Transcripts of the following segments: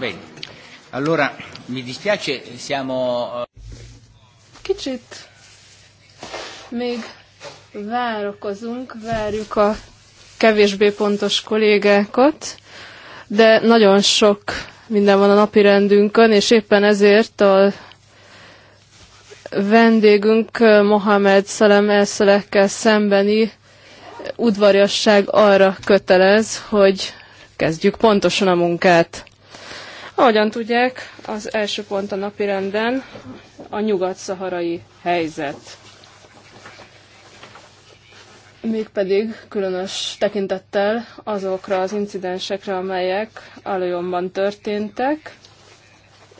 Bene. Allora, mi dispiace, siamo... Eh, Kicsit még várokozunk, várjuk a kevésbé pontos kollégákat, de nagyon sok minden van a napi rendünkön, és éppen ezért a vendégünk eh, Mohamed Szalem elszelekkel szembeni udvariasság arra kötelez, hogy kezdjük pontosan a munkát. Ahogyan tudják, az első pont a napirenden a nyugat-szaharai helyzet. Mégpedig különös tekintettel azokra az incidensekre, amelyek Alajomban történtek,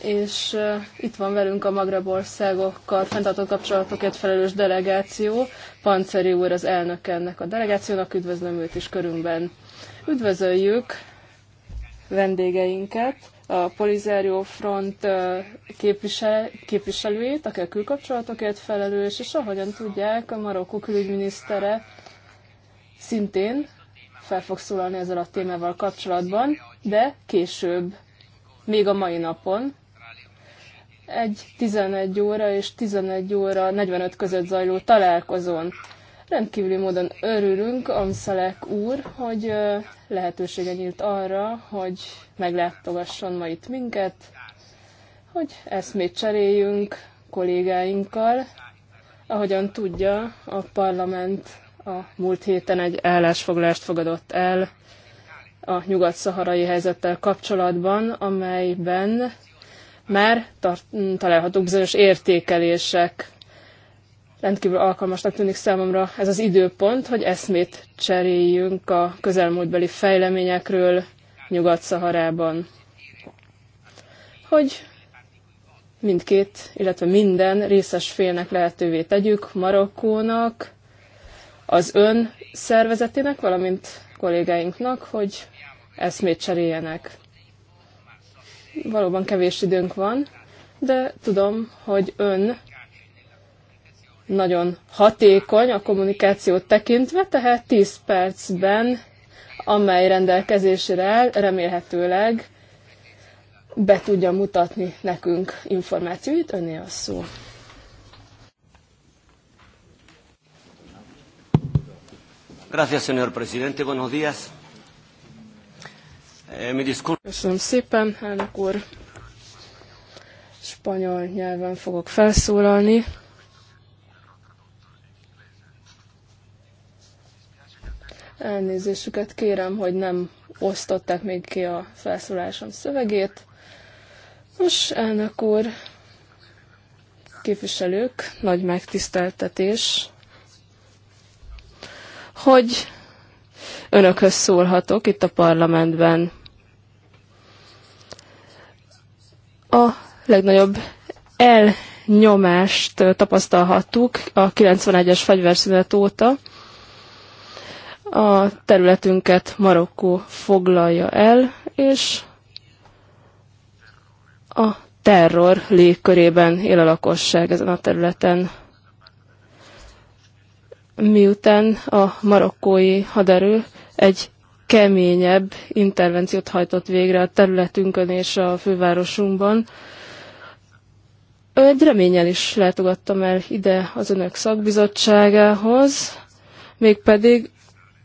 és uh, itt van velünk a Magreb országokkal fenntartott kapcsolatokért felelős delegáció. Panceri úr az elnök ennek a delegációnak, üdvözlöm őt is körünkben. Üdvözöljük vendégeinket, a Polizerio Front képvisel, képviselőjét, aki a külkapcsolatokért felelős, és ahogyan tudják, a Marokkó külügyminisztere szintén fel fog szólalni ezzel a témával kapcsolatban, de később, még a mai napon, egy 11 óra és 11 óra 45 között zajló találkozón. Rendkívüli módon örülünk, Amszalek úr, hogy lehetősége nyílt arra, hogy meglátogasson ma itt minket, hogy eszmét cseréljünk kollégáinkkal. Ahogyan tudja, a parlament a múlt héten egy állásfoglalást fogadott el a nyugat-szaharai helyzettel kapcsolatban, amelyben már találhatók bizonyos értékelések rendkívül alkalmasnak tűnik számomra ez az időpont, hogy eszmét cseréljünk a közelmúltbeli fejleményekről Nyugat-Szaharában. Hogy mindkét, illetve minden részes félnek lehetővé tegyük, Marokkónak, az ön szervezetének, valamint kollégáinknak, hogy eszmét cseréljenek. Valóban kevés időnk van, de tudom, hogy ön nagyon hatékony a kommunikációt tekintve, tehát 10 percben, amely rendelkezésre áll, remélhetőleg be tudja mutatni nekünk információit. Öné a szó. Gracias, señor presidente. Buenos días. Eh, Köszönöm szépen, elnök úr. Spanyol nyelven fogok felszólalni. Elnézésüket kérem, hogy nem osztották még ki a felszólásom szövegét. Nos, elnök úr, képviselők, nagy megtiszteltetés, hogy önökhöz szólhatok itt a parlamentben. A legnagyobb elnyomást tapasztalhattuk a 91-es fegyverszünet óta, a területünket Marokkó foglalja el, és a terror légkörében él a lakosság ezen a területen. Miután a marokkói haderő egy keményebb intervenciót hajtott végre a területünkön és a fővárosunkban, egy reményel is látogattam el ide az önök szakbizottságához, mégpedig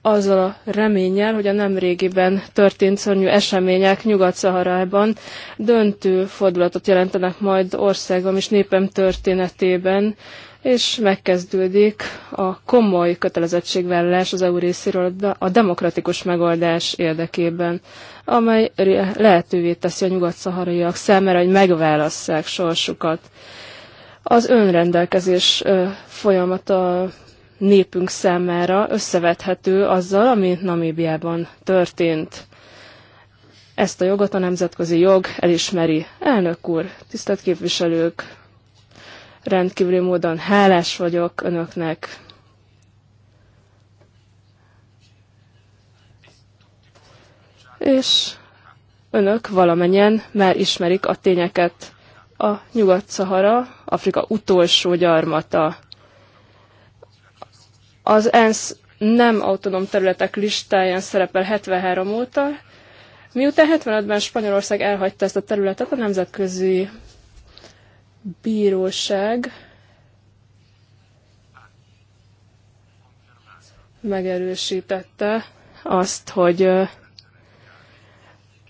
azzal a reménnyel, hogy a nemrégiben történt szörnyű események Nyugat-Szaharában döntő fordulatot jelentenek majd országom és népem történetében, és megkezdődik a komoly kötelezettségvállalás az EU részéről a demokratikus megoldás érdekében, amely lehetővé teszi a nyugat-szaharaiak számára, hogy megválasszák sorsukat. Az önrendelkezés folyamata népünk számára összevethető azzal, ami Namíbiában történt. Ezt a jogot a nemzetközi jog elismeri. Elnök úr, tisztelt képviselők, rendkívüli módon hálás vagyok önöknek. És önök valamennyien már ismerik a tényeket. A Nyugat-Szahara, Afrika utolsó gyarmata. Az ENSZ nem autonóm területek listáján szerepel 73 óta, miután 75-ben Spanyolország elhagyta ezt a területet, a Nemzetközi Bíróság megerősítette azt, hogy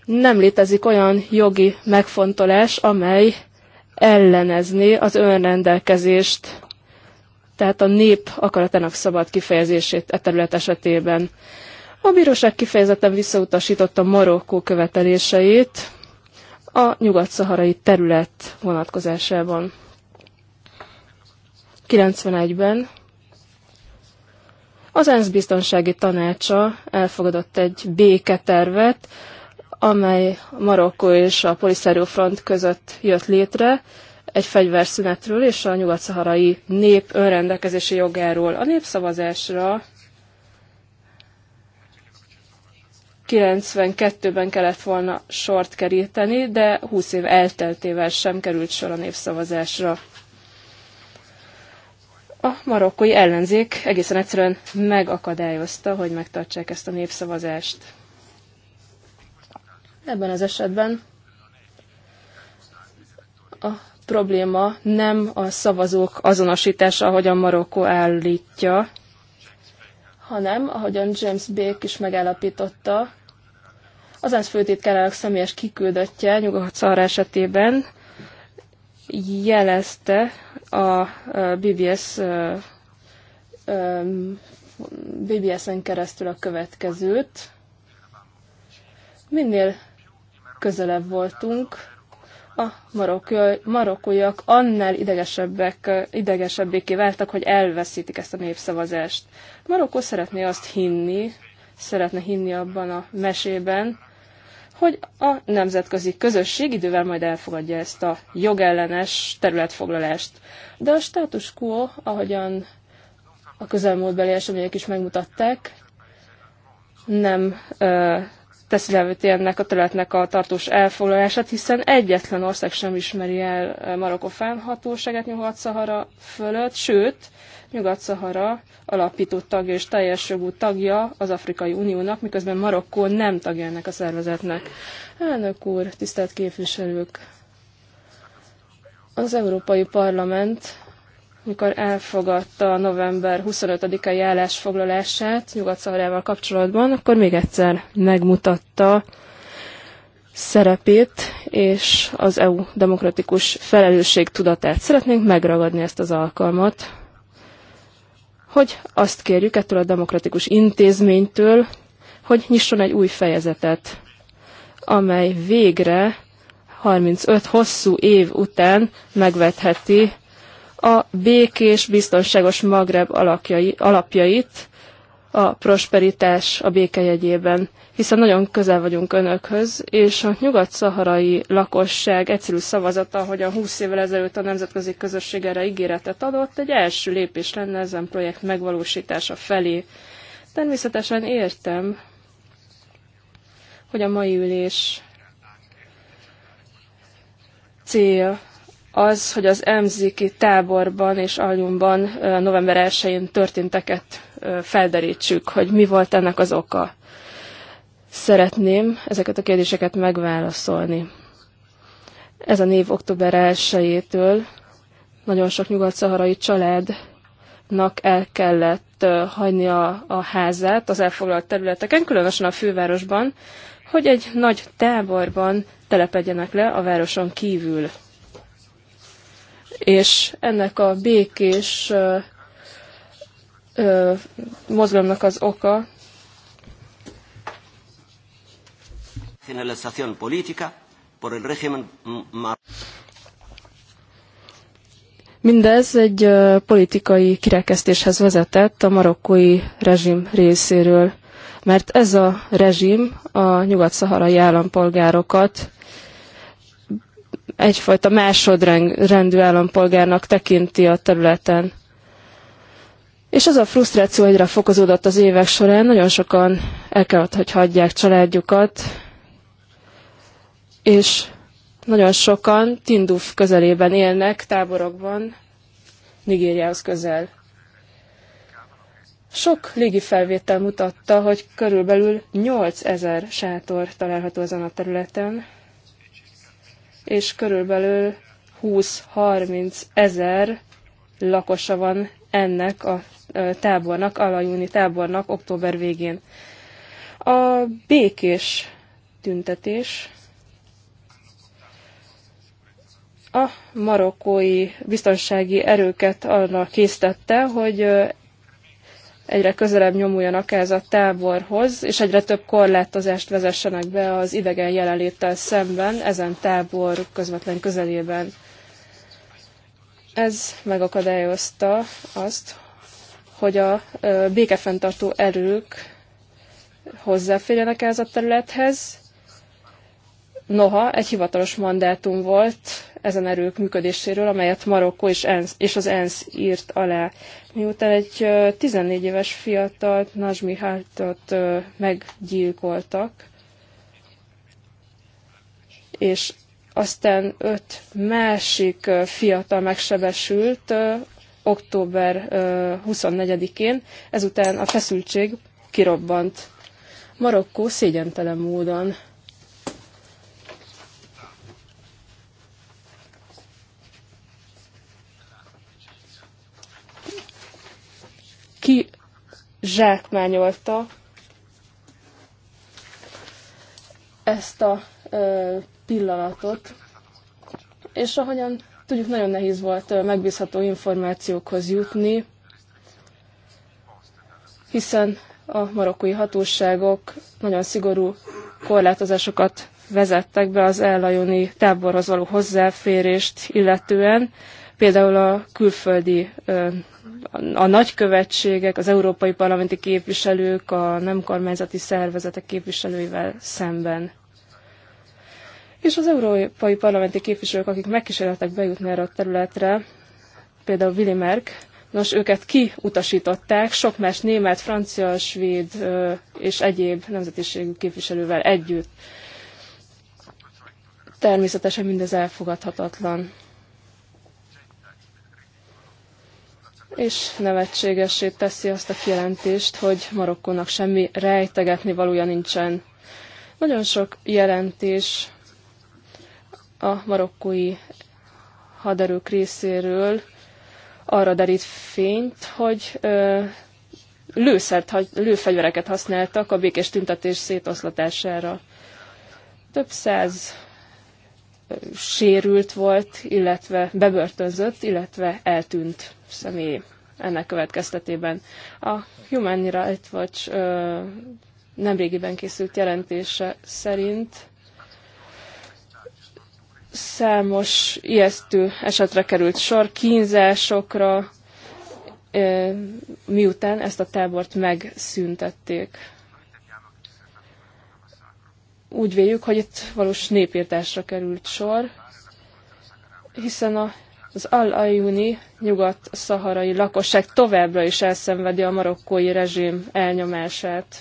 nem létezik olyan jogi megfontolás, amely ellenezné az önrendelkezést tehát a nép akaratának szabad kifejezését e terület esetében. A bíróság kifejezetten visszautasította Marokkó követeléseit a nyugat-szaharai terület vonatkozásában. 91-ben az ENSZ biztonsági tanácsa elfogadott egy béketervet, amely Marokkó és a Polisario Front között jött létre, egy fegyverszünetről és a nyugat-szaharai nép önrendelkezési jogáról. A népszavazásra 92-ben kellett volna sort keríteni, de 20 év elteltével sem került sor a népszavazásra. A marokkói ellenzék egészen egyszerűen megakadályozta, hogy megtartsák ezt a népszavazást. Ebben az esetben a probléma nem a szavazók azonosítása, ahogyan Marokkó állítja, hanem, ahogyan James Bake is megállapította, az ENSZ főtitkárának személyes kiküldöttje nyugodt szarra esetében jelezte a BBS BBS-en keresztül a következőt. Minél közelebb voltunk a marokkóiak annál idegesebbek, idegesebbéké váltak, hogy elveszítik ezt a népszavazást. Marokkó szeretné azt hinni, szeretne hinni abban a mesében, hogy a nemzetközi közösség idővel majd elfogadja ezt a jogellenes területfoglalást. De a status quo, ahogyan a közelmúltbeli események is megmutatták, nem teszi lehetővé ennek a területnek a tartós elfoglalását, hiszen egyetlen ország sem ismeri el eh, Marokkó fennhatóságát Nyugat-Szahara fölött, sőt, Nyugat-Szahara alapító tagja és teljes jogú tagja az Afrikai Uniónak, miközben Marokkó nem tagja ennek a szervezetnek. Elnök úr, tisztelt képviselők! Az Európai Parlament mikor elfogadta november 25-ai állásfoglalását nyugat kapcsolatban, akkor még egyszer megmutatta szerepét és az EU demokratikus felelősség tudatát. Szeretnénk megragadni ezt az alkalmat, hogy azt kérjük ettől a demokratikus intézménytől, hogy nyisson egy új fejezetet, amely végre 35 hosszú év után megvetheti a békés, biztonságos Magreb alakjai, alapjait a prosperitás a béke jegyében, hiszen nagyon közel vagyunk önökhöz, és a nyugat-szaharai lakosság egyszerű szavazata, a 20 évvel ezelőtt a nemzetközi közösség erre ígéretet adott, egy első lépés lenne ezen projekt megvalósítása felé. Természetesen értem, hogy a mai ülés célja az, hogy az emziki táborban és aljumban november 1-én történteket felderítsük, hogy mi volt ennek az oka. Szeretném ezeket a kérdéseket megválaszolni. Ez a név október 1-től nagyon sok nyugat-szaharai családnak el kellett hagyni a, a házát az elfoglalt területeken, különösen a fővárosban, hogy egy nagy táborban telepedjenek le a városon kívül és ennek a békés ö, ö, mozgalomnak az oka, Mindez egy politikai kirekesztéshez vezetett a marokkói rezsim részéről, mert ez a rezsim a nyugat-szaharai állampolgárokat egyfajta másodrendű állampolgárnak tekinti a területen. És az a frusztráció egyre fokozódott az évek során, nagyon sokan el kellett, hogy hagyják családjukat, és nagyon sokan Tinduf közelében élnek, táborokban, Nigériához közel. Sok légifelvétel mutatta, hogy körülbelül 8000 sátor található ezen a területen, és körülbelül 20-30 ezer lakosa van ennek a tábornak, alajúni tábornak október végén. A békés tüntetés a marokkói biztonsági erőket arra késztette, hogy egyre közelebb nyomuljanak ez a táborhoz, és egyre több korlátozást vezessenek be az idegen jelenléttel szemben ezen tábor közvetlen közelében. Ez megakadályozta azt, hogy a békefenntartó erők hozzáférjenek ez a területhez. Noha egy hivatalos mandátum volt ezen erők működéséről, amelyet Marokko és, ENSZ, és az ENSZ írt alá. Miután egy 14 éves fiatal Nazmi Hátot meggyilkoltak, és aztán öt másik fiatal megsebesült október 24-én, ezután a feszültség kirobbant. Marokkó szégyentelen módon ki zsákmányolta ezt a ö, pillanatot. És ahogyan tudjuk, nagyon nehéz volt megbízható információkhoz jutni, hiszen a marokkói hatóságok nagyon szigorú korlátozásokat vezettek be az ellajoni táborhoz való hozzáférést illetően, például a külföldi a nagykövetségek, az európai parlamenti képviselők, a nem kormányzati szervezetek képviselőivel szemben. És az európai parlamenti képviselők, akik megkísérletek bejutni erre a területre, például Willy Merck, nos, őket kiutasították sok más német, francia, svéd és egyéb nemzetiségű képviselővel együtt. Természetesen mindez elfogadhatatlan. és nevetségessé teszi azt a kijelentést, hogy Marokkónak semmi rejtegetni valója nincsen. Nagyon sok jelentés a marokkói haderők részéről arra derít fényt, hogy ö, lőszert, lőfegyvereket használtak a békés tüntetés szétoszlatására. Több száz sérült volt, illetve bebörtönzött, illetve eltűnt személy ennek következtetében. A Human Rights Watch nemrégiben készült jelentése szerint számos ijesztő esetre került sor, kínzásokra, miután ezt a tábort megszüntették úgy véljük, hogy itt valós népírtásra került sor, hiszen a, az Al-Ayuni nyugat-szaharai lakosság továbbra is elszenvedi a marokkói rezsim elnyomását.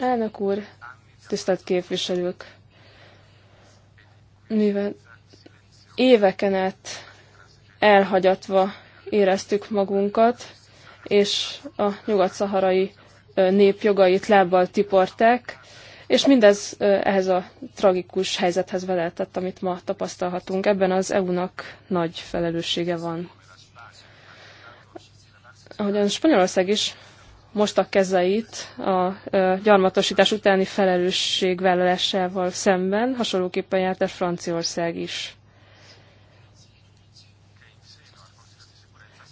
Elnök úr, tisztelt képviselők! Mivel éveken át elhagyatva éreztük magunkat, és a nyugat-szaharai nép jogait lábbal tiporták, és mindez ehhez a tragikus helyzethez veletett, amit ma tapasztalhatunk. Ebben az EU-nak nagy felelőssége van. Ahogyan Spanyolország is most a kezeit a gyarmatosítás utáni felelősségvállalásával szemben, hasonlóképpen járt el Franciaország is.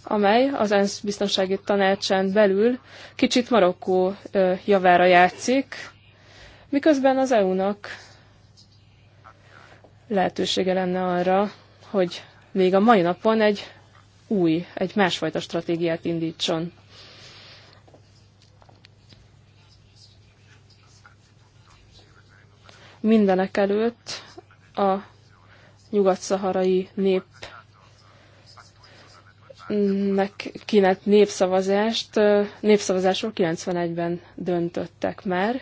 amely az ENSZ biztonsági tanácsán belül kicsit Marokkó javára játszik, miközben az EU-nak lehetősége lenne arra, hogy még a mai napon egy új, egy másfajta stratégiát indítson. Mindenek előtt a nyugat-szaharai nép kinek népszavazást, népszavazásról 91-ben döntöttek már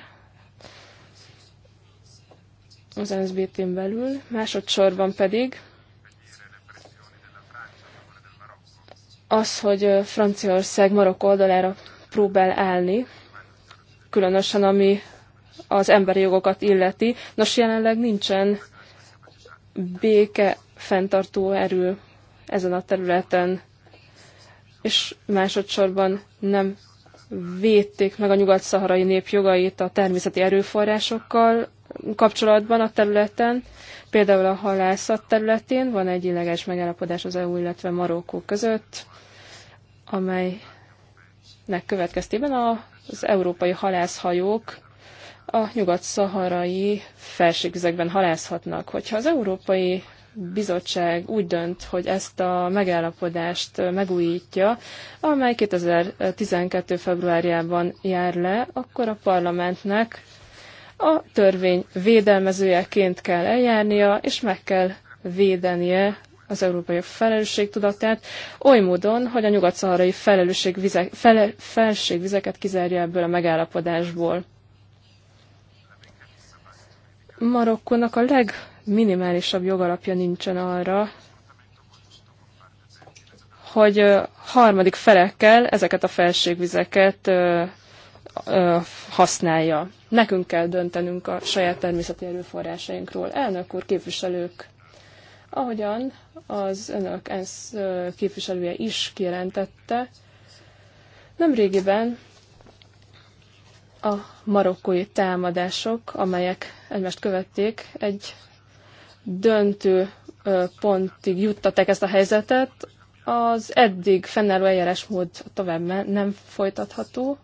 az NSZBT-n belül, másodszorban pedig az, hogy Franciaország Marok oldalára próbál állni, különösen ami az emberi jogokat illeti. Nos, jelenleg nincsen béke fenntartó erő ezen a területen és másodszorban nem védték meg a nyugat-szaharai nép jogait a természeti erőforrásokkal kapcsolatban a területen. Például a halászat területén van egy illeges megállapodás az EU, illetve Marokkó között, amelynek következtében az európai halászhajók a nyugat-szaharai felségvizekben halászhatnak. Hogyha az európai bizottság úgy dönt, hogy ezt a megállapodást megújítja, amely 2012. februárjában jár le, akkor a parlamentnek a törvény védelmezőjeként kell eljárnia, és meg kell védenie az európai felelősségtudatát, oly módon, hogy a nyugat-szaharai felelősségvizek, fele, felségvizeket kizárja ebből a megállapodásból. Marokkónak a leg minimálisabb jogalapja nincsen arra, hogy harmadik felekkel ezeket a felségvizeket használja. Nekünk kell döntenünk a saját természeti erőforrásainkról. Elnök úr, képviselők, ahogyan az önök ENSZ képviselője is kijelentette, nemrégiben a marokkói támadások, amelyek egymást követték, egy döntő pontig juttatták ezt a helyzetet, az eddig fennálló eljárásmód tovább nem folytatható,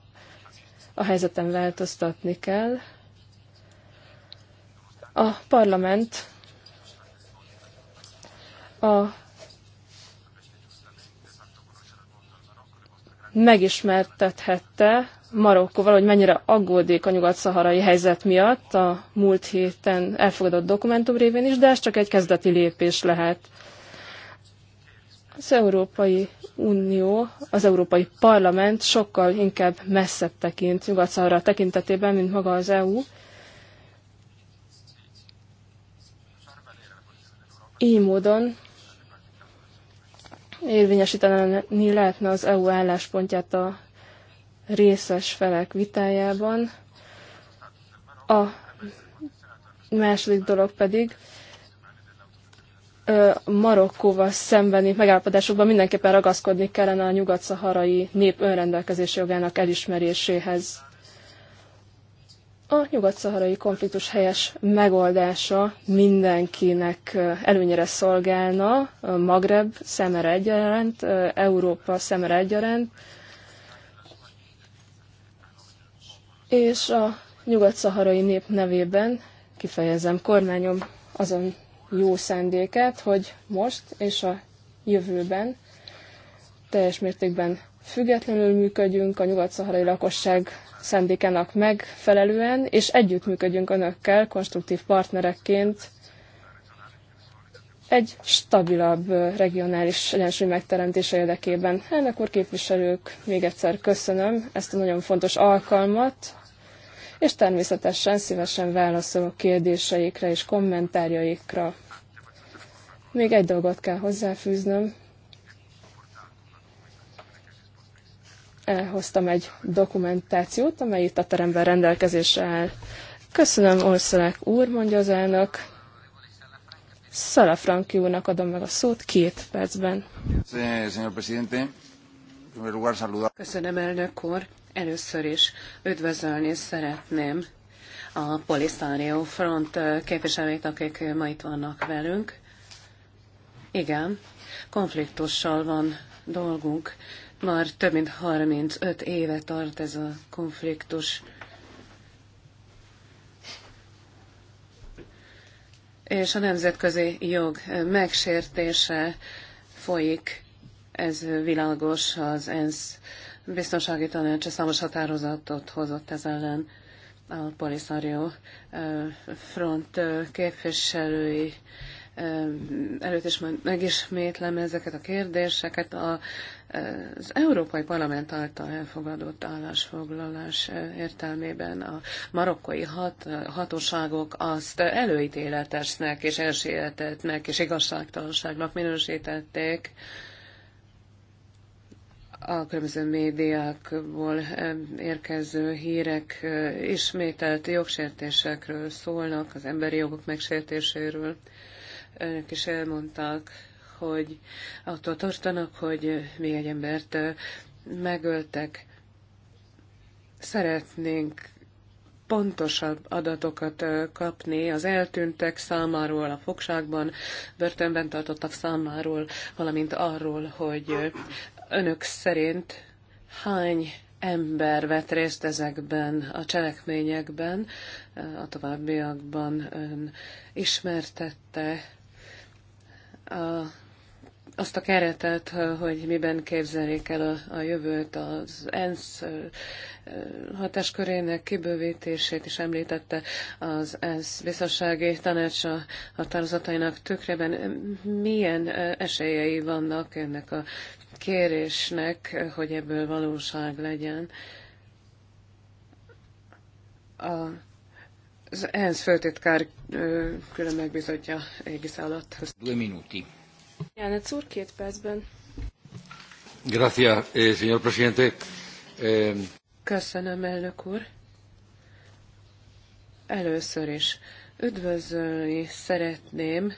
a helyzeten változtatni kell. A parlament a megismertethette Marokkóval, hogy mennyire aggódik a nyugat-szaharai helyzet miatt a múlt héten elfogadott dokumentum révén is, de ez csak egy kezdeti lépés lehet. Az Európai Unió, az Európai Parlament sokkal inkább messzebb tekint nyugat tekintetében, mint maga az EU. Így módon érvényesíteni lehetne az EU álláspontját a részes felek vitájában. A második dolog pedig Marokkóval szembeni megállapodásokban mindenképpen ragaszkodni kellene a nyugat-szaharai nép önrendelkezési jogának elismeréséhez. A nyugat-szaharai konfliktus helyes megoldása mindenkinek előnyére szolgálna, Magreb szemere egyaránt, Európa szemere egyaránt, és a nyugat-szaharai nép nevében kifejezem kormányom azon jó szándéket, hogy most és a jövőben teljes mértékben függetlenül működjünk a nyugat-szaharai lakosság szándékának megfelelően, és együttműködjünk önökkel konstruktív partnerekként egy stabilabb regionális egyensúly megteremtése érdekében. Elnök úr képviselők, még egyszer köszönöm ezt a nagyon fontos alkalmat, és természetesen szívesen válaszolok kérdéseikre és kommentárjaikra. Még egy dolgot kell hozzáfűznöm. Elhoztam egy dokumentációt, amely itt a teremben rendelkezésre áll. Köszönöm, Orszalák úr, mondja az elnök. Szalafranki úrnak adom meg a szót két percben. Köszönöm, elnök úr. Először is üdvözölni szeretném a Polisario Front képviselőit, akik ma itt vannak velünk. Igen, konfliktussal van dolgunk. Már több mint 35 éve tart ez a konfliktus. És a nemzetközi jog megsértése folyik, ez világos az ENSZ biztonsági tanács számos határozatot hozott ez ellen a Polisario front képviselői előtt is megismétlem ezeket a kérdéseket. A, az Európai Parlament által elfogadott állásfoglalás értelmében a marokkói hat, hatóságok azt előítéletesnek és elsietetnek és igazságtalanságnak minősítették, a különböző médiákból érkező hírek ismételt jogsértésekről szólnak, az emberi jogok megsértéséről. Önök is elmondták, hogy attól tartanak, hogy még egy embert megöltek. Szeretnénk pontosabb adatokat kapni az eltűntek számáról, a fogságban, börtönben tartottak számáról, valamint arról, hogy önök szerint hány ember vett részt ezekben a cselekményekben, a továbbiakban ön ismertette a, azt a keretet, hogy miben képzelik el a, a jövőt, az ENSZ hatáskörének kibővítését is említette az ENSZ biztonsági tanácsa határozatainak tükrében. Milyen esélyei vannak ennek a kérésnek, hogy ebből valóság legyen. A, az ENSZ főtitkár külön megbizotja égisz alatt. Due minuti. Jánec úr, két percben. Gracias, eh, señor presidente. Ehm, Köszönöm, elnök úr. Először is üdvözölni szeretném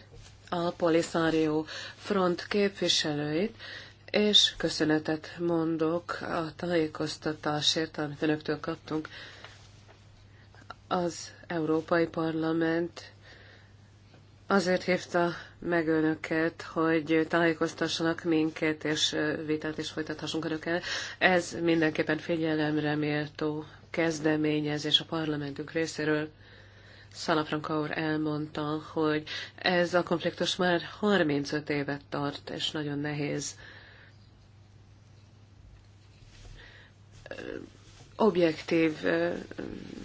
a Polisario Front képviselőit, és köszönetet mondok a tájékoztatásért, amit önöktől kaptunk. Az Európai Parlament azért hívta meg önöket, hogy tájékoztassanak minket, és vitát is folytathassunk önökkel. Ez mindenképpen figyelemre méltó kezdeményezés a parlamentünk részéről. Szalafranka úr elmondta, hogy ez a konfliktus már 35 évet tart, és nagyon nehéz objektív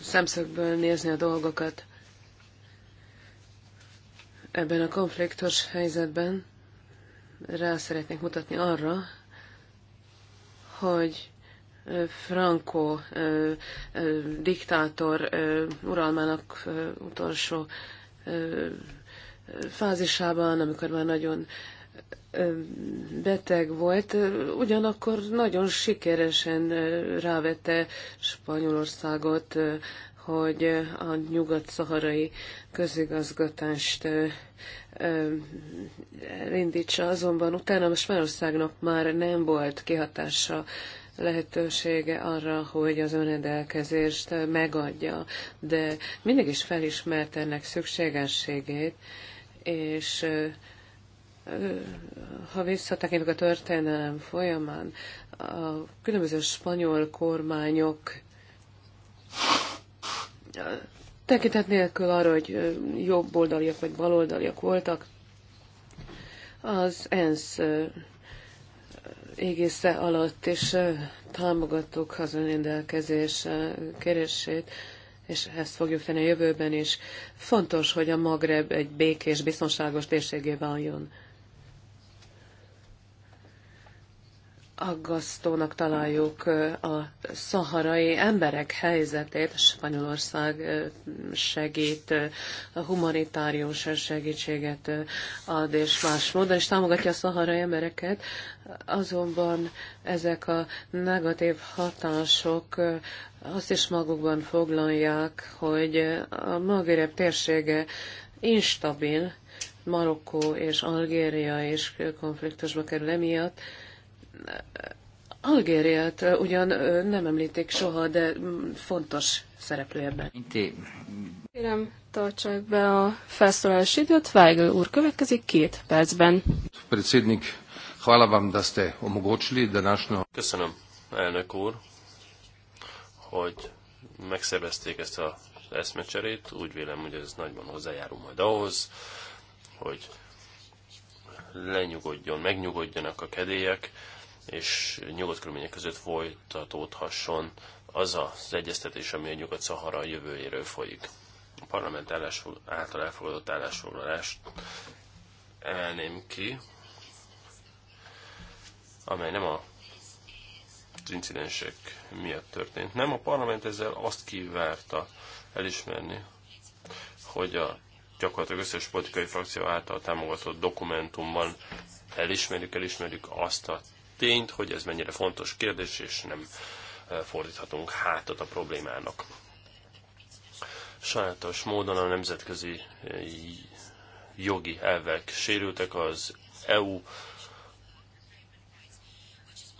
szemszögből nézni a dolgokat ebben a konfliktus helyzetben. Rá szeretnék mutatni arra, hogy Franco diktátor uralmának utolsó fázisában, amikor már nagyon beteg volt, ugyanakkor nagyon sikeresen rávette Spanyolországot, hogy a nyugat-szaharai közigazgatást elindítsa, azonban utána Spanyolországnak már nem volt kihatása lehetősége arra, hogy az önrendelkezést megadja, de mindig is felismert ennek szükségességét, és ha visszatekintünk a történelem folyamán, a különböző spanyol kormányok tekintet nélkül arra, hogy jobb oldaliak vagy baloldaliak voltak, az ENSZ égésze alatt is támogattuk az önrendelkezés kérését, és ezt fogjuk tenni a jövőben is. Fontos, hogy a Magreb egy békés, biztonságos térségé váljon. aggasztónak találjuk a szaharai emberek helyzetét. Spanyolország segít, a humanitárius segítséget ad és más módon, is támogatja a szaharai embereket. Azonban ezek a negatív hatások azt is magukban foglalják, hogy a Magreb térsége instabil, Marokkó és Algéria is konfliktusba kerül emiatt, Algériát ugyan nem említik soha, de mm, fontos szereplő ebben. Kérem, tartsák be a felszólalás időt. Weigl úr következik két percben. Predsednik, hvala vam, da ste omogočili današnjo... Köszönöm, elnök úr, hogy megszervezték ezt az eszmecserét. Úgy vélem, hogy ez nagyban hozzájárul majd ahhoz, hogy lenyugodjon, megnyugodjanak a kedélyek és nyugodt körülmények között folytatódhasson az az egyeztetés, ami a Nyugat-Szahara jövőjéről folyik. A parlament által elfogadott állásfoglalást emelném ki, amely nem a incidensek miatt történt. Nem, a parlament ezzel azt kívánta elismerni, hogy a gyakorlatilag összes politikai frakció által támogatott dokumentumban elismerjük, elismerjük azt a tényt, hogy ez mennyire fontos kérdés, és nem e, fordíthatunk hátat a problémának. Sajátos módon a nemzetközi e, jogi elvek sérültek, az EU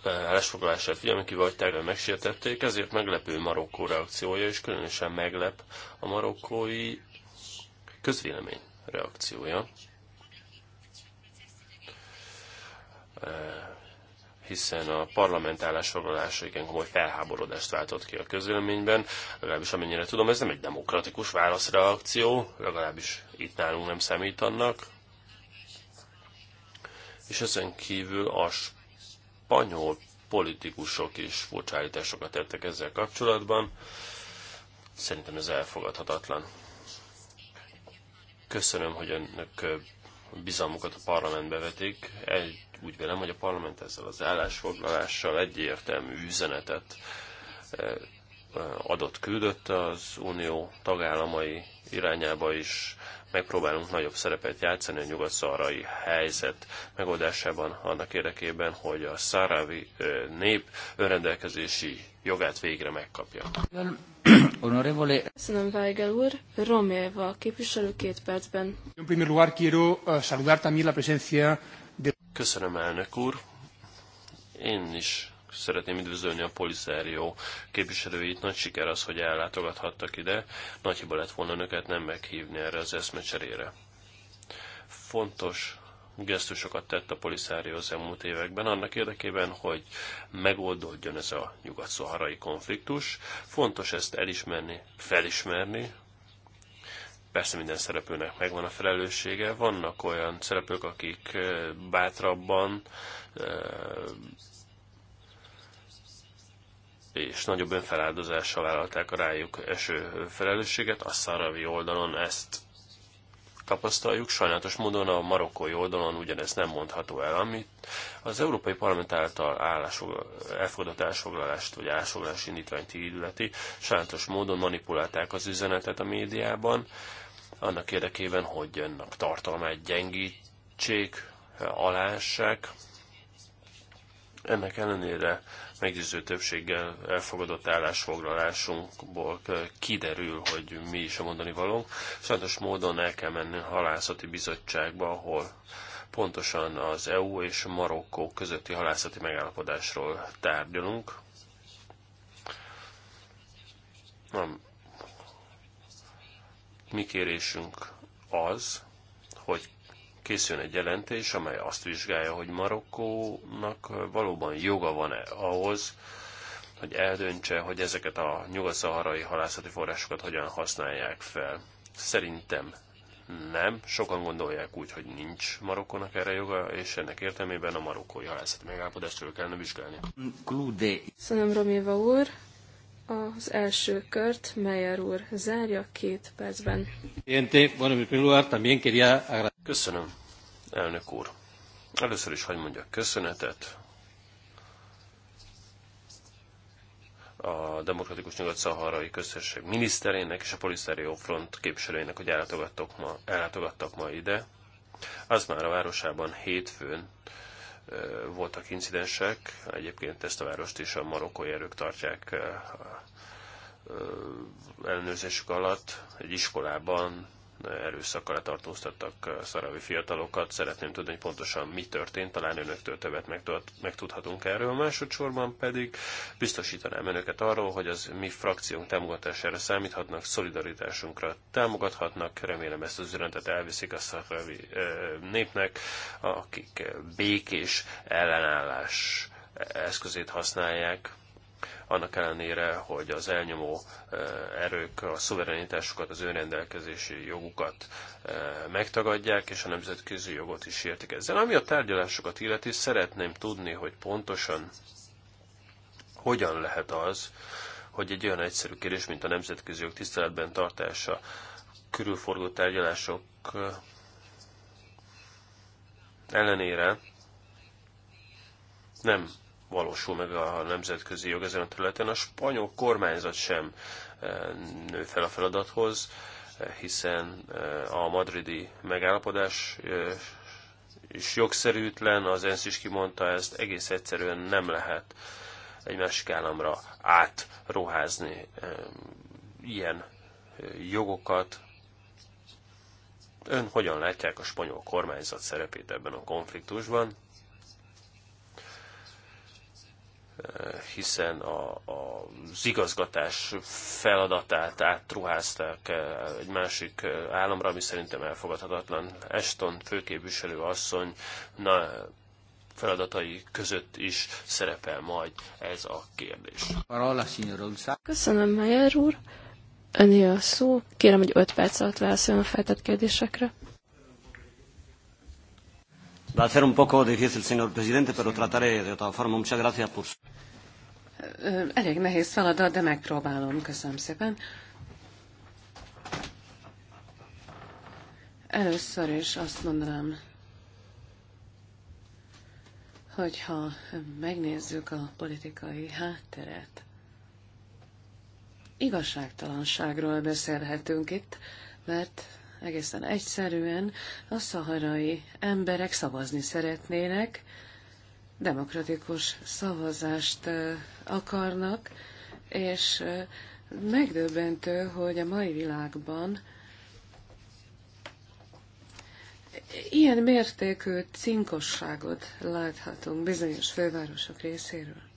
e, állásfoglalását vagy vagytágra megsértették, ezért meglepő Marokkó reakciója, és különösen meglep a marokkói közvélemény reakciója hiszen a parlament állásfoglalása igen komoly felháborodást váltott ki a közélményben, legalábbis amennyire tudom, ez nem egy demokratikus válaszreakció, legalábbis itt nálunk nem számít annak. És ezen kívül a spanyol politikusok is furcsállításokat tettek ezzel kapcsolatban. Szerintem ez elfogadhatatlan. Köszönöm, hogy önök bizalmukat a parlamentbe vetik. Egy úgy vélem, hogy a parlament ezzel az állásfoglalással egyértelmű üzenetet eh, eh, adott, küldött az unió tagállamai irányába is. Megpróbálunk nagyobb szerepet játszani a nyugat helyzet megoldásában annak érdekében, hogy a szárávi eh, nép önrendelkezési jogát végre megkapja. Köszönöm, Weigel úr. Roméva, képviselő két percben. En primer lugar quiero saludar también la presencia Köszönöm, elnök úr. Én is szeretném üdvözölni a poliszerió képviselőit. Nagy siker az, hogy ellátogathattak ide. Nagy hiba lett volna önöket nem meghívni erre az eszmecserére. Fontos gesztusokat tett a poliszárió az elmúlt években, annak érdekében, hogy megoldódjon ez a nyugat-szaharai konfliktus. Fontos ezt elismerni, felismerni, Persze minden szereplőnek megvan a felelőssége. Vannak olyan szereplők, akik bátrabban és nagyobb önfeláldozással vállalták a rájuk eső felelősséget. A szaravi oldalon ezt tapasztaljuk. Sajnálatos módon a marokkói oldalon ugyanez nem mondható el, amit az Európai Parlament által elfogadott állásfoglalást vagy állásfoglalás indítványt illeti. Sajnálatos módon manipulálták az üzenetet a médiában, annak érdekében, hogy ennek tartalmát gyengítsék, alássák. Ennek ellenére meggyőző többséggel elfogadott állásfoglalásunkból kiderül, hogy mi is a mondani valónk. Sajnos módon el kell menni a halászati bizottságba, ahol pontosan az EU és Marokkó közötti halászati megállapodásról tárgyalunk mi kérésünk az, hogy készüljön egy jelentés, amely azt vizsgálja, hogy Marokkónak valóban joga van-e ahhoz, hogy eldöntse, hogy ezeket a nyugat-szaharai halászati forrásokat hogyan használják fel. Szerintem nem. Sokan gondolják úgy, hogy nincs Marokkónak erre joga, és ennek értelmében a marokkói halászati megállapodást kellene vizsgálni. Klude. Roméva úr. Az első kört Meyer úr zárja két percben. Köszönöm, elnök úr. Először is hagyd mondjak köszönetet a Demokratikus Nyugat-Szaharai Köztesség miniszterének és a Polisario Front képviselőjének, hogy ellátogattak ma, ellátogattak ma ide. Az már a városában hétfőn voltak incidensek, egyébként ezt a várost is a marokkói erők tartják ellenőrzésük alatt. Egy iskolában erőszak alá tartóztattak eh, szaravi fiatalokat. Szeretném tudni, hogy pontosan mi történt, talán önöktől többet megtudhatunk erről. Másodszorban pedig biztosítanám önöket arról, hogy az mi frakciónk támogatására számíthatnak, szolidaritásunkra támogathatnak. Remélem ezt az üzenetet elviszik a szaravi eh, népnek, akik eh, békés ellenállás eszközét használják annak ellenére, hogy az elnyomó eh, erők a szuverenitásukat, az önrendelkezési jogukat eh, megtagadják, és a nemzetközi jogot is értik ezzel. Ami a tárgyalásokat illeti, szeretném tudni, hogy pontosan hogyan lehet az, hogy egy olyan egyszerű kérdés, mint a nemzetközi jog tiszteletben tartása körülforgó tárgyalások eh, ellenére nem valósul meg a nemzetközi jog ezen a területen. A spanyol kormányzat sem eh, nő fel a feladathoz, eh, hiszen eh, a madridi megállapodás is jogszerűtlen, az ENSZ is kimondta ezt, egész egyszerűen nem lehet egy másik államra átruházni ilyen jogokat. Ön hogyan látják a spanyol kormányzat szerepét ebben a konfliktusban? hiszen a, a, az igazgatás feladatát átruházták eh, egy másik eh, államra, ami szerintem elfogadhatatlan. Eston főképviselő asszony na, feladatai között is szerepel majd ez a kérdés. Köszönöm, Meyer úr. Öné a szó. Kérem, hogy 5 perc alatt válaszoljon a feltett kérdésekre. Va a ser un poco difícil, señor presidente, pero trataré de otra forma. Muchas gracias por... su... Elég nehéz feladat, de megpróbálom. Köszönöm szépen. Először is azt mondanám, hogyha megnézzük a politikai hátteret, igazságtalanságról beszélhetünk itt, mert egészen egyszerűen a szaharai emberek szavazni szeretnének, demokratikus szavazást akarnak, és megdöbbentő, hogy a mai világban ilyen mértékű cinkosságot láthatunk bizonyos fővárosok részéről.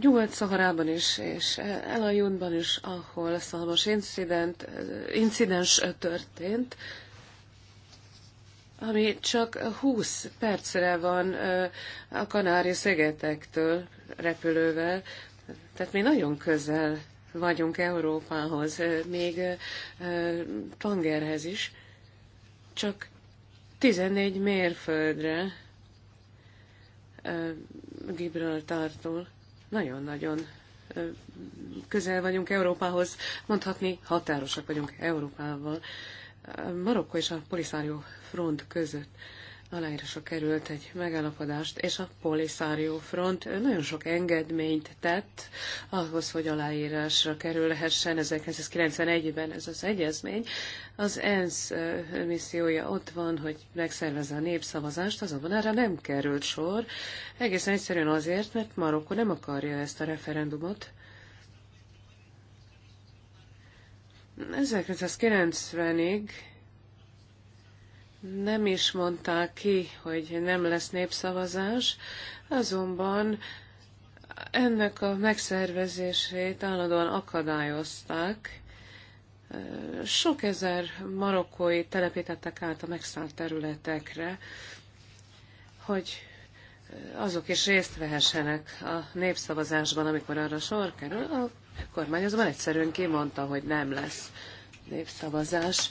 Nyugat-Szaharában is, és Elajunban is, ahol szalmas incident, incidens történt, ami csak 20 percre van a Kanári-szigetektől repülővel, tehát mi nagyon közel vagyunk Európához, még Tangerhez is, csak 14 mérföldre Gibraltártól nagyon-nagyon közel vagyunk Európához, mondhatni határosak vagyunk Európával. Marokko és a Polisario front között aláírásra került egy megállapodást, és a Polisario Front nagyon sok engedményt tett ahhoz, hogy aláírásra kerülhessen 1991-ben ez az egyezmény. Az ENSZ missziója ott van, hogy megszervezze a népszavazást, azonban erre nem került sor, egészen egyszerűen azért, mert Marokko nem akarja ezt a referendumot. 1990-ig nem is mondták ki, hogy nem lesz népszavazás, azonban ennek a megszervezését állandóan akadályozták. Sok ezer marokkói telepítettek át a megszállt területekre, hogy azok is részt vehessenek a népszavazásban, amikor arra sor kerül. A kormány azonban egyszerűen kimondta, hogy nem lesz népszavazás.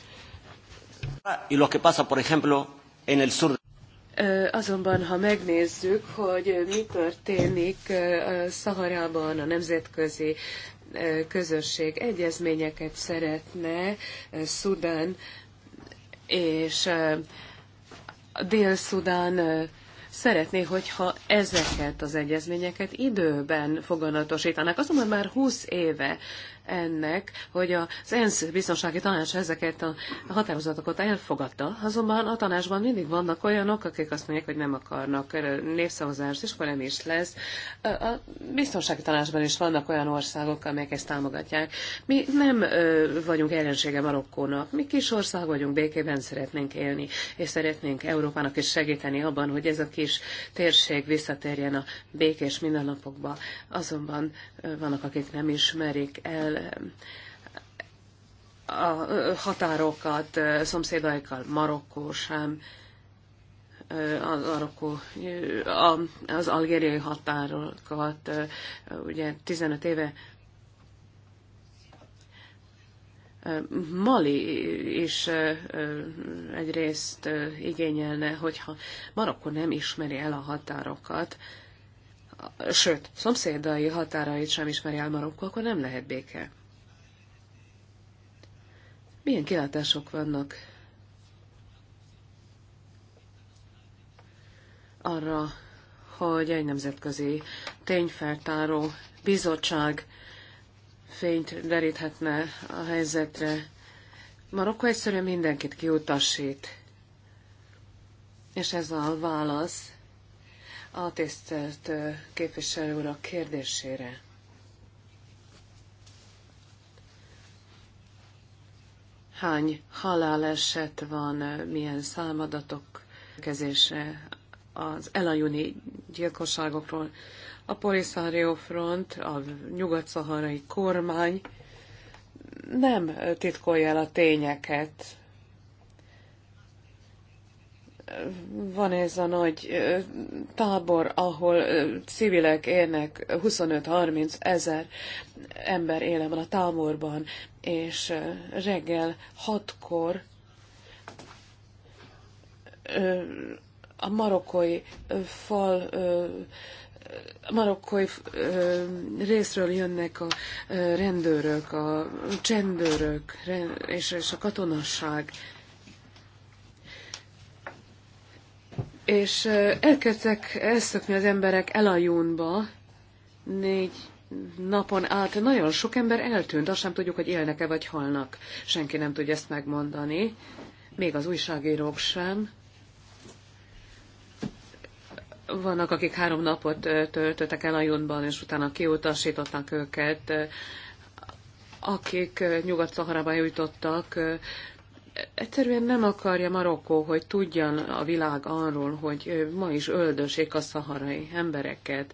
Azonban, ha megnézzük, hogy mi történik Szaharában a nemzetközi közösség egyezményeket szeretne Szudán és Dél-Szudán szeretné, hogyha ezeket az egyezményeket időben foganatosítanak. Azonban már 20 éve ennek, hogy az ENSZ biztonsági tanács ezeket a határozatokat elfogadta, azonban a tanácsban mindig vannak olyanok, akik azt mondják, hogy nem akarnak népszavazást, és akkor nem is lesz. A biztonsági tanácsban is vannak olyan országok, amelyek ezt támogatják. Mi nem vagyunk ellensége Marokkónak, mi kis ország vagyunk, békében szeretnénk élni, és szeretnénk Európának is segíteni abban, hogy ez a kis térség visszatérjen a békés mindennapokba. Azonban vannak, akik nem ismerik el a határokat szomszédaikkal, Marokkó sem, az, Marokkó, az algériai határokat, ugye 15 éve Mali is egyrészt igényelne, hogyha Marokkó nem ismeri el a határokat, sőt, szomszédai határait sem ismeri el Marokkó, akkor nem lehet béke. Milyen kilátások vannak arra, hogy egy nemzetközi tényfeltáró bizottság fényt deríthetne a helyzetre. Marokko egyszerűen mindenkit kiutasít. És ez a válasz a tisztelt képviselő úr a kérdésére. Hány haláleset van, milyen számadatok kezése az elajuni gyilkosságokról. A Polisario Front, a nyugat-szaharai kormány nem titkolja el a tényeket, van ez a nagy tábor, ahol civilek élnek, 25-30 ezer ember éle van a táborban, és reggel hatkor a marokkói fal a marokkói részről jönnek a rendőrök, a csendőrök és a katonasság És elkezdtek elszökni az emberek elajúnba, négy napon át nagyon sok ember eltűnt, azt sem tudjuk, hogy élnek-e vagy halnak. Senki nem tudja ezt megmondani, még az újságírók sem. Vannak, akik három napot töltöttek el Ajunban, és utána kiutasították őket. Akik nyugat szaharába jutottak, egyszerűen nem akarja Marokkó, hogy tudjan a világ arról, hogy ma is öldösék a szaharai embereket,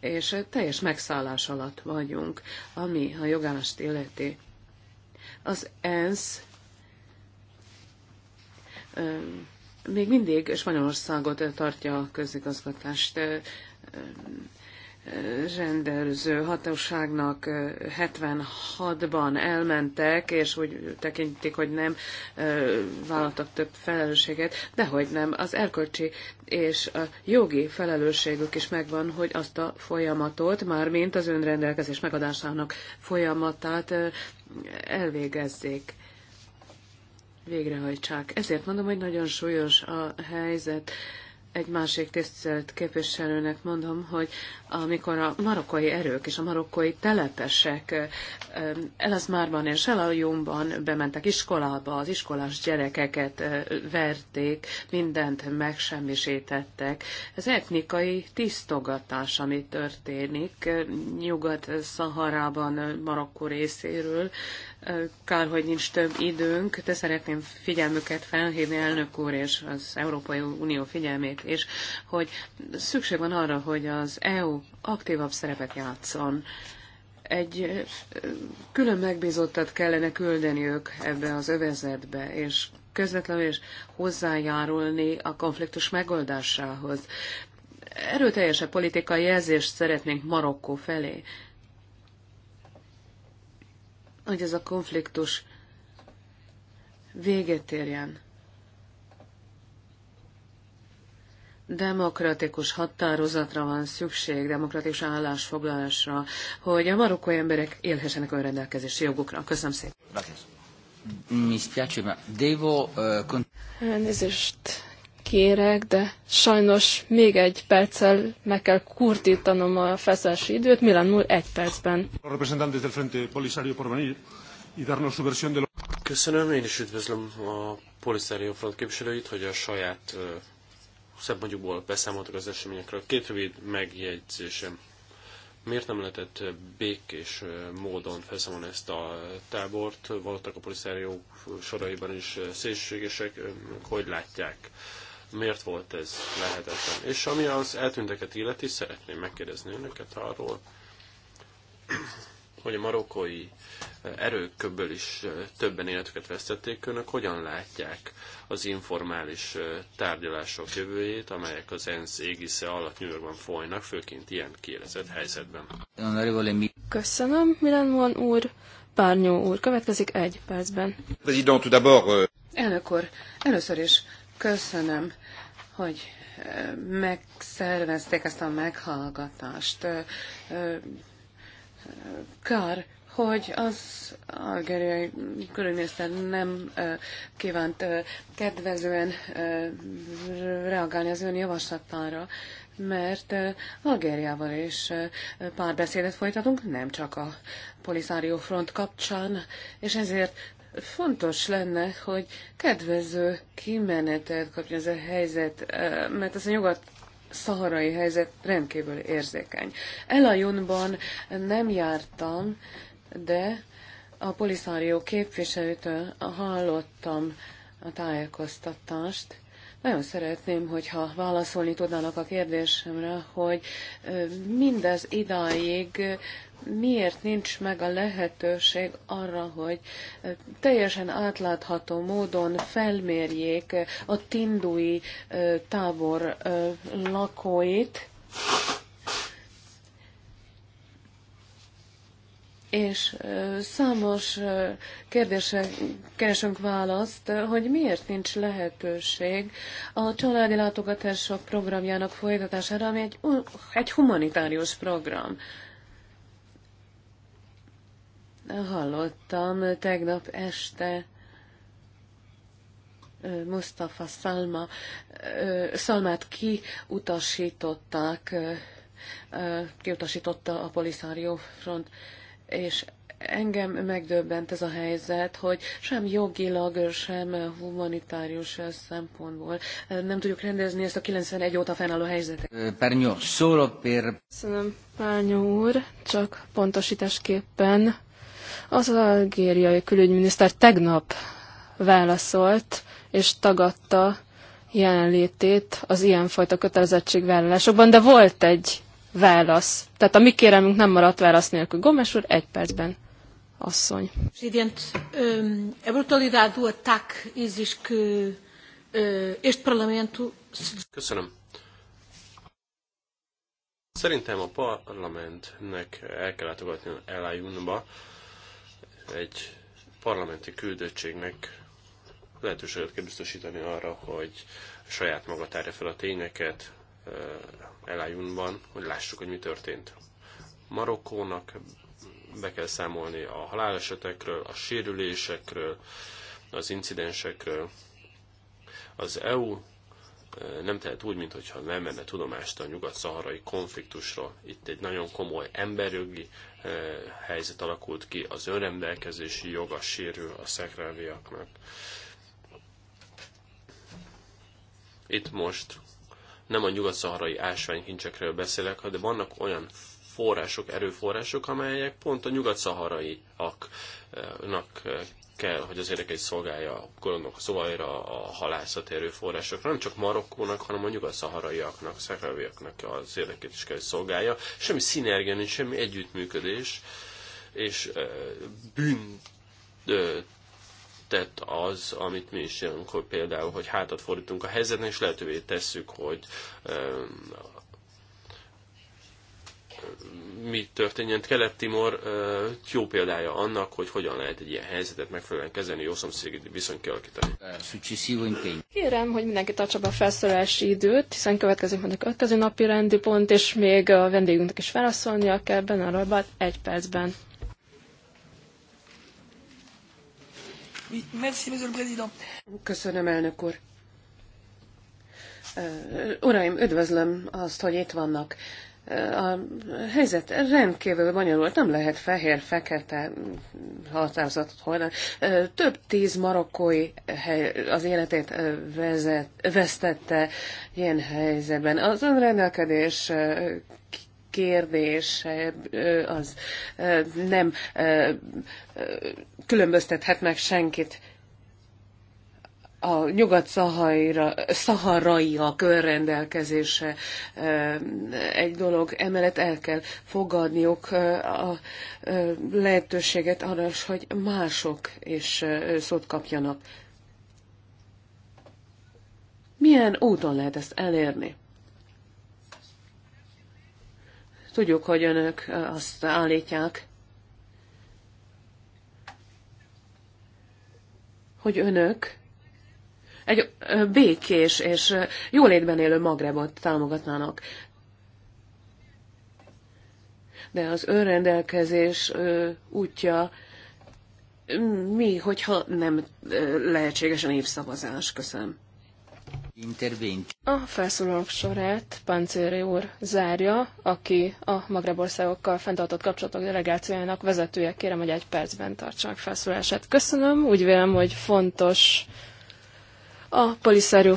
és teljes megszállás alatt vagyunk, ami a jogállást illeti. Az ENSZ még mindig Spanyolországot tartja a közigazgatást rendelző hatóságnak 76-ban elmentek, és úgy tekintik, hogy nem vállaltak több felelősséget, de hogy nem, az erkölcsi és a jogi felelősségük is megvan, hogy azt a folyamatot, mármint az önrendelkezés megadásának folyamatát elvégezzék végrehajtsák. Ezért mondom, hogy nagyon súlyos a helyzet egy másik tisztelt képviselőnek mondom, hogy amikor a marokkai erők és a marokkai telepesek Elazmárban eh, és Elajumban bementek iskolába, az iskolás gyerekeket eh, verték, mindent megsemmisítettek. Ez etnikai tisztogatás, ami történik eh, Nyugat-Szaharában, Marokkó részéről. Kár, hogy nincs több időnk, de szeretném figyelmüket felhívni elnök úr és az Európai Unió figyelmét történik, és hogy szükség van arra, hogy az EU aktívabb szerepet játszon. Egy külön megbízottat kellene küldeni ők ebbe az övezetbe, és közvetlenül is hozzájárulni a konfliktus megoldásához. Erőteljesebb politikai jelzést szeretnénk Marokkó felé, hogy ez a konfliktus véget érjen. demokratikus határozatra van szükség, demokratikus állásfoglalásra, hogy a marokkói emberek élhessenek önrendelkezési jogukra. Köszönöm szépen. Mi spiace, ma devo... Eh, Elnézést kérek, de sajnos még egy perccel meg kell kurtítanom a felszállási időt. Milán Null egy percben. Köszönöm, én is üdvözlöm a Polisario Front képviselőit, hogy a saját eh, szempontjukból beszámoltak az eseményekről. Két rövid megjegyzésem. Miért nem lehetett békés módon felszámolni ezt a tábort? Voltak a poliszárió soraiban is szélsőségesek. Hogy látják? Miért volt ez lehetetlen? És ami az eltűnteket illeti, szeretném megkérdezni önöket arról, hogy a marokkói eh, erőkből is eh, többen életüket vesztették. Önök hogyan látják az informális eh, tárgyalások jövőjét, amelyek az ENSZ égisze alatt New Yorkban folynak, főként ilyen kérezett helyzetben? Köszönöm, Milan úr. Párnyó úr, következik egy percben. Euh, Elnök úr, először is köszönöm, hogy megszervezték ezt a meghallgatást kár, hogy az algeriai körülminiszter nem kívánt kedvezően reagálni az ön javaslatára, mert Algériával is párbeszédet folytatunk, nem csak a Polisario Front kapcsán, és ezért fontos lenne, hogy kedvező kimenetet kapjon ez a helyzet, mert ez a nyugat szaharai helyzet rendkívül érzékeny. Elajonban nem jártam, de a poliszárió képviselőtől hallottam a tájékoztatást. Nagyon szeretném, hogyha válaszolni tudnának a kérdésemre, hogy mindez idáig miért nincs meg a lehetőség arra, hogy teljesen átlátható módon felmérjék a tindui tábor lakóit, és számos kérdésre keresünk választ, hogy miért nincs lehetőség a családi látogatások programjának folytatására, ami egy, egy humanitárius program. Hallottam tegnap este Mustafa Salma, Salmát kiutasították, kiutasította a Polisario Front, és engem megdöbbent ez a helyzet, hogy sem jogilag, sem humanitárius szempontból nem tudjuk rendezni ezt a 91 óta fennálló helyzetet. Pernyó szóra per... Köszönöm, Pányó úr, csak pontosításképpen az algériai külügyminiszter tegnap válaszolt és tagadta jelenlétét az ilyenfajta kötelezettségvállalásokban, de volt egy válasz. Tehát a mi kérelmünk nem maradt válasz nélkül. Gomes úr, egy percben. Asszony. Presidente, a brutalidade do ataque exige Köszönöm. Szerintem a parlamentnek el kell látogatni elájunba, egy parlamenti küldöttségnek lehetőséget kell biztosítani arra, hogy saját maga tárja fel a tényeket elájunban, hogy lássuk, hogy mi történt. Marokkónak be kell számolni a halálesetekről, a sérülésekről, az incidensekről. Az EU nem tehet úgy, mintha nem menne tudomást a nyugat-szaharai konfliktusról. Itt egy nagyon komoly emberjogi eh, helyzet alakult ki, az önrendelkezési joga sérül a szekráviaknak. Itt most nem a nyugat-szaharai ásványkincsekről beszélek, de vannak olyan források, erőforrások, amelyek pont a nyugat-szaharaiaknak eh, kell, hogy az érdekeit szolgálja, gondolok a szolajra, a halászat erőforrásokra, nem csak Marokkónak, hanem a nyugat-szaharaiaknak, szahraviaknak az érdekét is kell, hogy szolgálja. Semmi szinergia nincs, semmi együttműködés, és bűn tett az, amit mi is csinálunk, hogy például, hogy hátat fordítunk a helyzetnek, és lehetővé tesszük, hogy mi történjen. Kelet-Timor jó példája annak, hogy hogyan lehet egy ilyen helyzetet megfelelően kezelni, jó szomszédi viszonyt kialakítani. Eh, Kérem, hogy mindenki tartsa be a felszólalási időt, hiszen következik majd a következő napi rendi pont, és még a vendégünknek is felszólnia kell, benne Rabat egy percben. Köszönöm, elnök úr. Eh, uraim, üdvözlöm azt, hogy itt vannak a helyzet rendkívül bonyolult, nem lehet fehér-fekete határozatot hozni. Több tíz marokkói az életét vezet, vesztette ilyen helyzetben. Az önrendelkedés kérdése az nem különböztethet meg senkit a nyugat-szaharaiak önrendelkezése egy dolog, emellett el kell fogadniuk a lehetőséget arra, hogy mások is szót kapjanak. Milyen úton lehet ezt elérni? Tudjuk, hogy önök azt állítják, hogy önök egy békés és jólétben élő Magrebot támogatnának. De az önrendelkezés útja mi, hogyha nem lehetséges a népszavazás? Köszönöm. A felszólalók sorát Pancéri úr zárja, aki a Magrebországokkal fenntartott kapcsolatok delegációjának vezetője. Kérem, hogy egy percben tartsanak felszólását. Köszönöm, úgy vélem, hogy fontos a Polisario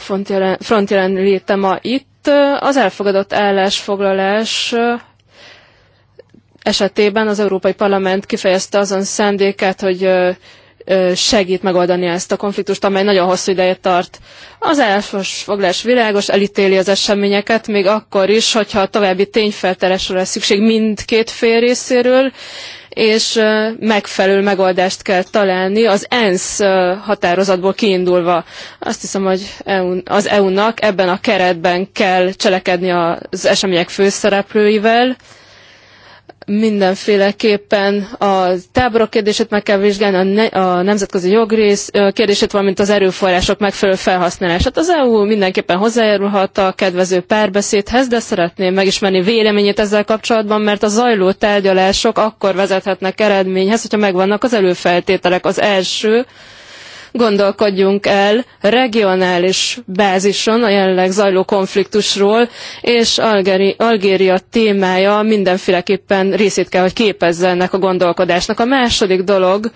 Front léte ma itt az elfogadott állásfoglalás eh, esetében az Európai Parlament kifejezte azon szándékát, hogy eh, eh, segít megoldani ezt a konfliktust, amely nagyon hosszú ideje tart. Az elfoglalás világos, elítéli az eseményeket, még akkor is, hogyha további tényfelteresre lesz szükség mindkét fél részéről, és megfelelő megoldást kell találni az ENSZ határozatból kiindulva. Azt hiszem, hogy az EU-nak ebben a keretben kell cselekedni az események főszereplőivel, mindenféleképpen a táborok kérdését meg kell vizsgálni, a, ne, a nemzetközi jogrész kérdését, valamint az erőforrások megfelelő felhasználását. Az EU mindenképpen hozzájárulhat a kedvező párbeszédhez, de szeretném megismerni véleményét ezzel kapcsolatban, mert a zajló tárgyalások akkor vezethetnek eredményhez, hogyha megvannak az előfeltételek. Az első, Gondolkodjunk el regionális bázison a jelenleg zajló konfliktusról, és Algeri, Algéria témája mindenféleképpen részét kell, hogy képezze ennek a gondolkodásnak. A második dolog,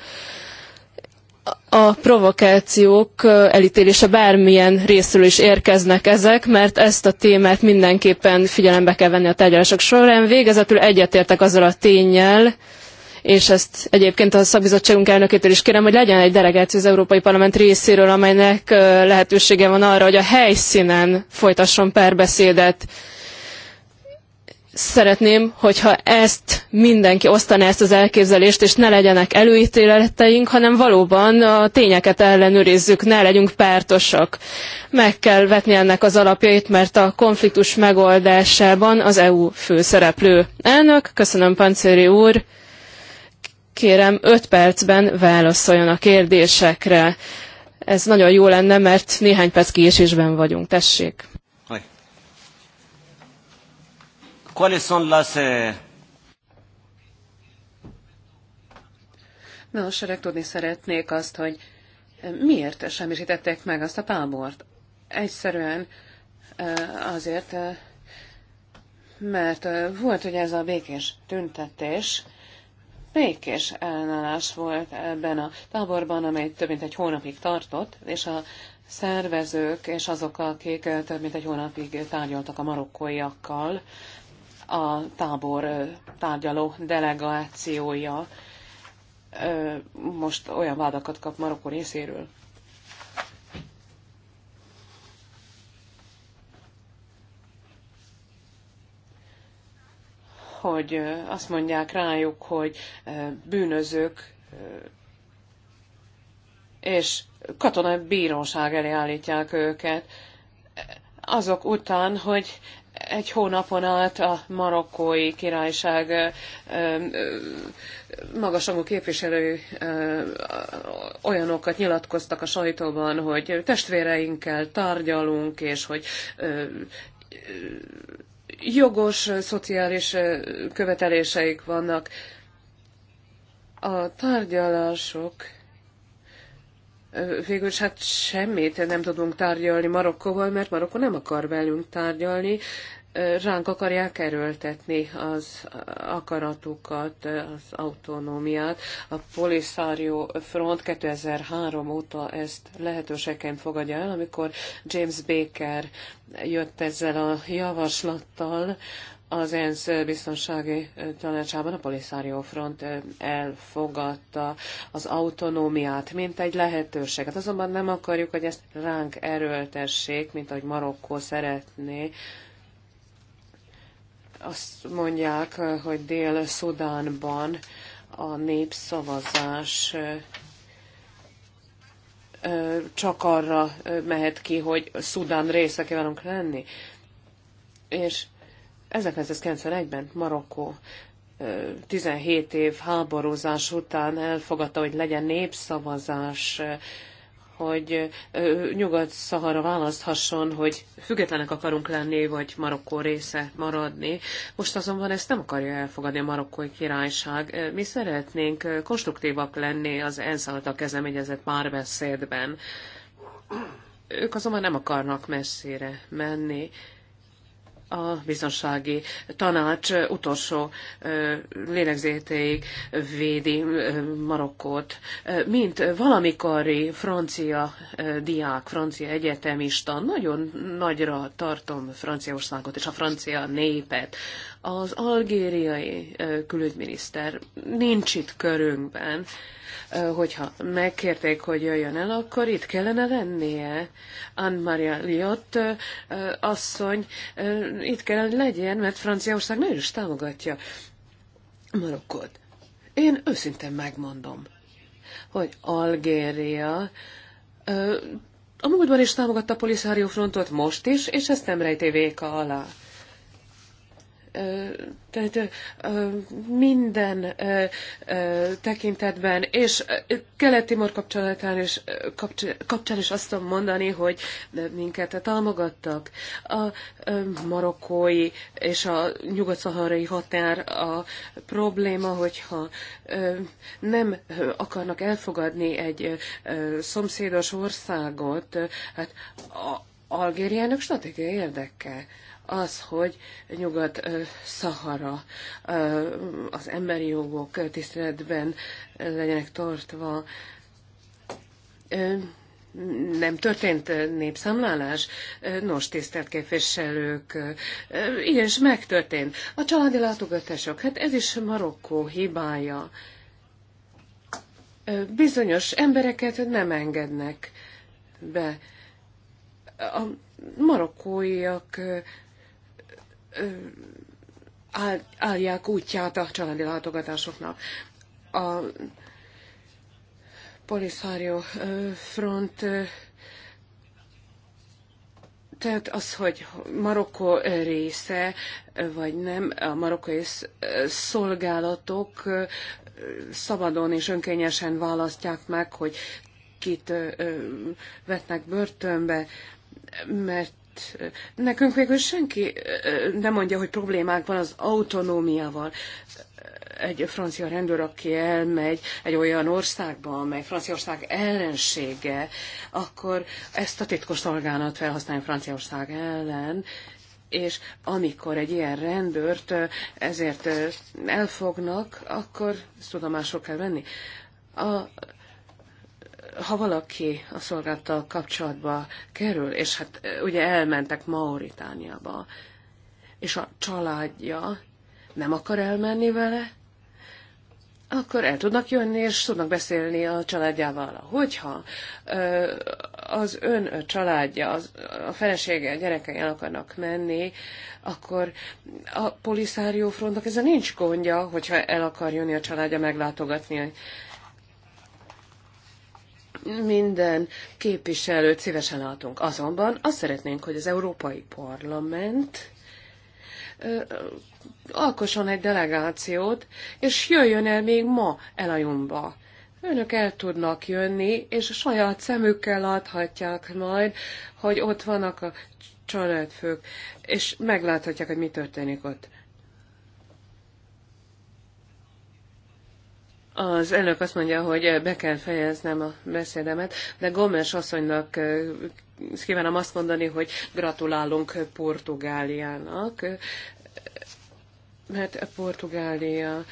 a provokációk elítélése bármilyen részről is érkeznek ezek, mert ezt a témát mindenképpen figyelembe kell venni a tárgyalások során. Végezetül egyetértek azzal a tényel, és ezt egyébként a szakbizottságunk elnökétől is kérem, hogy legyen egy delegáció az Európai Parlament részéről, amelynek lehetősége van arra, hogy a helyszínen folytasson párbeszédet. Szeretném, hogyha ezt mindenki osztaná ezt az elképzelést, és ne legyenek előítéleteink, hanem valóban a tényeket ellenőrizzük, ne legyünk pártosak. Meg kell vetni ennek az alapjait, mert a konfliktus megoldásában az EU főszereplő. Elnök, köszönöm Pancéri úr. Kérem, 5 percben válaszoljon a kérdésekre. Ez nagyon jó lenne, mert néhány perc késésben vagyunk. Tessék. ¿Cuáles eh? Nos, öreg tudni szeretnék azt, hogy eh, miért semmisítették meg azt a tábort? Egyszerűen eh, azért, mert volt ugye ez a békés tüntetés, békés ellenállás volt ebben a táborban, amely több mint egy hónapig tartott, és a szervezők és azok, akik több mint egy hónapig tárgyaltak a marokkóiakkal, a tábor tárgyaló delegációja most olyan vádakat kap Marokkó részéről, hogy azt mondják rájuk, hogy bűnözők, és katonai bíróság elé állítják őket. Azok után, hogy egy hónapon át a marokkói királyság magasrangú képviselői olyanokat nyilatkoztak a sajtóban, hogy testvéreinkkel tárgyalunk, és hogy jogos szociális követeléseik vannak. A tárgyalások végül is hát semmit nem tudunk tárgyalni Marokkóval, mert Marokko nem akar velünk tárgyalni, ránk akarják erőltetni az akaratukat, az autonómiát. A Polisario Front 2003 óta ezt lehetőségként fogadja el, amikor James Baker jött ezzel a javaslattal, az ENSZ biztonsági tanácsában a Polisario Front elfogadta az autonómiát, mint egy lehetőséget. Azonban nem akarjuk, hogy ezt ránk erőltessék, mint ahogy Marokkó szeretné, azt mondják, hogy Dél-Szudánban a népszavazás csak arra mehet ki, hogy Szudán része kívánunk lenni. És 1991-ben Marokkó 17 év háborúzás után elfogadta, hogy legyen népszavazás hogy Nyugat-Szahara választhasson, hogy függetlenek akarunk lenni, vagy Marokkó része maradni. Most azonban ezt nem akarja elfogadni a marokkói királyság. Mi szeretnénk konstruktívak lenni az ENSZ által kezdeményezett párbeszédben. Ők azonban nem akarnak messzire menni a biztonsági tanács utolsó lélegzéteig védi Marokkót, mint valamikori francia diák, francia egyetemista, nagyon nagyra tartom Franciaországot és a francia népet. Az algériai külügyminiszter nincs itt körünkben, hogyha megkérték, hogy jöjjön el, akkor itt kellene lennie. Anne-Maria Liott asszony itt kellene legyen, mert Franciaország nagyon is támogatja Marokkot. Én őszintén megmondom, hogy Algéria a múltban is támogatta a Polisario frontot, most is, és ezt nem rejté véka alá tehát minden tekintetben, és Kelet-Timor kapcsolatán is, kapcsán is azt tudom mondani, hogy minket támogattak. A marokkói és a nyugat-szaharai határ a probléma, hogyha nem akarnak elfogadni egy szomszédos országot, hát a Algériának stratégiai érdeke az, hogy Nyugat-Szahara az emberi jogok tiszteletben legyenek tartva. Nem történt népszámlálás? Nos, tisztelt képviselők, igenis megtörtént. A családi látogatások, hát ez is Marokkó hibája. Bizonyos embereket nem engednek be. A marokkóiak állják útját a családi látogatásoknak. A Polisario Front tehát az, hogy Marokko része, vagy nem, a marokkai szolgálatok szabadon és önkényesen választják meg, hogy kit vetnek börtönbe, mert nekünk végül senki nem mondja, hogy problémák van az autonómiával. Egy francia rendőr, aki elmegy egy olyan országba, amely Franciaország ellensége, akkor ezt a titkos szolgálat felhasználja Franciaország ellen, és amikor egy ilyen rendőrt ezért elfognak, akkor ezt tudomásról kell venni. A ha valaki a szolgálattal kapcsolatba kerül, és hát e, ugye elmentek Mauritániába, és a családja nem akar elmenni vele, akkor el tudnak jönni, és tudnak beszélni a családjával. Hogyha e, az ön családja, az, a felesége, a gyerekei el akarnak menni, akkor a poliszárió frontnak ezzel nincs gondja, hogyha el akar jönni a családja meglátogatni minden képviselőt szívesen látunk. Azonban azt szeretnénk, hogy az Európai Parlament alkosson egy delegációt, és jöjjön el még ma Elajumba. Önök el tudnak jönni, és a saját szemükkel láthatják majd, hogy ott vannak a családfők, és megláthatják, hogy mi történik ott. Az elnök azt mondja, hogy be kell fejeznem a beszédemet, de Gomes asszonynak kívánom azt mondani, hogy gratulálunk Portugáliának, mert Portugália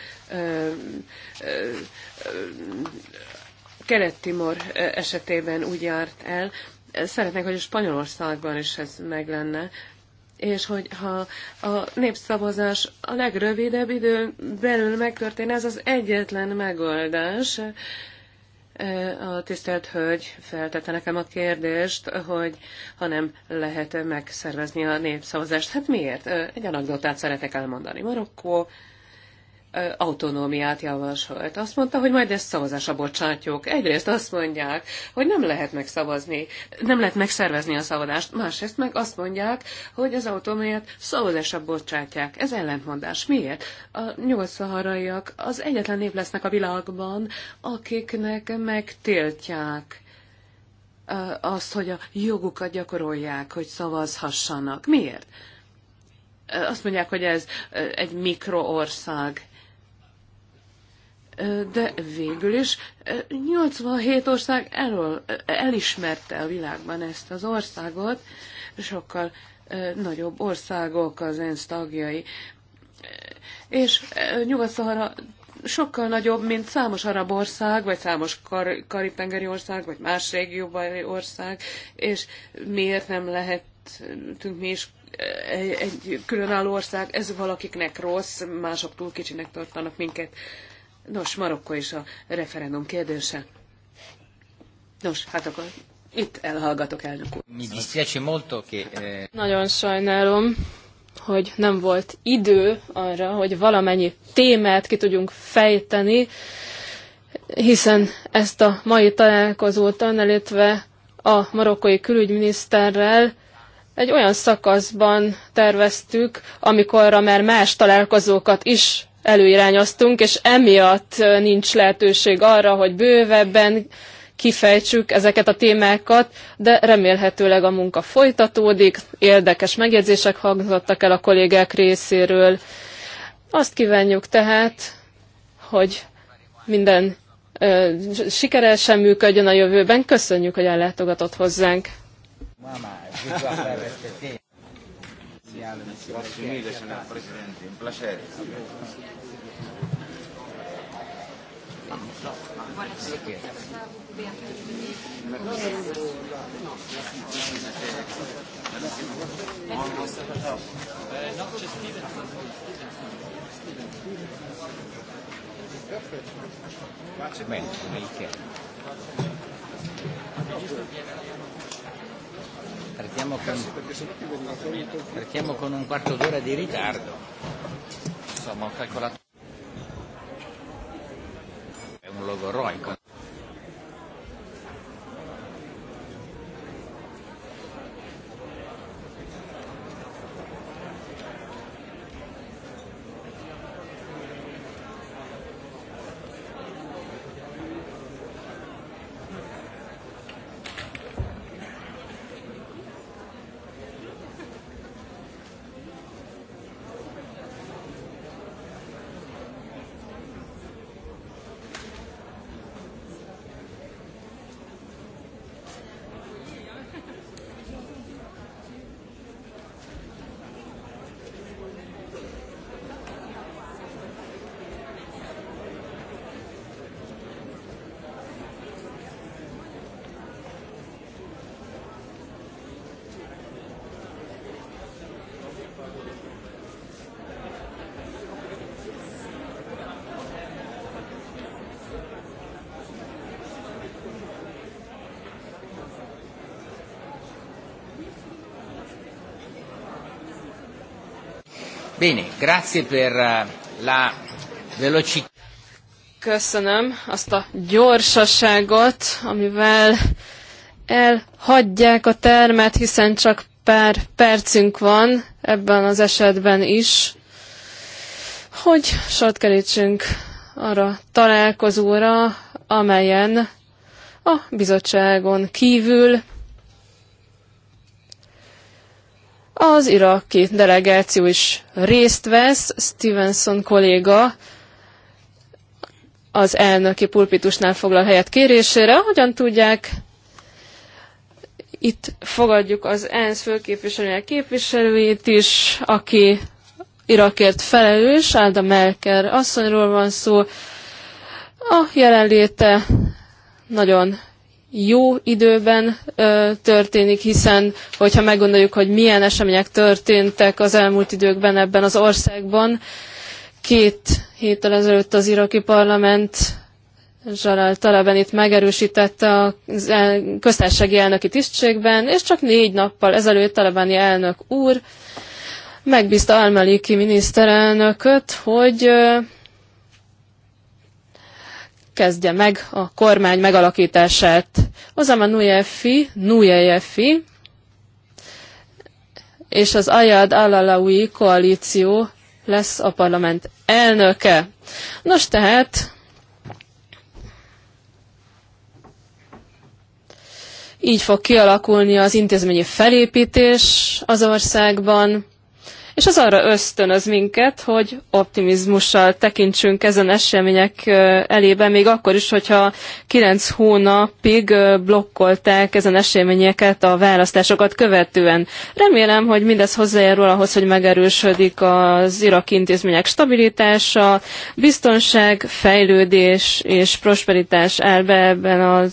Kelet-Timor esetében úgy járt el. Szeretnék, hogy a Spanyolországban is ez meg lenne, és hogyha a népszavazás a legrövidebb idő belül megtörténne, ez az egyetlen megoldás. E, a tisztelt hölgy feltette nekem a kérdést, hogy ha nem lehet megszervezni a népszavazást. Hát miért? E, egy anekdotát szeretek elmondani. Marokkó autonómiát javasolt. Azt mondta, hogy majd ezt szavazásra bocsátjuk. Egyrészt azt mondják, hogy nem lehet megszavazni, nem lehet megszervezni a szavazást, másrészt meg azt mondják, hogy az autonómiát szavazásra bocsátják. Ez ellentmondás. Miért? A nyugodt az egyetlen nép lesznek a világban, akiknek megtiltják azt, hogy a jogukat gyakorolják, hogy szavazhassanak. Miért? Azt mondják, hogy ez egy mikroország de végül is 87 ország elől elismerte a világban ezt az országot, sokkal nagyobb országok az ENSZ tagjai. És Nyugat-Szahara sokkal nagyobb, mint számos arab ország, vagy számos kar- karib ország, vagy más régióbeli ország, és miért nem lehetünk mi is egy, egy különálló ország? Ez valakiknek rossz, mások túl kicsinek tartanak minket. Nos, Marokko és a referendum kérdése. Nos, hát akkor itt elhallgatok, elnök úr. Mi molto che... Eh, Nagyon sajnálom, hogy nem volt idő arra, hogy valamennyi témát ki tudjunk fejteni, hiszen ezt a mai találkozót, illetve a marokkói külügyminiszterrel egy olyan szakaszban terveztük, amikorra már más találkozókat is előirányoztunk, és emiatt nincs lehetőség arra, hogy bővebben kifejtsük ezeket a témákat, de remélhetőleg a munka folytatódik, érdekes megjegyzések hangzottak el a kollégák részéről. Azt kívánjuk tehát, hogy minden ö, sikeresen működjön a jövőben. Köszönjük, hogy ellátogatott hozzánk. Grazie Partiamo con, partiamo con un quarto d'ora di ritardo. Insomma, ho calcolato kizárólag a Bene, grazie per eh, la velocità. Köszönöm azt a gyorsaságot, amivel elhagyják a termet, hiszen csak pár percünk van ebben az esetben is, hogy sort kerítsünk arra találkozóra, amelyen a bizottságon kívül Az iraki delegáció is részt vesz, Stevenson kolléga az elnöki pulpitusnál foglal helyet kérésére. Hogyan tudják, itt fogadjuk az ENSZ főképviselője képviselőjét is, aki Irakért felelős, Álda Melker asszonyról van szó. A jelenléte nagyon jó időben ö, történik, hiszen hogyha meggondoljuk, hogy milyen események történtek az elmúlt időkben ebben az országban, két héttel ezelőtt az iraki parlament Zsalal Talaben itt megerősítette a köztársasági elnöki tisztségben, és csak négy nappal ezelőtt Talabani elnök úr megbízta Almaliki miniszterelnököt, hogy kezdje meg a kormány megalakítását. Ozama Nujefi, Nujefi és az Ayad Alalawi koalíció lesz a parlament elnöke. Nos tehát, így fog kialakulni az intézményi felépítés az országban, és az arra ösztönöz minket, hogy optimizmussal tekintsünk ezen események elébe, még akkor is, hogyha kilenc hónapig blokkolták ezen eseményeket a választásokat követően. Remélem, hogy mindez hozzájárul ahhoz, hogy megerősödik az iraki intézmények stabilitása, biztonság, fejlődés és prosperitás áll be ebben a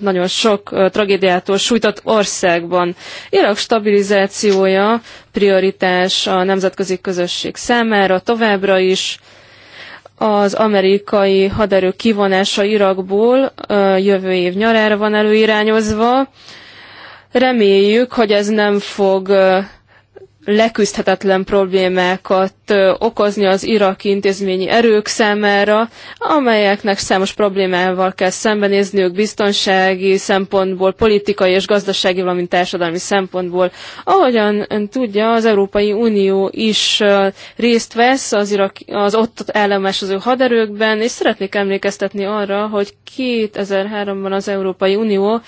nagyon sok tragédiától sújtott országban. Irak stabilizációja prioritás a nemzetközi közösség számára továbbra is. Az amerikai haderő kivonása Irakból jövő év nyarára van előirányozva. Reméljük, hogy ez nem fog leküzdhetetlen problémákat okozni az iraki intézményi erők számára, amelyeknek számos problémával kell szembenézniük biztonsági szempontból, politikai és gazdasági, valamint társadalmi szempontból. Ahogyan ön tudja, az Európai Unió is részt vesz az, irak, az ott állomásozó haderőkben, és szeretnék emlékeztetni arra, hogy 2003-ban az Európai Unió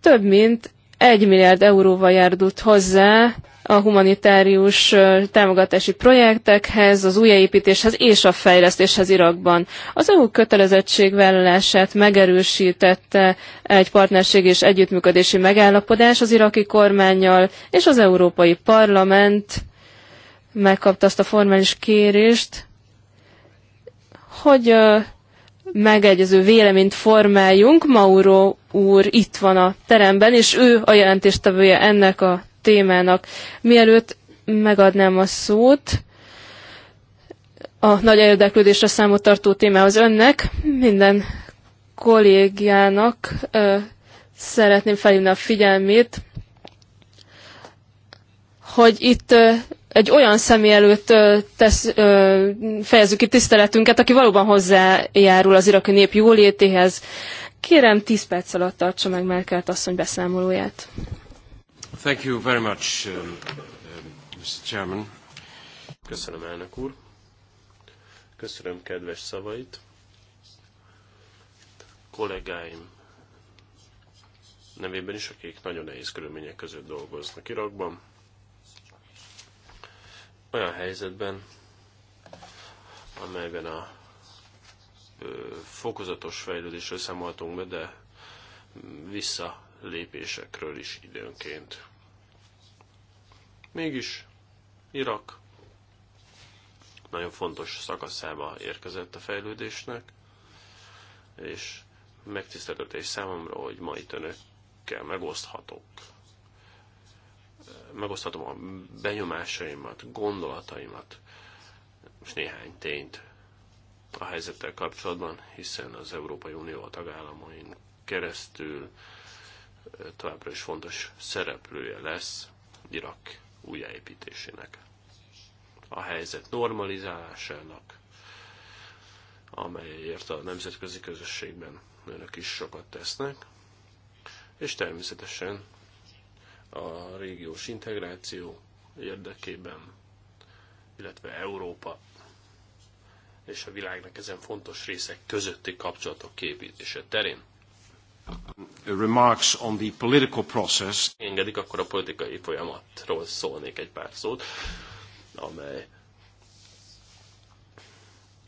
több mint 1 milliárd euróval járult hozzá a humanitárius támogatási projektekhez, az újjáépítéshez és a fejlesztéshez Irakban. Az EU kötelezettségvállalását megerősítette egy partnerség és együttműködési megállapodás az iraki kormányjal, és az Európai Parlament megkapta azt a formális kérést, hogy megegyező véleményt formáljunk. Mauro úr itt van a teremben, és ő a jelentéstevője ennek a témának. Mielőtt megadnám a szót a nagy érdeklődésre számot tartó témához önnek, minden kollégiának ö, szeretném felhívni a figyelmét, hogy itt ö, egy olyan személy előtt ö, tesz, ö, fejezzük ki tiszteletünket, aki valóban hozzájárul az iraki nép jólétéhez. Kérem, 10 perc alatt tartsa meg Merkelt asszony beszámolóját. Thank you very much, um, Mr. Um, Chairman. Köszönöm, elnök úr. Köszönöm kedves szavait. Kollégáim nevében is, akik nagyon nehéz körülmények között dolgoznak Irakban. Olyan helyzetben, amelyben a ö, fokozatos fejlődésről számoltunk be, de visszalépésekről is időnként. Mégis Irak nagyon fontos szakaszába érkezett a fejlődésnek, és megtiszteltetés számomra, hogy ma itt önökkel megoszthatok. Megoszthatom a benyomásaimat, gondolataimat, és néhány tényt a helyzettel kapcsolatban, hiszen az Európai Unió a tagállamain keresztül továbbra is fontos szereplője lesz Irak újjáépítésének, a helyzet normalizálásának, amelyért a nemzetközi közösségben önök is sokat tesznek, és természetesen a régiós integráció érdekében, illetve Európa és a világnak ezen fontos részek közötti kapcsolatok képítése terén. Remarks on the political process. Engedik, akkor a politikai folyamatról szólnék egy pár szót, amely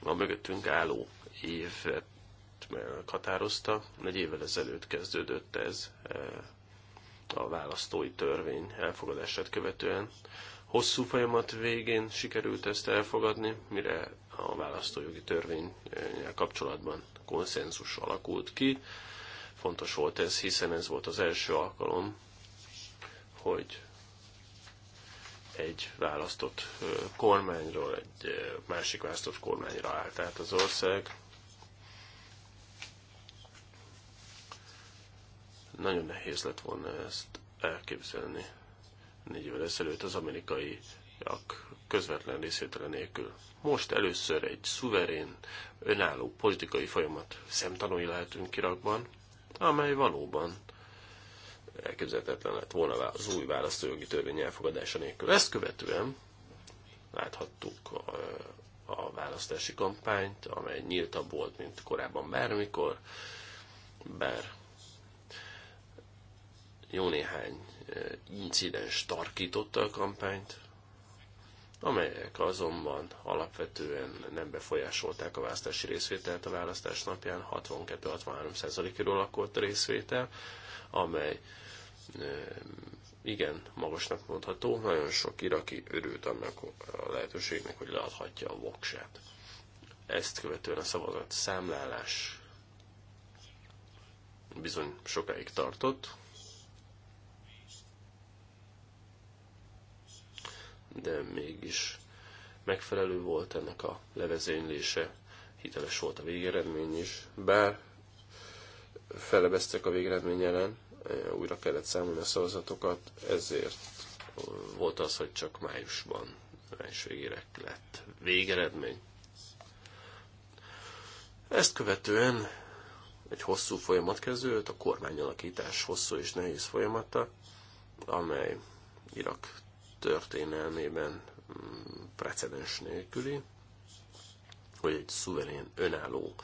a mögöttünk álló évet határozta. Egy évvel ezelőtt kezdődött ez eh, a választói törvény elfogadását követően. Hosszú folyamat végén sikerült ezt elfogadni, mire a választójogi törvény kapcsolatban konszenzus alakult ki fontos volt ez, hiszen ez volt az első alkalom, hogy egy választott kormányról egy másik választott kormányra állt át az ország. Nagyon nehéz lett volna ezt elképzelni négy évvel ezelőtt az amerikaiak közvetlen részvétele nélkül. Most először egy szuverén, önálló politikai folyamat szemtanúi lehetünk Irakban, amely valóban elképzelhetetlen lett volna az új választójogi törvény elfogadása nélkül. Ezt követően láthattuk a, választási kampányt, amely nyíltabb volt, mint korábban bármikor, bár jó néhány incidens tarkította a kampányt, amelyek azonban alapvetően nem befolyásolták a választási részvételt a választás napján, 62-63%-ról alakult a részvétel, amely igen, magasnak mondható, nagyon sok iraki örült annak a lehetőségnek, hogy leadhatja a voksát. Ezt követően a szavazat számlálás bizony sokáig tartott, de mégis megfelelő volt ennek a levezénylése, hiteles volt a végeredmény is, bár felebeztek a végeredmény ellen, újra kellett számolni a szavazatokat, ezért volt az, hogy csak májusban, május végére lett végeredmény. Ezt követően egy hosszú folyamat kezdődött, a kormányalakítás hosszú és nehéz folyamata, amely Irak történelmében mm, precedens nélküli, hogy egy szuverén, önálló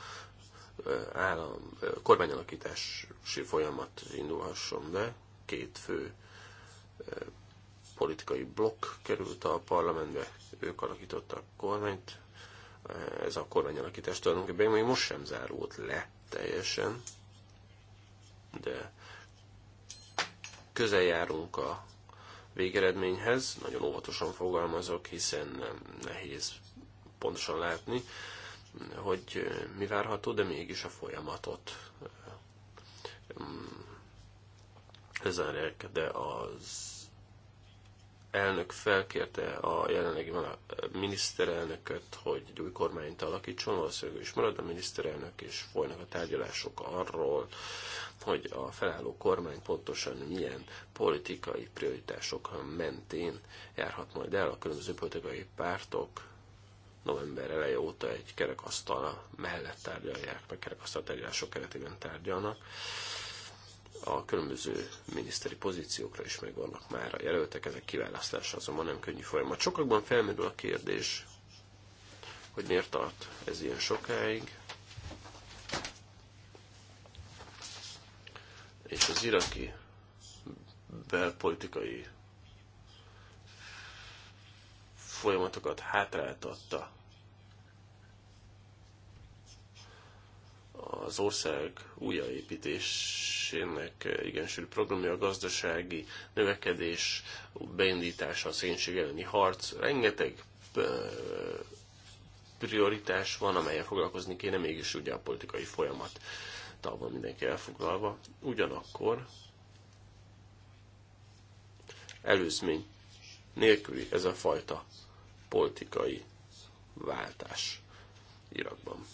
állam, kormányalakítási folyamat indulhasson be. Két fő politikai blokk került a parlamentbe, ők alakítottak a kormányt. Ez a kormányalakítás tulajdonképpen még most sem zárult le teljesen, de közel járunk a végeredményhez. Nagyon óvatosan fogalmazok, hiszen nehéz pontosan látni, hogy mi várható, de mégis a folyamatot ehm, lezárják, de az elnök felkérte a jelenlegi miniszterelnököt, hogy egy új kormányt alakítson, valószínűleg is marad a miniszterelnök, és folynak a tárgyalások arról, hogy a felálló kormány pontosan milyen politikai prioritások mentén járhat majd el a különböző politikai pártok november eleje óta egy kerekasztal mellett tárgyalják, meg kerekasztal tárgyalások keretében tárgyalnak. A különböző miniszteri pozíciókra is megvannak már a jelöltek, ezek kiválasztása azonban nem könnyű folyamat. Sokakban felmerül a kérdés, hogy miért tart ez ilyen sokáig és az iraki belpolitikai folyamatokat hátráltatta az ország újjáépítésének igen sűrű programja, a gazdasági növekedés, beindítása, a szénység elleni harc, rengeteg prioritás van, amelyen foglalkozni kéne, mégis ugye a politikai folyamat feladattal van mindenki elfoglalva, ugyanakkor előzmény nélküli ez a fajta politikai váltás Irakban.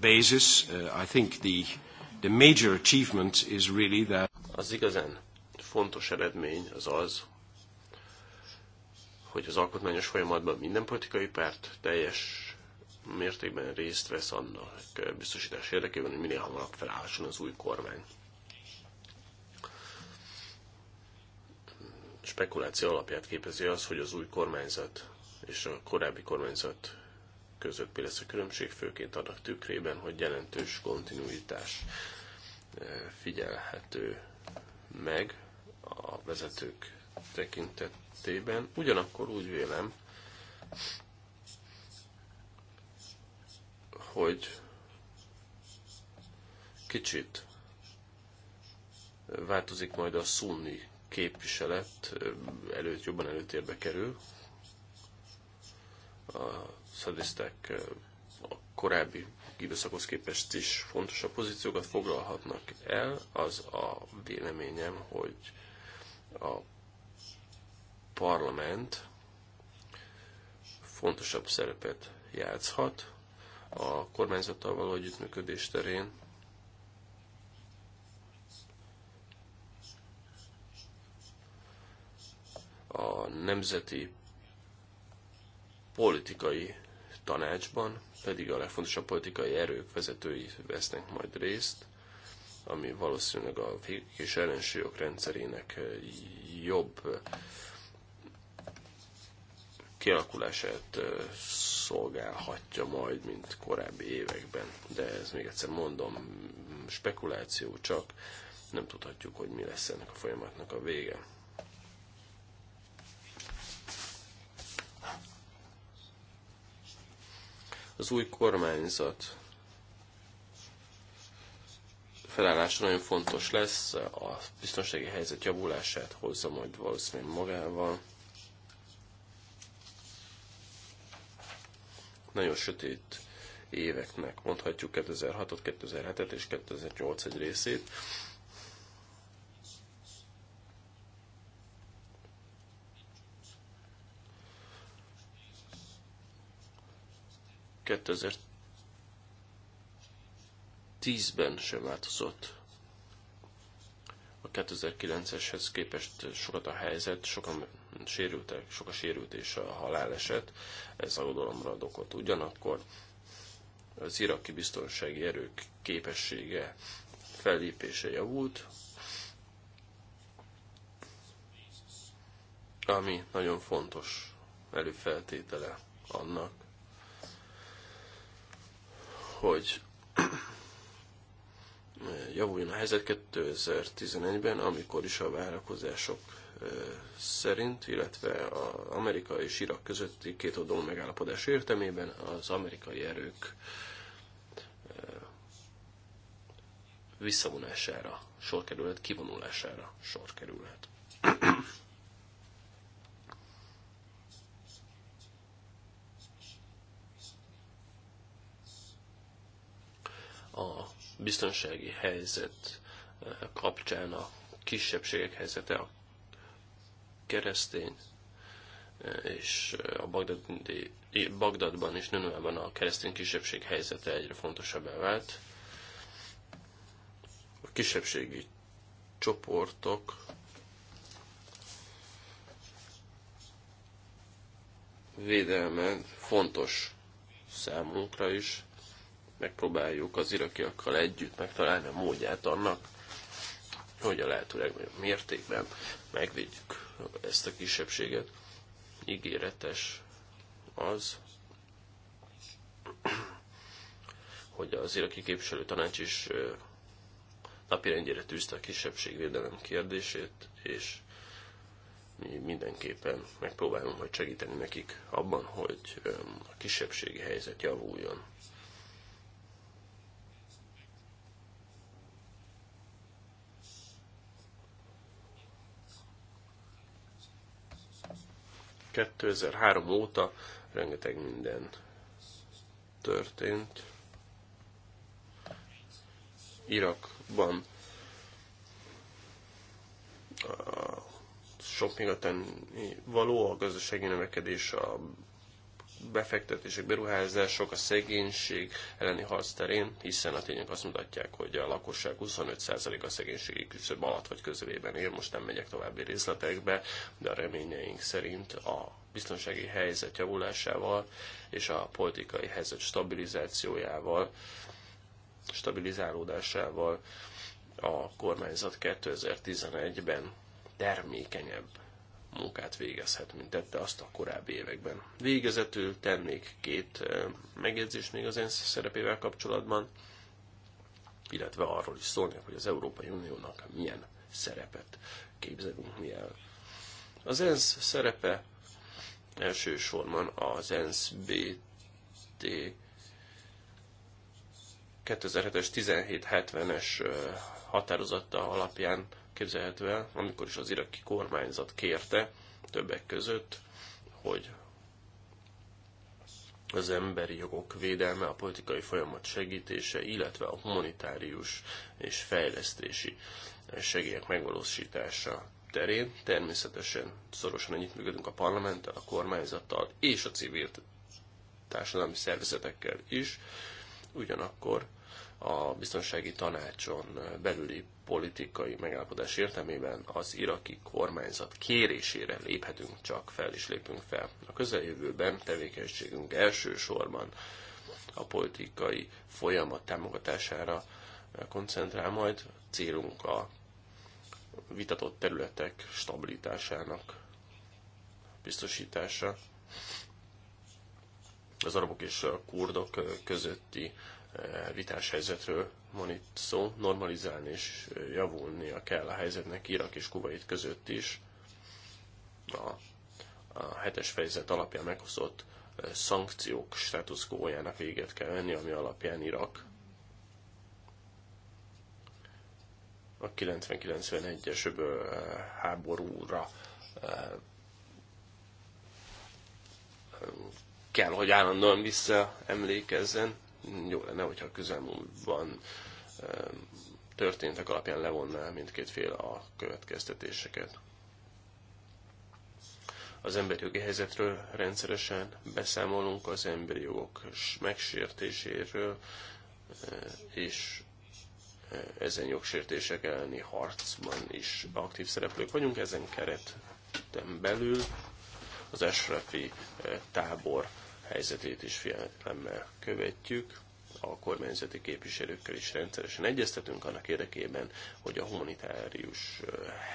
Basis, uh, I think the, the major achievement is really that az igazán fontos eredmény az az, hogy az alkotmányos folyamatban minden politikai párt teljes mértékben részt vesz annak biztosítás érdekében, hogy minél hamarabb felállhasson az új kormány. Spekuláció alapját képezi az, hogy az új kormányzat és a korábbi kormányzat között mi lesz a különbség, főként annak tükrében, hogy jelentős kontinuitás eh, figyelhető meg a vezetők tekintetében. Ugyanakkor úgy vélem, hogy kicsit változik majd a szunni képviselet, előtt, jobban előtérbe kerül. A szadisztek a korábbi időszakhoz képest is fontosabb pozíciókat foglalhatnak el. Az a véleményem, hogy a parlament fontosabb szerepet játszhat, a kormányzattal való együttműködés terén. A nemzeti politikai tanácsban pedig a legfontosabb politikai erők vezetői vesznek majd részt, ami valószínűleg a kis ellensúlyok rendszerének jobb kialakulását szolgálhatja majd, mint korábbi években. De ez még egyszer mondom, spekuláció csak, nem tudhatjuk, hogy mi lesz ennek a folyamatnak a vége. Az új kormányzat felállása nagyon fontos lesz, a biztonsági helyzet javulását hozza majd valószínűleg magával. nagyon sötét éveknek, mondhatjuk 2006-ot, 2007-et és 2008 egy részét. ben sem változott a 2009-eshez képest sokat a helyzet, sokan sérültek, sok a sérült és a haláleset, ez aggodalomra ad okot. Ugyanakkor az iraki biztonsági erők képessége fellépése javult, ami nagyon fontos előfeltétele annak, hogy javuljon a helyzet 2011-ben, amikor is a várakozások szerint, illetve az Amerika és Irak közötti két oldalú megállapodás értelmében az amerikai erők visszavonására sor kerülhet, kivonulására sor kerülhet. A biztonsági helyzet kapcsán a kisebbségek helyzete, a keresztény, és a Bagdadi, Bagdadban és Nönőában a keresztény kisebbség helyzete egyre fontosabbá vált. A kisebbségi csoportok védelme fontos számunkra is. Megpróbáljuk az irakiakkal együtt megtalálni a módját annak, hogy a lehető legnagyobb mértékben megvédjük ezt a kisebbséget. Ígéretes az, hogy az iraki képviselő tanács is napirendjére tűzte a kisebbségvédelem kérdését, és mi mindenképpen megpróbálunk majd segíteni nekik abban, hogy a kisebbségi helyzet javuljon. 2003 óta rengeteg minden történt. Irakban a sok még a való a gazdasági növekedés, a befektetések, beruházások a szegénység elleni harc terén, hiszen a tények azt mutatják, hogy a lakosság 25% a szegénységi küszöb alatt vagy közelében él, most nem megyek további részletekbe, de a reményeink szerint a biztonsági helyzet javulásával és a politikai helyzet stabilizációjával, stabilizálódásával a kormányzat 2011-ben termékenyebb munkát végezhet, mint tette azt a korábbi években. Végezetül tennék két megjegyzést még az ENSZ szerepével kapcsolatban, illetve arról is szólnék, hogy az Európai Uniónak milyen szerepet képzelünk mi el. Az ENSZ szerepe elsősorban az ENSZ BT 2007-es 1770-es határozata alapján képzelhető el, amikor is az iraki kormányzat kérte többek között, hogy az emberi jogok védelme, a politikai folyamat segítése, illetve a humanitárius és fejlesztési segélyek megvalósítása terén. Természetesen szorosan együttműködünk a parlamenttel, a kormányzattal és a civil társadalmi szervezetekkel is. Ugyanakkor a biztonsági tanácson belüli politikai megállapodás értelmében az iraki kormányzat kérésére léphetünk csak fel és lépünk fel. A közeljövőben tevékenységünk elsősorban a politikai folyamat támogatására koncentrál majd. Célunk a vitatott területek stabilitásának biztosítása. Az arabok és a kurdok közötti vitás helyzetről van itt szó, normalizálni és javulnia kell a helyzetnek Irak és Kuwait között is. A, a hetes fejezet alapján meghozott szankciók státuszkójának véget kell venni, ami alapján Irak a 90-91-es háborúra kell, hogy állandóan visszaemlékezzen, jó lenne, hogyha a közelmúltban történtek alapján levonná mindkét fél a következtetéseket. Az emberi jogi helyzetről rendszeresen beszámolunk, az emberi jogok megsértéséről, eh, és eh, ezen jogsértések elleni harcban is aktív szereplők vagyunk, ezen keretben belül az esrefi eh, tábor helyzetét is figyelemmel követjük. A kormányzati képviselőkkel is rendszeresen egyeztetünk annak érdekében, hogy a humanitárius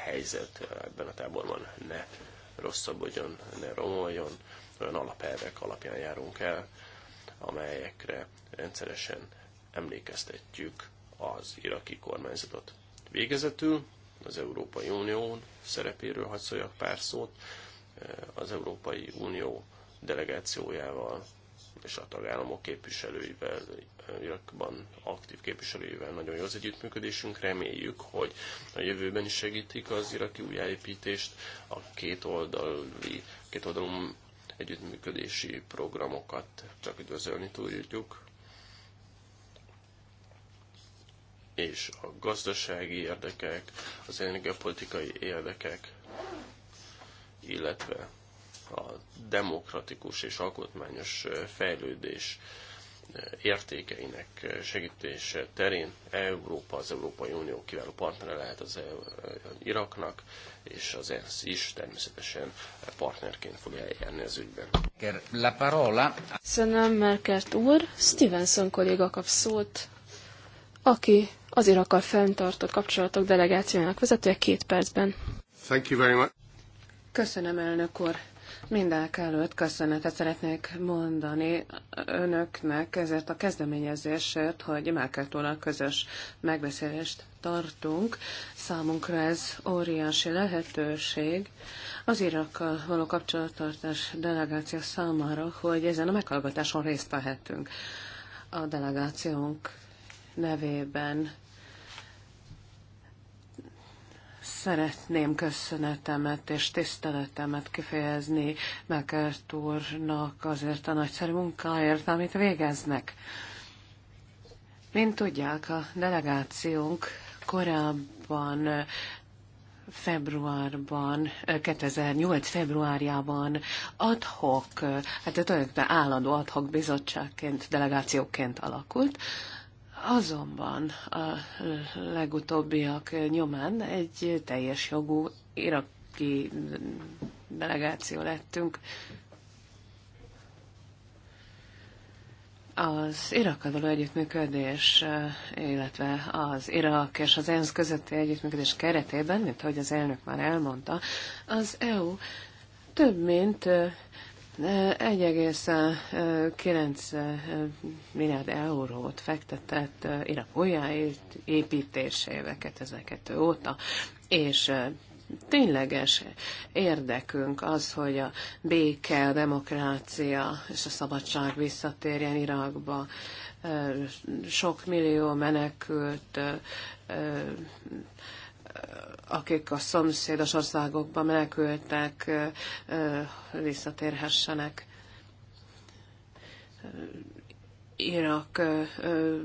helyzet ebben a táborban ne rosszabbodjon, ne romoljon. Olyan alapelvek alapján járunk el, amelyekre rendszeresen emlékeztetjük az iraki kormányzatot. Végezetül az Európai Unió szerepéről hadd pár szót. Az Európai Unió delegációjával és a tagállamok képviselőivel, Irakban aktív képviselőivel nagyon jó az együttműködésünk. Reméljük, hogy a jövőben is segítik az iraki újjáépítést, a két kétoldalú együttműködési programokat csak üdvözölni tudjuk. És a gazdasági érdekek, az energiapolitikai érdekek, illetve a demokratikus és alkotmányos fejlődés értékeinek segítése terén Európa, az Európai Unió kiváló partnere lehet az Iraknak, és az ENSZ is természetesen partnerként fog eljárni az ügyben. La parola. Köszönöm, Merkert úr. Stevenson kolléga kap szót, aki az Irakkal fenntartott kapcsolatok delegációjának vezetője két percben. Thank you very much. Köszönöm, elnök úr. Mindenek előtt köszönetet szeretnék mondani önöknek ezért a kezdeményezésért, hogy a közös megbeszélést tartunk. Számunkra ez óriási lehetőség az Irakkal való kapcsolattartás delegáció számára, hogy ezen a meghallgatáson részt vehetünk. A delegációnk nevében Szeretném köszönetemet és tiszteletemet kifejezni Mekert úrnak azért a nagyszerű munkáért, amit végeznek. Mint tudják, a delegációnk korábban februárban, 2008 februárjában adhok, hát tulajdonképpen állandó adhok bizottságként, delegációként alakult, Azonban a legutóbbiak nyomán egy teljes jogú iraki delegáció lettünk. Az Irakkal való együttműködés, illetve az Irak és az ENSZ közötti együttműködés keretében, mint ahogy az elnök már elmondta, az EU több mint 1,9 milliárd eurót fektetett Irak újjáért építésével 2002 óta, és tényleges érdekünk az, hogy a béke, a demokrácia és a szabadság visszatérjen Irakba. Sok millió menekült akik a szomszédos országokba menekültek, visszatérhessenek. Irak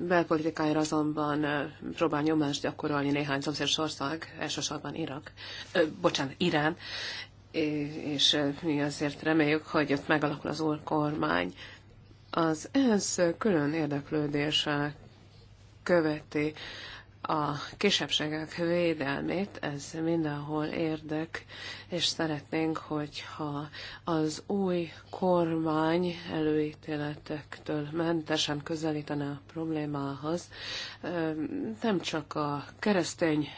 belpolitikájára azonban próbál nyomást gyakorolni néhány szomszédos ország, elsősorban Irak, bocsánat, Irán, és mi azért reméljük, hogy ott megalakul az új kormány. Az ENSZ külön érdeklődése követi a kisebbségek védelmét, ez mindenhol érdek, és szeretnénk, hogyha az új kormány előítéletektől mentesen közelítene a problémához, nem csak a keresztény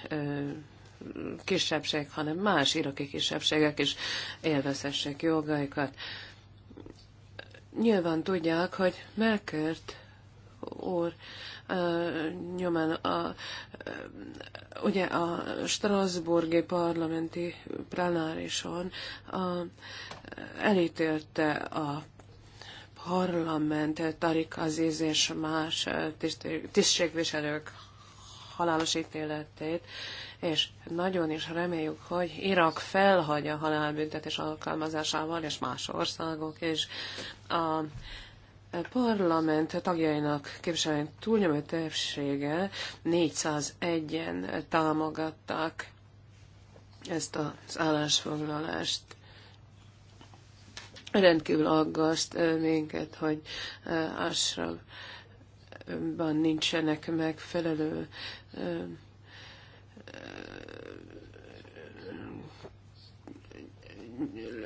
kisebbség, hanem más iraki kisebbségek is élvezhessék jogaikat. Nyilván tudják, hogy Melkert úr nyomán a, ugye a Strasburgi parlamenti plenárison a, elítélte a parlament Tarik Aziz és más tisztségviselők halálos ítéletét, és nagyon is reméljük, hogy Irak felhagy a halálbüntetés alkalmazásával, és más országok a, a parlament tagjainak képviselően túlnyomó többsége 401-en támogatták ezt az állásfoglalást. Rendkívül aggaszt eh, minket, hogy eh, Ashrafban nincsenek megfelelő eh,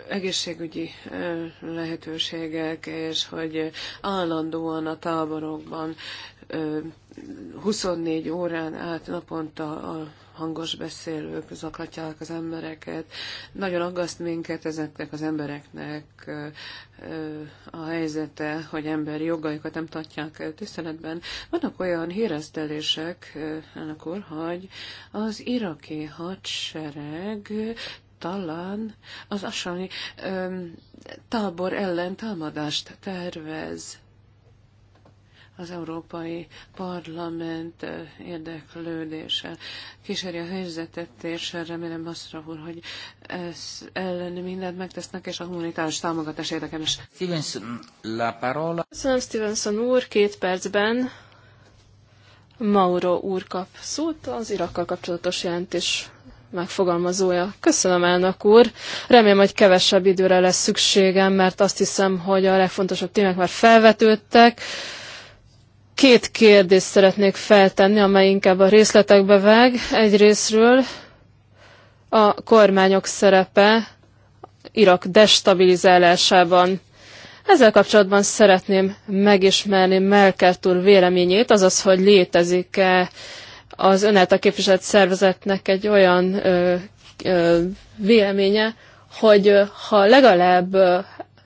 egészségügyi lehetőségek, és hogy állandóan a táborokban 24 órán át naponta a hangos beszélők zaklatják az embereket. Nagyon aggaszt minket ezeknek az embereknek a helyzete, hogy emberi jogaikat nem tartják tiszteletben. Vannak olyan híresztelések, akkor, hogy az iraki hadsereg talán az asani öm, tábor ellen támadást tervez. Az Európai Parlament érdeklődése kíséri a helyzetet, és remélem azt úr, hogy ez ellen mindent megtesznek, és a humanitárs támogatás érdekelmes. Stevenson, la parola. Köszönöm, Stevenson úr, két percben. Mauro úr kap szót az Irakkal kapcsolatos jelentés megfogalmazója. Köszönöm, elnök úr. Remélem, hogy kevesebb időre lesz szükségem, mert azt hiszem, hogy a legfontosabb témák már felvetődtek. Két kérdést szeretnék feltenni, amely inkább a részletekbe vág. Egyrésztről a kormányok szerepe Irak destabilizálásában. Ezzel kapcsolatban szeretném megismerni Melkert úr véleményét, azaz, hogy létezik-e az ön által képviselt szervezetnek egy olyan ö, ö, véleménye, hogy ha legalább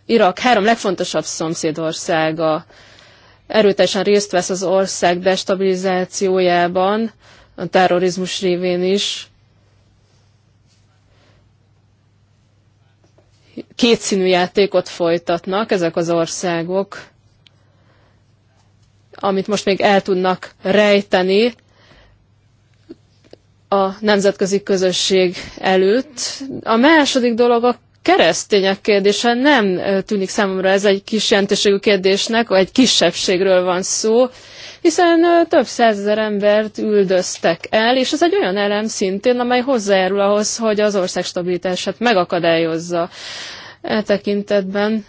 Irak három legfontosabb szomszédországa erőteljesen részt vesz az ország destabilizációjában, a terrorizmus révén is, kétszínű játékot folytatnak ezek az országok, amit most még el tudnak rejteni, a nemzetközi közösség előtt. A második dolog a keresztények kérdése nem tűnik számomra ez egy kis jelentőségű kérdésnek, vagy egy kisebbségről van szó, hiszen több százezer embert üldöztek el, és ez egy olyan elem szintén, amely hozzájárul ahhoz, hogy az ország stabilitását megakadályozza. E tekintetben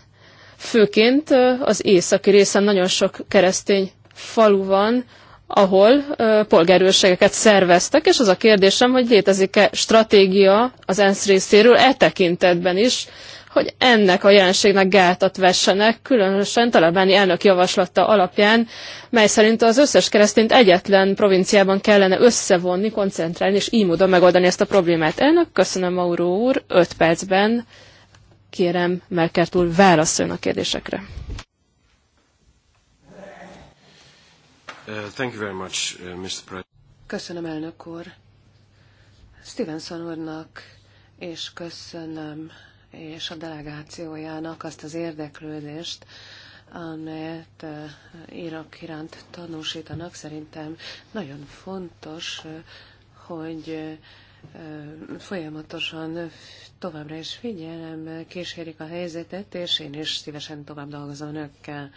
főként az északi részen nagyon sok keresztény falu van, ahol polgárőrségeket szerveztek, és az a kérdésem, hogy létezik-e stratégia az ENSZ részéről e tekintetben is, hogy ennek a jelenségnek gátat vessenek, különösen talabáni elnök javaslata alapján, mely szerint az összes keresztényt egyetlen provinciában kellene összevonni, koncentrálni, és így módon megoldani ezt a problémát. Elnök, köszönöm, Mauro úr, öt percben kérem Merkert úr válaszoljon a kérdésekre. Uh, thank you very much, uh, Mr. President. Köszönöm, elnök úr. Stevenson úrnak, és köszönöm, és a delegációjának azt az érdeklődést, amelyet uh, Irak iránt tanúsítanak. Szerintem nagyon fontos, hogy folyamatosan továbbra is figyelem, kísérik a helyzetet, és én is szívesen tovább dolgozom önökkel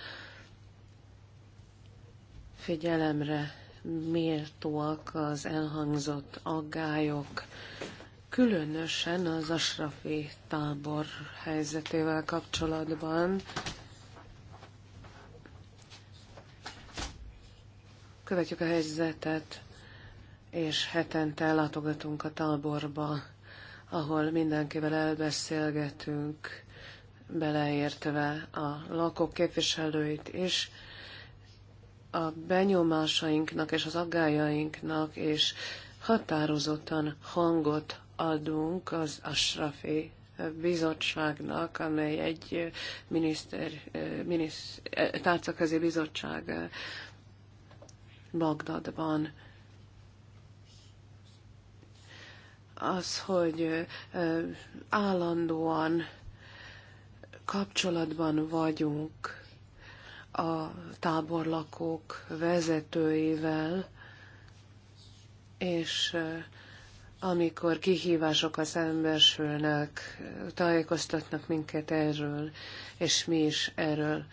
figyelemre méltóak az elhangzott aggályok, különösen az Asrafi tábor helyzetével kapcsolatban. Követjük a helyzetet, és hetente látogatunk a táborba, ahol mindenkivel elbeszélgetünk, beleértve a lakók képviselőit is, a benyomásainknak és az aggájainknak, és határozottan hangot adunk az Asrafi bizottságnak, amely egy miniszter, minisz, tárcaközi bizottság Bagdadban. Az, hogy állandóan kapcsolatban vagyunk a táborlakók vezetőivel, és amikor kihívások az szembesülnek, tájékoztatnak minket erről, és mi is erről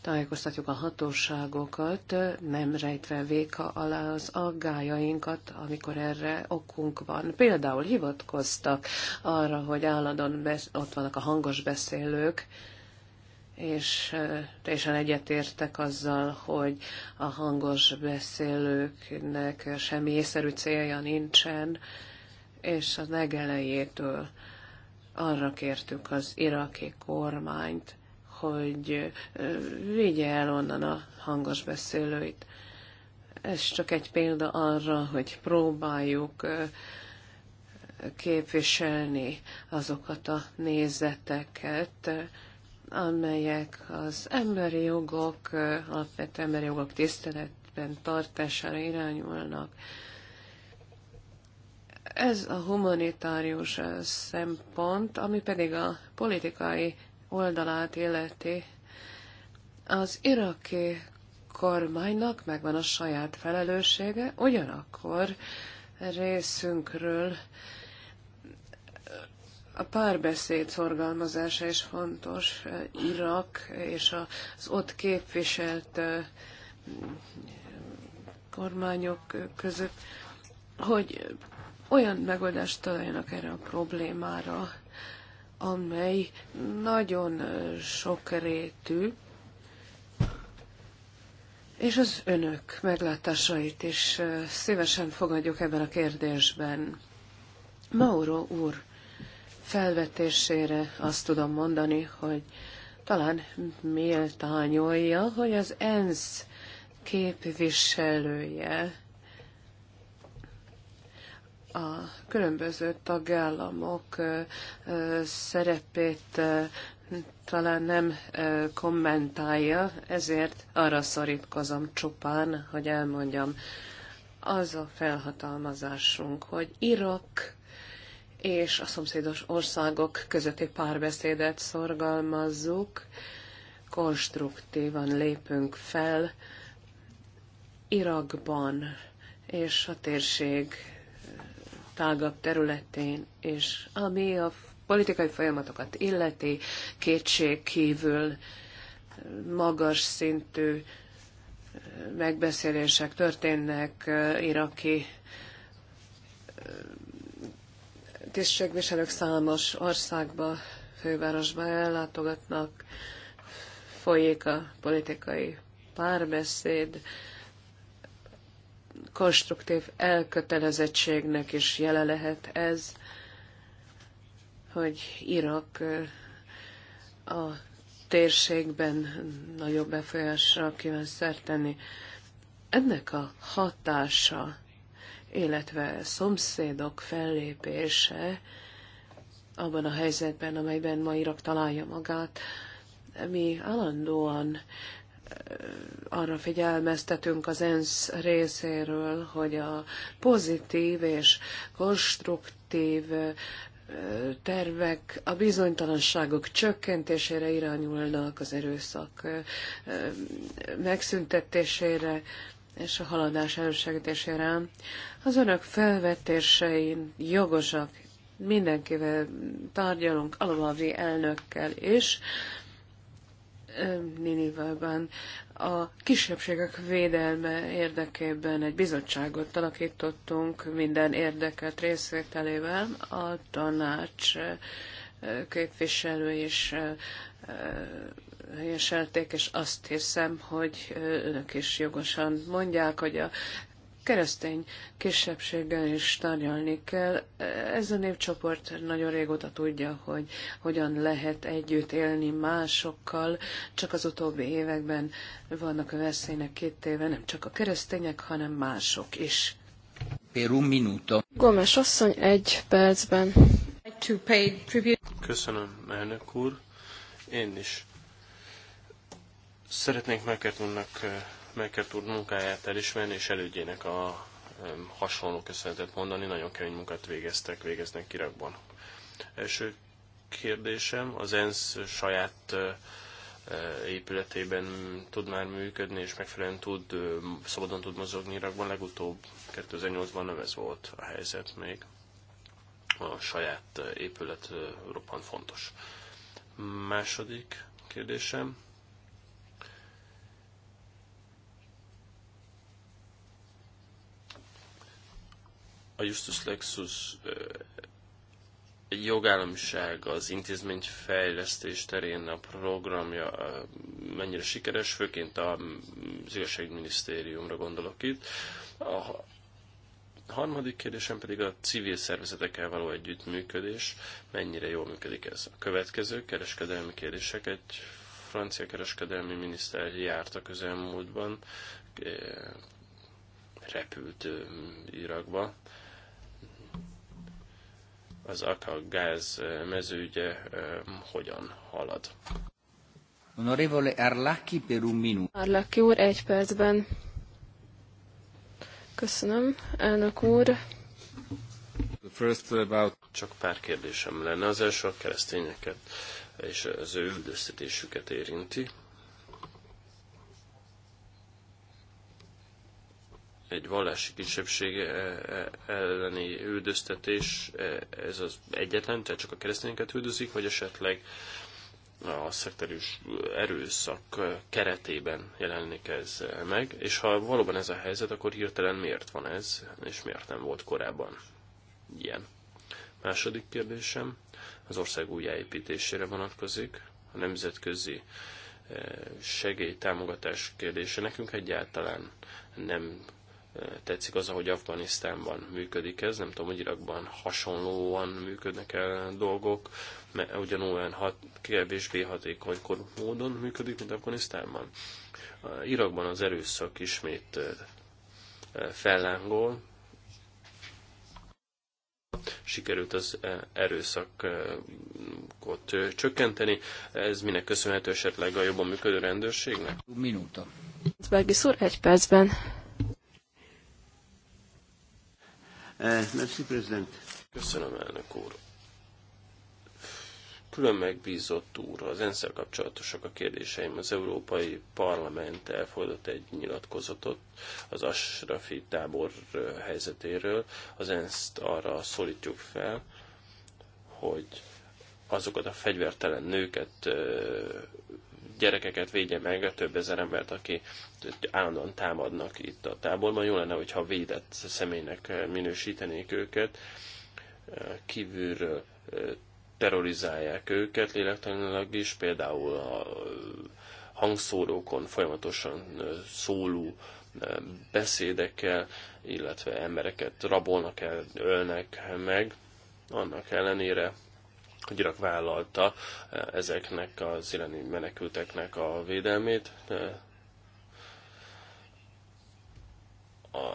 tájékoztatjuk a hatóságokat, nem rejtve véka alá az aggájainkat, amikor erre okunk van. Például hivatkoztak arra, hogy állandóan ott vannak a hangos beszélők, és teljesen egyetértek azzal, hogy a hangos beszélőknek semmi észszerű célja nincsen, és a legelejétől arra kértük az iraki kormányt, hogy vigye el onnan a hangos beszélőit. Ez csak egy példa arra, hogy próbáljuk képviselni azokat a nézeteket, amelyek az emberi jogok, alapvető emberi jogok tiszteletben tartására irányulnak. Ez a humanitárius szempont, ami pedig a politikai oldalát illeti, az iraki kormánynak megvan a saját felelőssége, ugyanakkor részünkről a párbeszéd szorgalmazása is fontos. Irak és az ott képviselt kormányok között, hogy olyan megoldást találjanak erre a problémára, amely nagyon sokrétű, és az önök meglátásait is szívesen fogadjuk ebben a kérdésben. Mauro úr, felvetésére azt tudom mondani, hogy talán méltányolja, hogy az ENSZ képviselője a különböző tagállamok szerepét talán nem kommentálja, ezért arra szorítkozom csupán, hogy elmondjam, az a felhatalmazásunk, hogy Irak és a szomszédos országok közötti párbeszédet szorgalmazzuk, konstruktívan lépünk fel Irakban és a térség tágabb területén, és ami a politikai folyamatokat illeti, kétség kívül magas szintű megbeszélések történnek iraki tisztségviselők számos országba, fővárosba ellátogatnak, folyik a politikai párbeszéd, konstruktív elkötelezettségnek is jele lehet ez, hogy Irak a térségben nagyobb befolyásra kíván szerteni. Ennek a hatása illetve szomszédok fellépése abban a helyzetben, amelyben ma Irak találja magát, mi állandóan eh, arra figyelmeztetünk az ENSZ részéről, hogy a pozitív és konstruktív eh, tervek a bizonytalanságok csökkentésére irányulnak, az erőszak eh, megszüntetésére, és a haladás elősegítésére. Az önök felvetésein jogosak, mindenkivel tárgyalunk, alavavi elnökkel is, Ninivában a kisebbségek védelme érdekében egy bizottságot alakítottunk minden érdeket részvételével. A tanács képviselő is helyeselték, és azt hiszem, hogy önök is jogosan mondják, hogy a keresztény kisebbséggel is tárgyalni kell. Ez a népcsoport nagyon régóta tudja, hogy hogyan lehet együtt élni másokkal. Csak az utóbbi években vannak a veszélynek két éve, nem csak a keresztények, hanem mások is. Per minuto. Gomes asszony egy percben. Köszönöm, elnök úr. Én is Szeretnénk Melkert úrnak, úr munkáját elismerni, és elődjének a hasonló köszönetet mondani. Nagyon kemény munkát végeztek, végeznek Irakban. Első kérdésem, az ENSZ saját épületében tud már működni, és megfelelően tud, szabadon tud mozogni Irakban. Legutóbb 2008-ban nem ez volt a helyzet még. A saját épület roppant fontos. Második kérdésem, a Justus Lexus egy jogállamiság az fejlesztés terén a programja mennyire sikeres, főként az igazságminisztériumra gondolok itt. A harmadik kérdésem pedig a civil szervezetekkel való együttműködés, mennyire jól működik ez. A következő kereskedelmi kérdések egy francia kereskedelmi miniszter járt a közelmúltban, repült Irakba, az AKA gáz mezőgye hogyan halad. Honorevole Arlacchi per un minuto. Arlacchi úr, egy percben. Köszönöm, elnök úr. The first About... Csak pár kérdésem lenne. Az első a keresztényeket és az ő üldöztetésüket érinti. egy vallási kisebbség e, e, elleni üldöztetés, e, ez az egyetlen, tehát csak a keresztényeket üldözik, vagy esetleg a szektorius erőszak keretében jelenik ez meg, és ha valóban ez a helyzet, akkor hirtelen miért van ez, és miért nem volt korábban ilyen. Második kérdésem az ország újjáépítésére vonatkozik, a nemzetközi segélytámogatás kérdése nekünk egyáltalán nem tetszik az, ahogy Afganisztánban működik ez, nem tudom, hogy Irakban hasonlóan működnek el dolgok, mert ugyanolyan hat, kevésbé hatékony módon működik, mint Afganisztánban. Irakban az erőszak ismét fellángol, sikerült az erőszakot csökkenteni. Ez minek köszönhető esetleg a jobban működő rendőrségnek? Minuta. Bergis úr, egy percben. Eh, merci, President. Köszönöm, elnök úr. Külön megbízott úr, az ensz kapcsolatosak a kérdéseim. Az Európai Parlament elfogadott egy nyilatkozatot az Asrafi tábor helyzetéről. Az ensz arra szólítjuk fel, hogy azokat a fegyvertelen nőket gyerekeket védje meg a több ezer embert, aki állandóan támadnak itt a táborban. Jó lenne, hogyha védett személynek minősítenék őket, kívülről terrorizálják őket lélektanilag is, például a hangszórókon folyamatosan szóló beszédekkel, illetve embereket rabolnak el, ölnek meg. Annak ellenére hogy Irak vállalta e, ezeknek az iráni menekülteknek a védelmét. E, a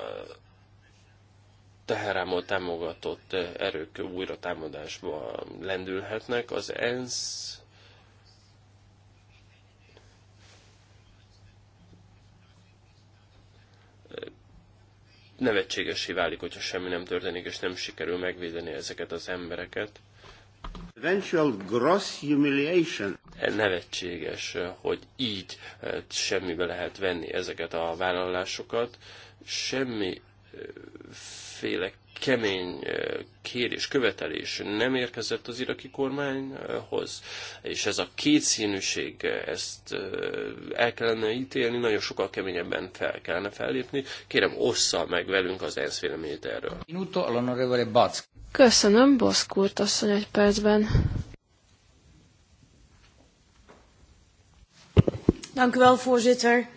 Teherámmal támogatott e, erők újra támadásba lendülhetnek. Az ENSZ nevetségesé válik, hogyha semmi nem történik, és nem sikerül megvédeni ezeket az embereket. Nevetséges, hogy így eh, semmibe lehet venni ezeket a vállalásokat. Semmiféle eh, kemény eh, kérés, követelés nem érkezett az iraki kormányhoz, és ez a kétszínűség, ezt el kellene ítélni, nagyon sokkal keményebben fel kellene fellépni. Kérem, ossza meg velünk az ENSZ véleményét erről. Minuto, Köszönöm, Boszkurt asszony egy percben. Dank u wel, voorzitter.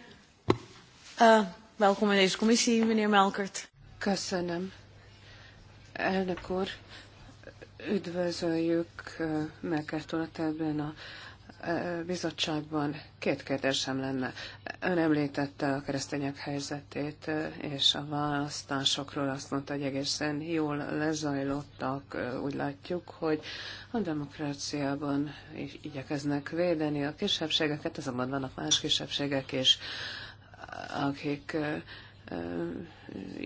Uh, welkom in deze commissie, meneer Melkert. Köszönöm. Elnök úr, üdvözöljük eh, Melkert a bizottságban két kérdésem lenne. Ön említette a keresztények helyzetét, és a választásokról azt mondta, hogy egészen jól lezajlottak. Úgy látjuk, hogy a demokráciában igyekeznek védeni a kisebbségeket, azonban vannak más kisebbségek is, akik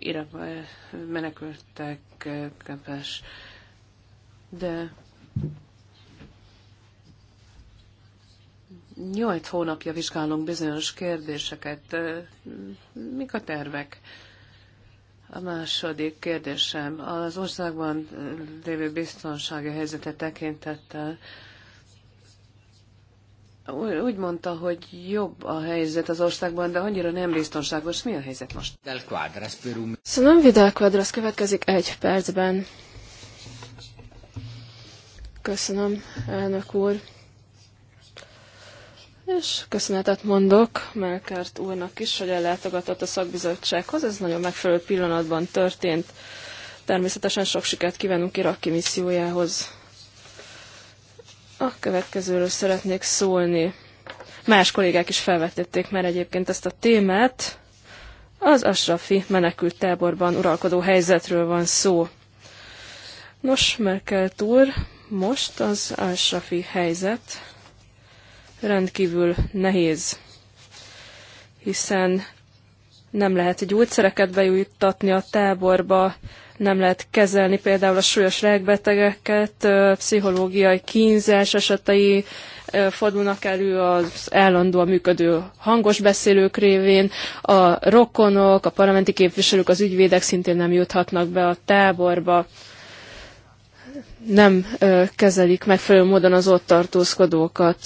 Irakba menekültek, képes, de nyolc hónapja vizsgálunk bizonyos kérdéseket. Mik a tervek? A második kérdésem. Az országban lévő biztonsági helyzete tekintettel úgy mondta, hogy jobb a helyzet az országban, de annyira nem biztonságos. Mi a helyzet most? Szóval Vidal Quadras következik egy percben. Köszönöm, elnök úr. És köszönetet mondok Melkert úrnak is, hogy ellátogatott a szakbizottsághoz. Ez nagyon megfelelő pillanatban történt. Természetesen sok sikert kívánunk Iraki missziójához. A következőről szeretnék szólni. Más kollégák is felvetették már egyébként ezt a témát. Az Asrafi menekült táborban uralkodó helyzetről van szó. Nos, Merkel úr, most az Asrafi helyzet rendkívül nehéz, hiszen nem lehet gyógyszereket bejuttatni a táborba, nem lehet kezelni például a súlyos rákbetegeket, pszichológiai kínzás esetei fordulnak elő az állandóan működő hangos beszélők révén, a rokonok, a parlamenti képviselők, az ügyvédek szintén nem juthatnak be a táborba, nem kezelik megfelelő módon az ott tartózkodókat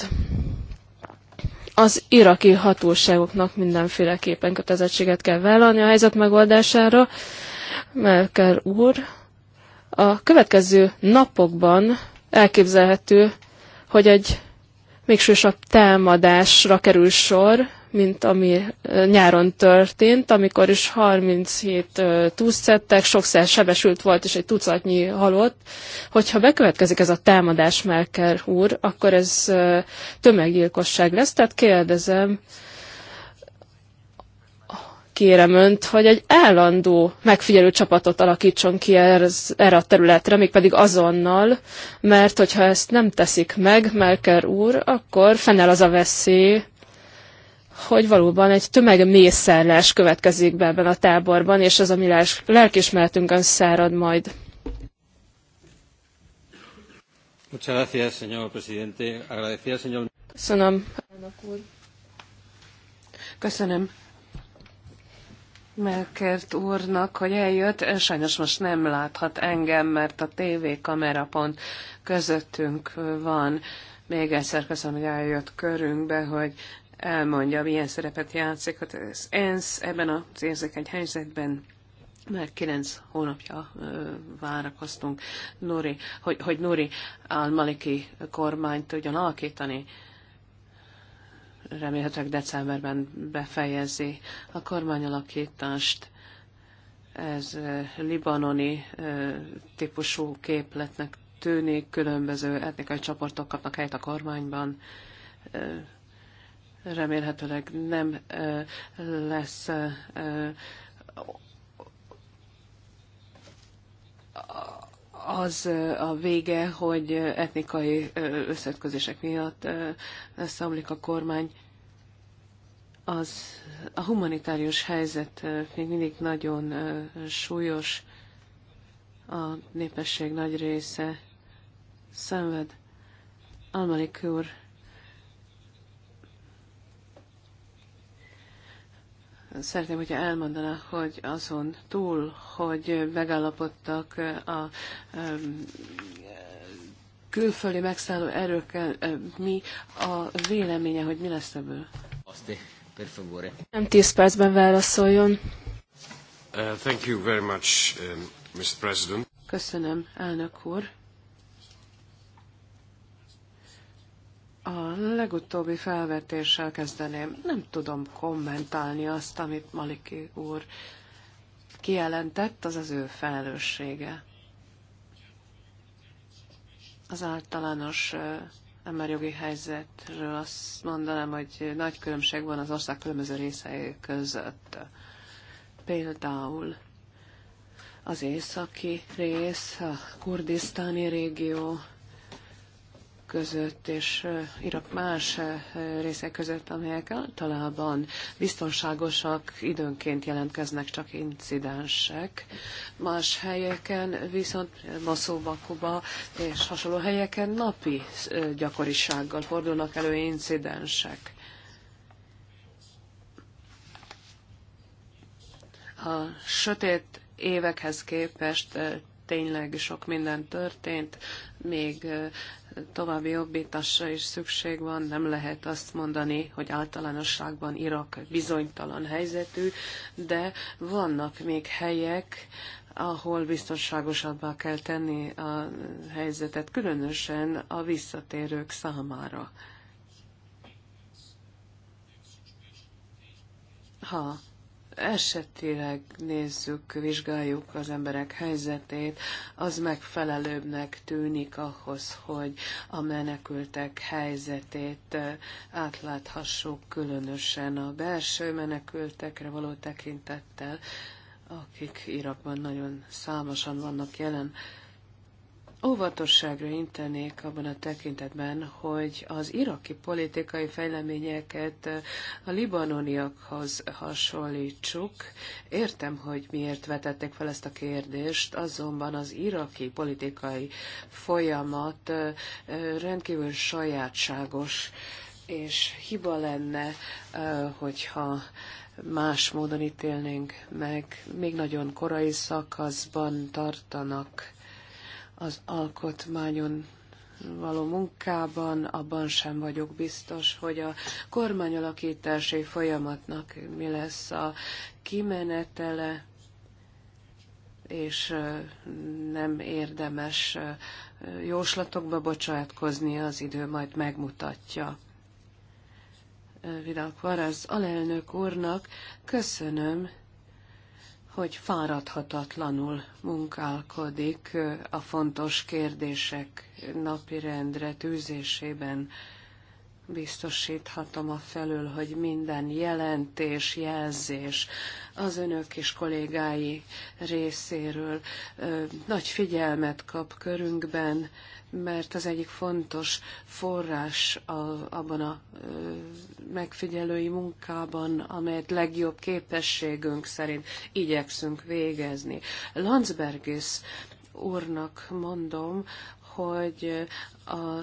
az iraki hatóságoknak mindenféleképpen kötelezettséget kell vállalni a helyzet megoldására. Merkel úr, a következő napokban elképzelhető, hogy egy még támadásra kerül sor, mint ami nyáron történt, amikor is 37 túszszettek, sok sokszor sebesült volt, és egy tucatnyi halott. Hogyha bekövetkezik ez a támadás, Merkel úr, akkor ez tömeggyilkosság lesz. Tehát kérdezem, kérem önt, hogy egy állandó megfigyelő csapatot alakítson ki erre a területre, mégpedig azonnal, mert hogyha ezt nem teszik meg, Merker úr, akkor fennáll az a veszély, hogy valóban egy tömegmészárlás következik be ebben a táborban, és az ami lelkismertünkön szárad majd. Köszönöm, elnök úr. Köszönöm. Melkert úrnak, hogy eljött. Sajnos most nem láthat engem, mert a TV kamera pont közöttünk van. Még egyszer köszönöm, hogy eljött körünkbe, hogy elmondja, milyen szerepet játszik hát az ENSZ ebben az érzékeny helyzetben mert kilenc hónapja várakoztunk, Nuri, hogy, hogy Nuri al-Maliki kormányt tudjon alakítani. Remélhetőleg decemberben befejezi a kormányalakítást. Ez libanoni típusú képletnek tűnik, különböző etnikai csoportok kapnak helyet a kormányban remélhetőleg nem lesz az a vége, hogy etnikai összetközések miatt szomlik a kormány. Az, a humanitárius helyzet még mindig nagyon súlyos. A népesség nagy része szenved. Almalik úr Szeretném, hogyha elmondaná, hogy azon túl, hogy megállapodtak a külföldi megszálló erőkkel, mi a véleménye, hogy mi lesz ebből? per favore. Nem tíz percben válaszoljon. Uh, thank you very much, um, Mr. President. Köszönöm, elnök úr. A legutóbbi felvetéssel kezdeném. Nem tudom kommentálni azt, amit Maliki úr kijelentett, az az ő felelőssége. Az általános emberjogi helyzetről azt mondanám, hogy nagy különbség van az ország különböző részei között. Például az északi rész, a kurdisztáni régió, között és Irak más része között, amelyek általában biztonságosak, időnként jelentkeznek csak incidensek. Más helyeken viszont Maszóba, Kuba és hasonló helyeken napi gyakorisággal fordulnak elő incidensek. A sötét évekhez képest tényleg sok minden történt, még további jobbításra is szükség van, nem lehet azt mondani, hogy általánosságban Irak bizonytalan helyzetű, de vannak még helyek, ahol biztonságosabbá kell tenni a helyzetet, különösen a visszatérők számára. Ha esetileg nézzük, vizsgáljuk az emberek helyzetét, az megfelelőbbnek tűnik ahhoz, hogy a menekültek helyzetét eh, átláthassuk, különösen a belső menekültekre való tekintettel, akik Irakban nagyon számosan vannak jelen. Óvatosságra intenék abban a tekintetben, hogy az iraki politikai fejleményeket a libanoniakhoz hasonlítsuk. Értem, hogy miért vetették fel ezt a kérdést, azonban az iraki politikai folyamat rendkívül sajátságos, és hiba lenne, hogyha más módon ítélnénk meg. Még nagyon korai szakaszban tartanak az alkotmányon való munkában, abban sem vagyok biztos, hogy a kormányalakítási folyamatnak mi lesz a kimenetele, és nem érdemes jóslatokba bocsátkozni, az idő majd megmutatja. Vidal Kvaraz alelnök úrnak köszönöm hogy fáradhatatlanul munkálkodik a fontos kérdések napirendre tűzésében. Biztosíthatom a felül, hogy minden jelentés, jelzés az önök és kollégái részéről ö, nagy figyelmet kap körünkben, mert az egyik fontos forrás a, abban a ö, megfigyelői munkában, amelyet legjobb képességünk szerint igyekszünk végezni. Landsbergis úrnak mondom, hogy a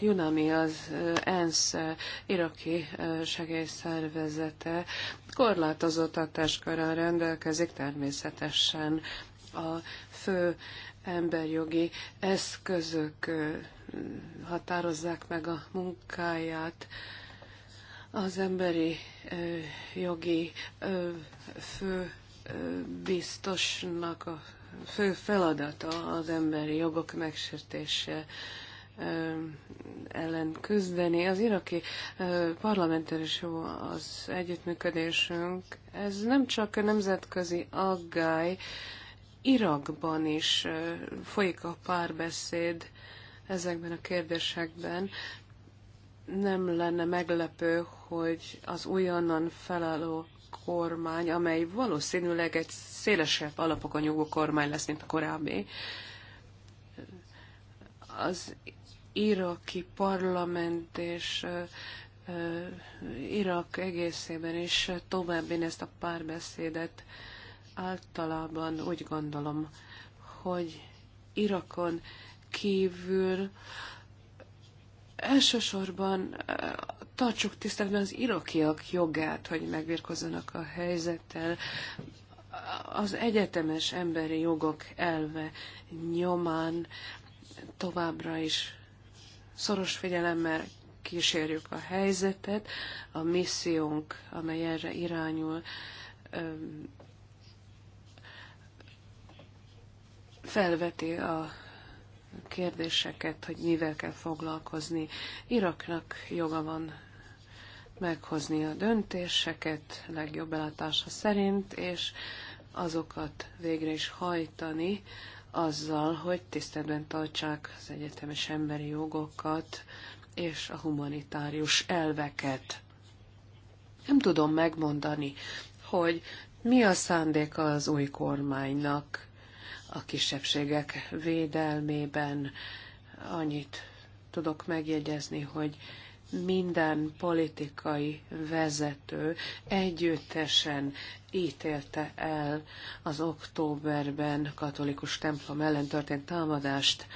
Junami, az ENSZ iraki segélyszervezete korlátozott hatáskörrel rendelkezik természetesen a fő emberjogi eszközök határozzák meg a munkáját. Az emberi jogi fő biztosnak a fő feladata az emberi jogok megsértése ellen küzdeni. Az iraki parlamenteres jó az együttműködésünk. Ez nem csak a nemzetközi aggály, Irakban is folyik a párbeszéd ezekben a kérdésekben. Nem lenne meglepő, hogy az újonnan felálló kormány, amely valószínűleg egy szélesebb alapokon nyugó kormány lesz, mint a korábbi, az iraki parlament és Irak egészében is tovább ezt a párbeszédet általában úgy gondolom, hogy Irakon kívül elsősorban eh, tartsuk tiszteletben az irakiak jogát, hogy megbirkozzanak a helyzettel. Az egyetemes emberi jogok elve nyomán továbbra is szoros figyelemmel kísérjük a helyzetet. A missziónk, amely erre irányul, eh, felveti a kérdéseket, hogy mivel kell foglalkozni. Iraknak joga van meghozni a döntéseket legjobb belátása szerint, és azokat végre is hajtani azzal, hogy tiszteletben tartsák az egyetemes emberi jogokat és a humanitárius elveket. Nem tudom megmondani, hogy mi a szándéka az új kormánynak a kisebbségek védelmében. Annyit tudok megjegyezni, hogy minden politikai vezető együttesen ítélte el az októberben katolikus templom ellen történt támadást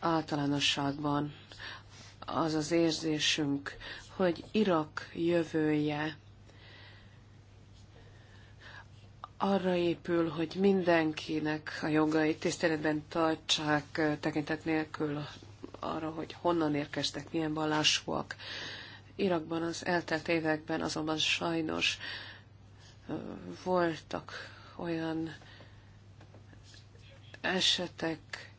általánosságban. Az az érzésünk, hogy Irak jövője arra épül, hogy mindenkinek a jogai tiszteletben tartsák tekintet nélkül arra, hogy honnan érkeztek, milyen vallásúak. Irakban az eltelt években azonban sajnos voltak olyan esetek,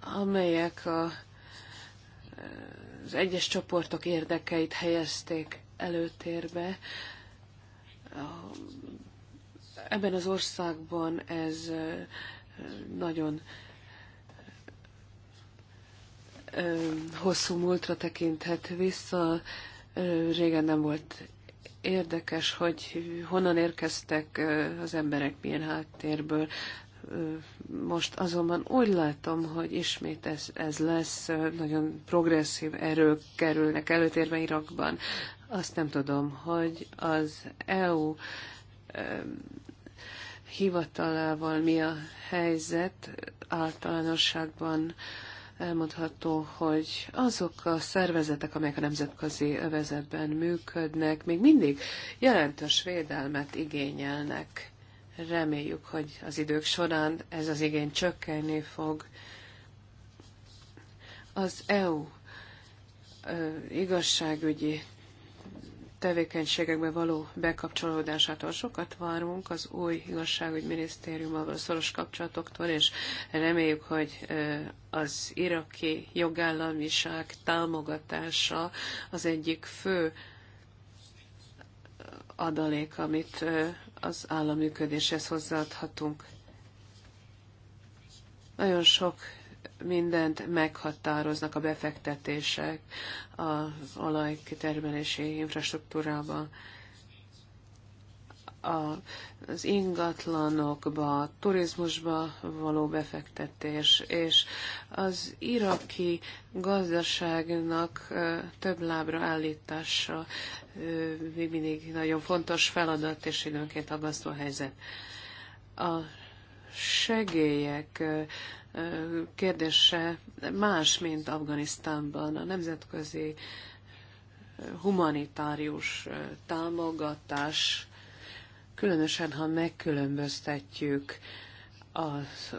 amelyek a, az egyes csoportok érdekeit helyezték előtérbe. Ebben az országban ez nagyon hosszú múltra tekinthet vissza. Régen nem volt érdekes, hogy honnan érkeztek az emberek, milyen háttérből most azonban úgy látom, hogy ismét ez, ez lesz, nagyon progresszív erők kerülnek előtérbe Irakban. Azt nem tudom, hogy az EU hivatalával mi a helyzet általánosságban elmondható, hogy azok a szervezetek, amelyek a nemzetközi övezetben működnek, még mindig jelentős védelmet igényelnek Reméljük, hogy az idők során ez az igény csökkenni fog. Az EU igazságügyi tevékenységekbe való bekapcsolódásától sokat várunk, az új igazságügyminisztériummal való szoros kapcsolatoktól, és reméljük, hogy az iraki jogállamiság támogatása az egyik fő adalék, amit az állam működéshez hozzáadhatunk. Nagyon sok mindent meghatároznak a befektetések az olajkitermelési infrastruktúrában a az ingatlanokba, a turizmusba való befektetés, és az iraki gazdaságnak több lábra állítása még mindig nagyon fontos feladat, és időnként aggasztó helyzet. A segélyek kérdése más, mint Afganisztánban. A nemzetközi humanitárius támogatás különösen ha megkülönböztetjük az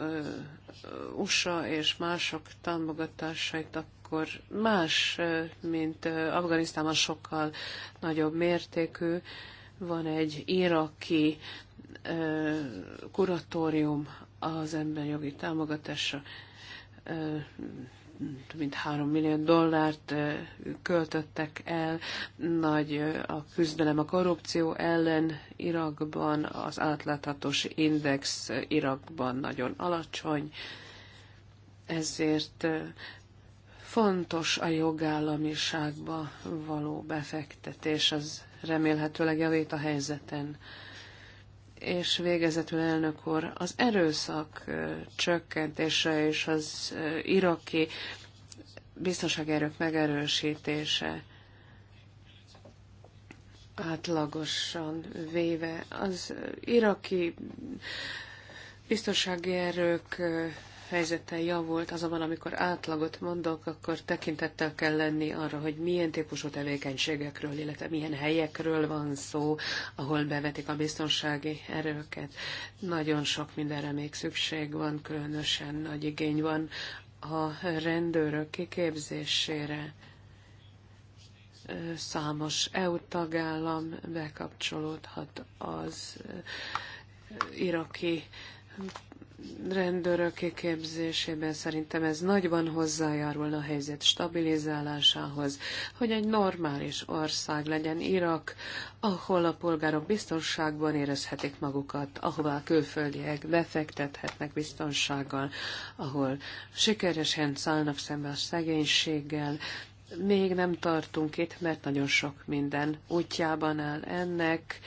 USA és mások támogatásait, akkor más, mint Afganisztánban sokkal nagyobb mértékű. Van egy iraki kuratórium az emberjogi támogatásra több mint 3 millió dollárt költöttek el, nagy a küzdelem a korrupció ellen Irakban, az átláthatós index Irakban nagyon alacsony, ezért fontos a jogállamiságba való befektetés, az remélhetőleg javít a helyzeten és végezetül elnök úr, az erőszak csökkentése és az iraki biztonságerők megerősítése átlagosan véve az iraki biztonsági erők helyzete javult, azonban amikor átlagot mondok, akkor tekintettel kell lenni arra, hogy milyen típusú tevékenységekről, illetve milyen helyekről van szó, ahol bevetik a biztonsági erőket. Nagyon sok mindenre még szükség van, különösen nagy igény van a rendőrök kiképzésére. Számos EU tagállam bekapcsolódhat az eh, iraki rendőrök kiképzésében szerintem ez nagyban hozzájárul a helyzet stabilizálásához, hogy egy normális ország legyen Irak, ahol a polgárok biztonságban érezhetik magukat, ahová a külföldiek befektethetnek biztonsággal, ahol sikeresen szállnak szembe a szegénységgel, még nem tartunk itt, mert nagyon sok minden útjában áll ennek,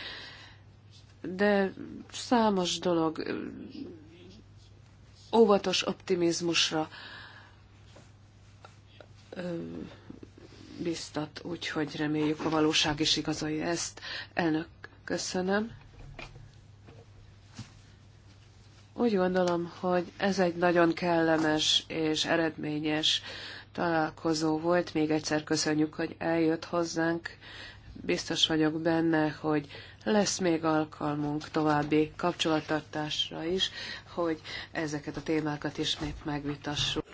de számos dolog óvatos optimizmusra biztat, úgyhogy reméljük a valóság is igazolja ezt. Elnök, köszönöm. Úgy gondolom, hogy ez egy nagyon kellemes és eredményes találkozó volt. Még egyszer köszönjük, hogy eljött hozzánk. Biztos vagyok benne, hogy lesz még alkalmunk további kapcsolattartásra is, hogy ezeket a témákat ismét megvitassuk.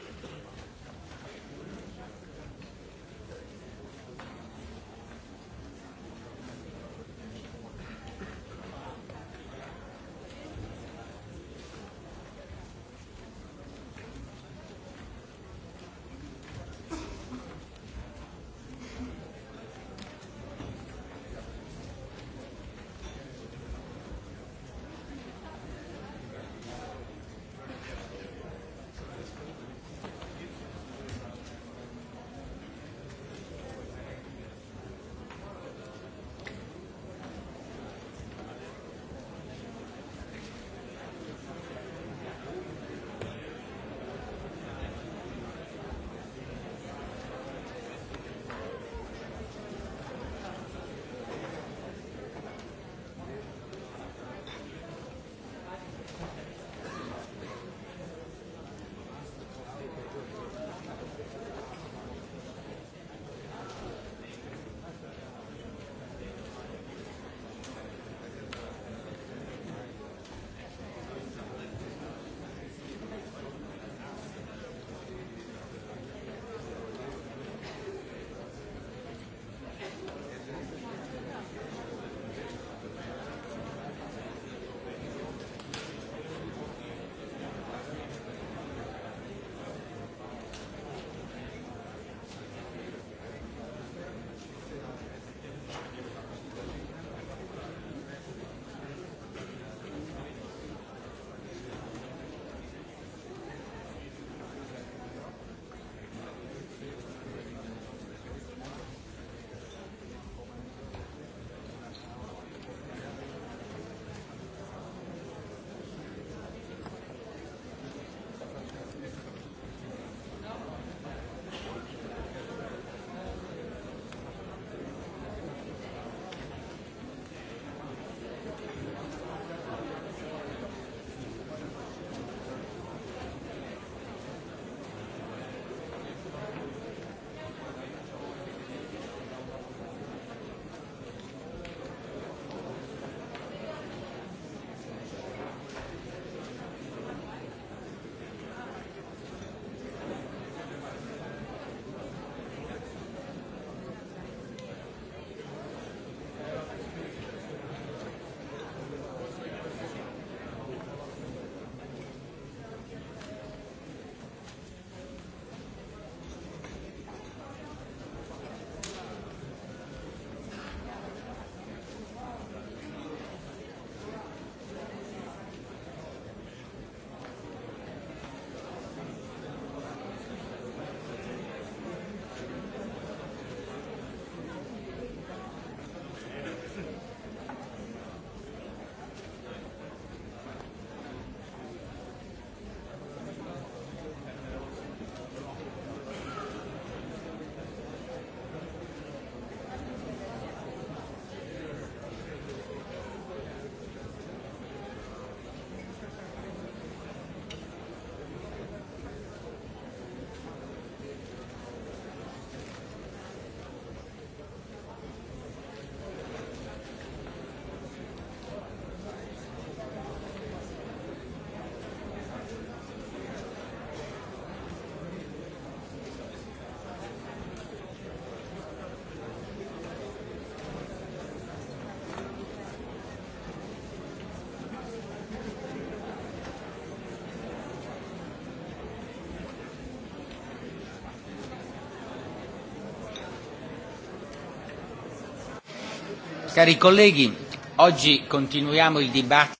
Cari colleghi, oggi continuiamo il dibattito.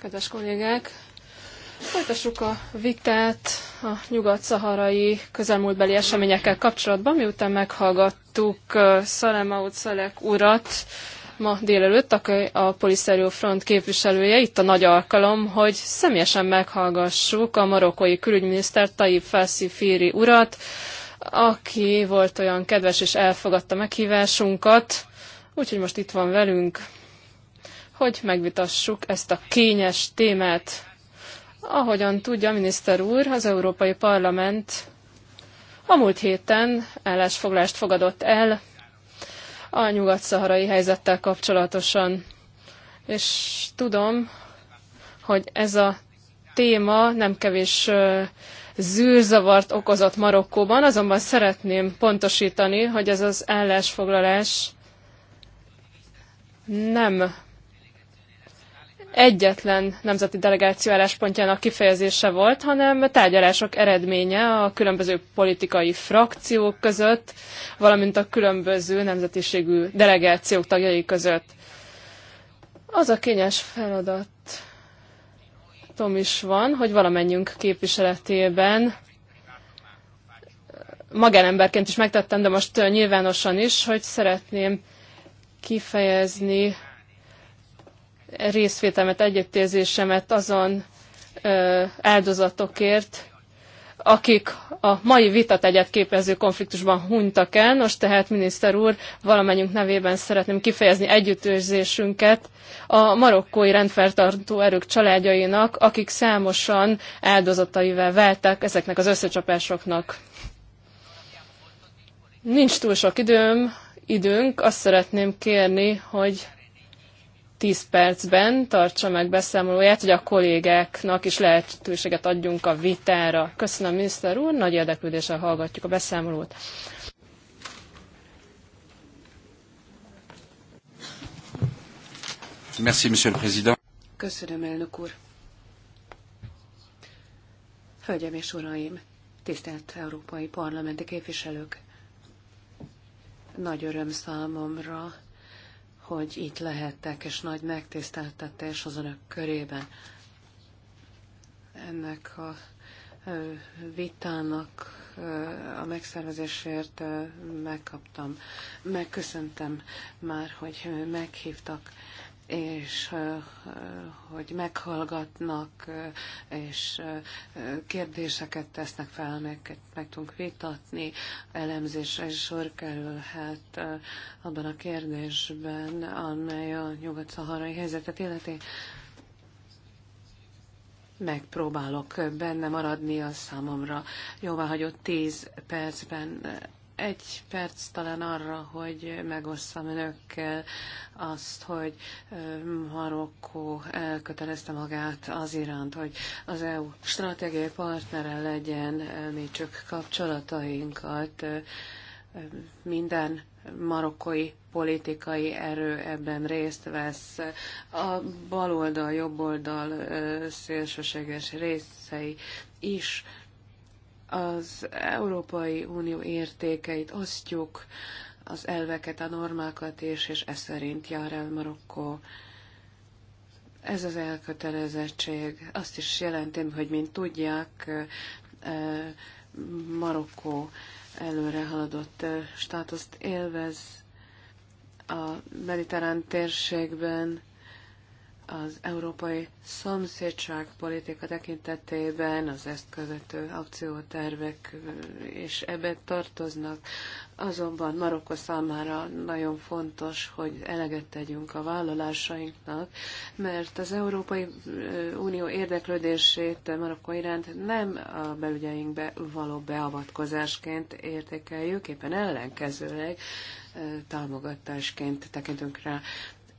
Kedves kollégák, folytassuk a vitát a nyugat-szaharai közelmúltbeli eseményekkel kapcsolatban, miután meghallgattuk uh, Szalemaut Szalek urat ma délelőtt, a Polisario Front képviselője. Itt a nagy alkalom, hogy személyesen meghallgassuk a marokkói külügyminiszter Taib Fassi Firi urat, aki volt olyan kedves és elfogadta meghívásunkat, Úgyhogy most itt van velünk, hogy megvitassuk ezt a kényes témát. Ahogyan tudja, miniszter úr, az Európai Parlament a múlt héten állásfoglást fogadott el a nyugat-szaharai helyzettel kapcsolatosan. És tudom, hogy ez a téma nem kevés zűrzavart okozott Marokkóban, azonban szeretném pontosítani, hogy ez az állásfoglalás nem egyetlen nemzeti delegáció álláspontjának kifejezése volt, hanem tárgyalások eredménye a különböző politikai frakciók között, valamint a különböző nemzetiségű delegációk tagjai között. Az a kényes feladat Tom is van, hogy valamennyünk képviseletében magánemberként is megtettem, de most nyilvánosan is, hogy szeretném kifejezni részvételmet, együttérzésemet azon ö, áldozatokért, akik a mai egyet képező konfliktusban hunytak el. Nos, tehát miniszter úr, valamennyünk nevében szeretném kifejezni együttérzésünket a marokkói rendfertartó erők családjainak, akik számosan áldozataival váltak ezeknek az összecsapásoknak. Nincs túl sok időm, időnk, azt szeretném kérni, hogy 10 percben tartsa meg beszámolóját, hogy a kollégáknak is lehetőséget adjunk a vitára. Köszönöm, miniszter úr, nagy érdeklődéssel hallgatjuk a beszámolót. Merci, monsieur le président. Köszönöm, elnök úr. Hölgyeim és uraim, tisztelt európai parlamenti képviselők! Nagy öröm számomra, hogy itt lehettek, és nagy megtiszteltetés az önök körében. Ennek a vitának a megszervezésért megkaptam, megköszöntem már, hogy meghívtak és hogy meghallgatnak, és kérdéseket tesznek fel, amelyeket meg tudunk vitatni, elemzésre is sor kerülhet abban a kérdésben, amely a nyugat-szaharai helyzetet illeti. Megpróbálok benne maradni a számomra jóváhagyott tíz percben egy perc talán arra, hogy megosszam önökkel azt, hogy Marokkó elkötelezte magát az iránt, hogy az EU stratégiai partnere legyen, mi csak kapcsolatainkat minden marokkói politikai erő ebben részt vesz. A baloldal, jobboldal szélsőséges részei is az Európai Unió értékeit osztjuk, az elveket, a normákat, és, és ez szerint jár el Marokkó. Ez az elkötelezettség azt is jelentem, hogy mint tudják, Marokkó előre haladott státuszt élvez a mediterrán térségben, az európai szomszédság politika tekintetében, az ezt követő akciótervek, és ebbe tartoznak. Azonban Marokko számára nagyon fontos, hogy eleget tegyünk a vállalásainknak, mert az Európai Unió érdeklődését Marokko iránt nem a belügyeinkbe való beavatkozásként értékeljük, éppen ellenkezőleg támogatásként tekintünk rá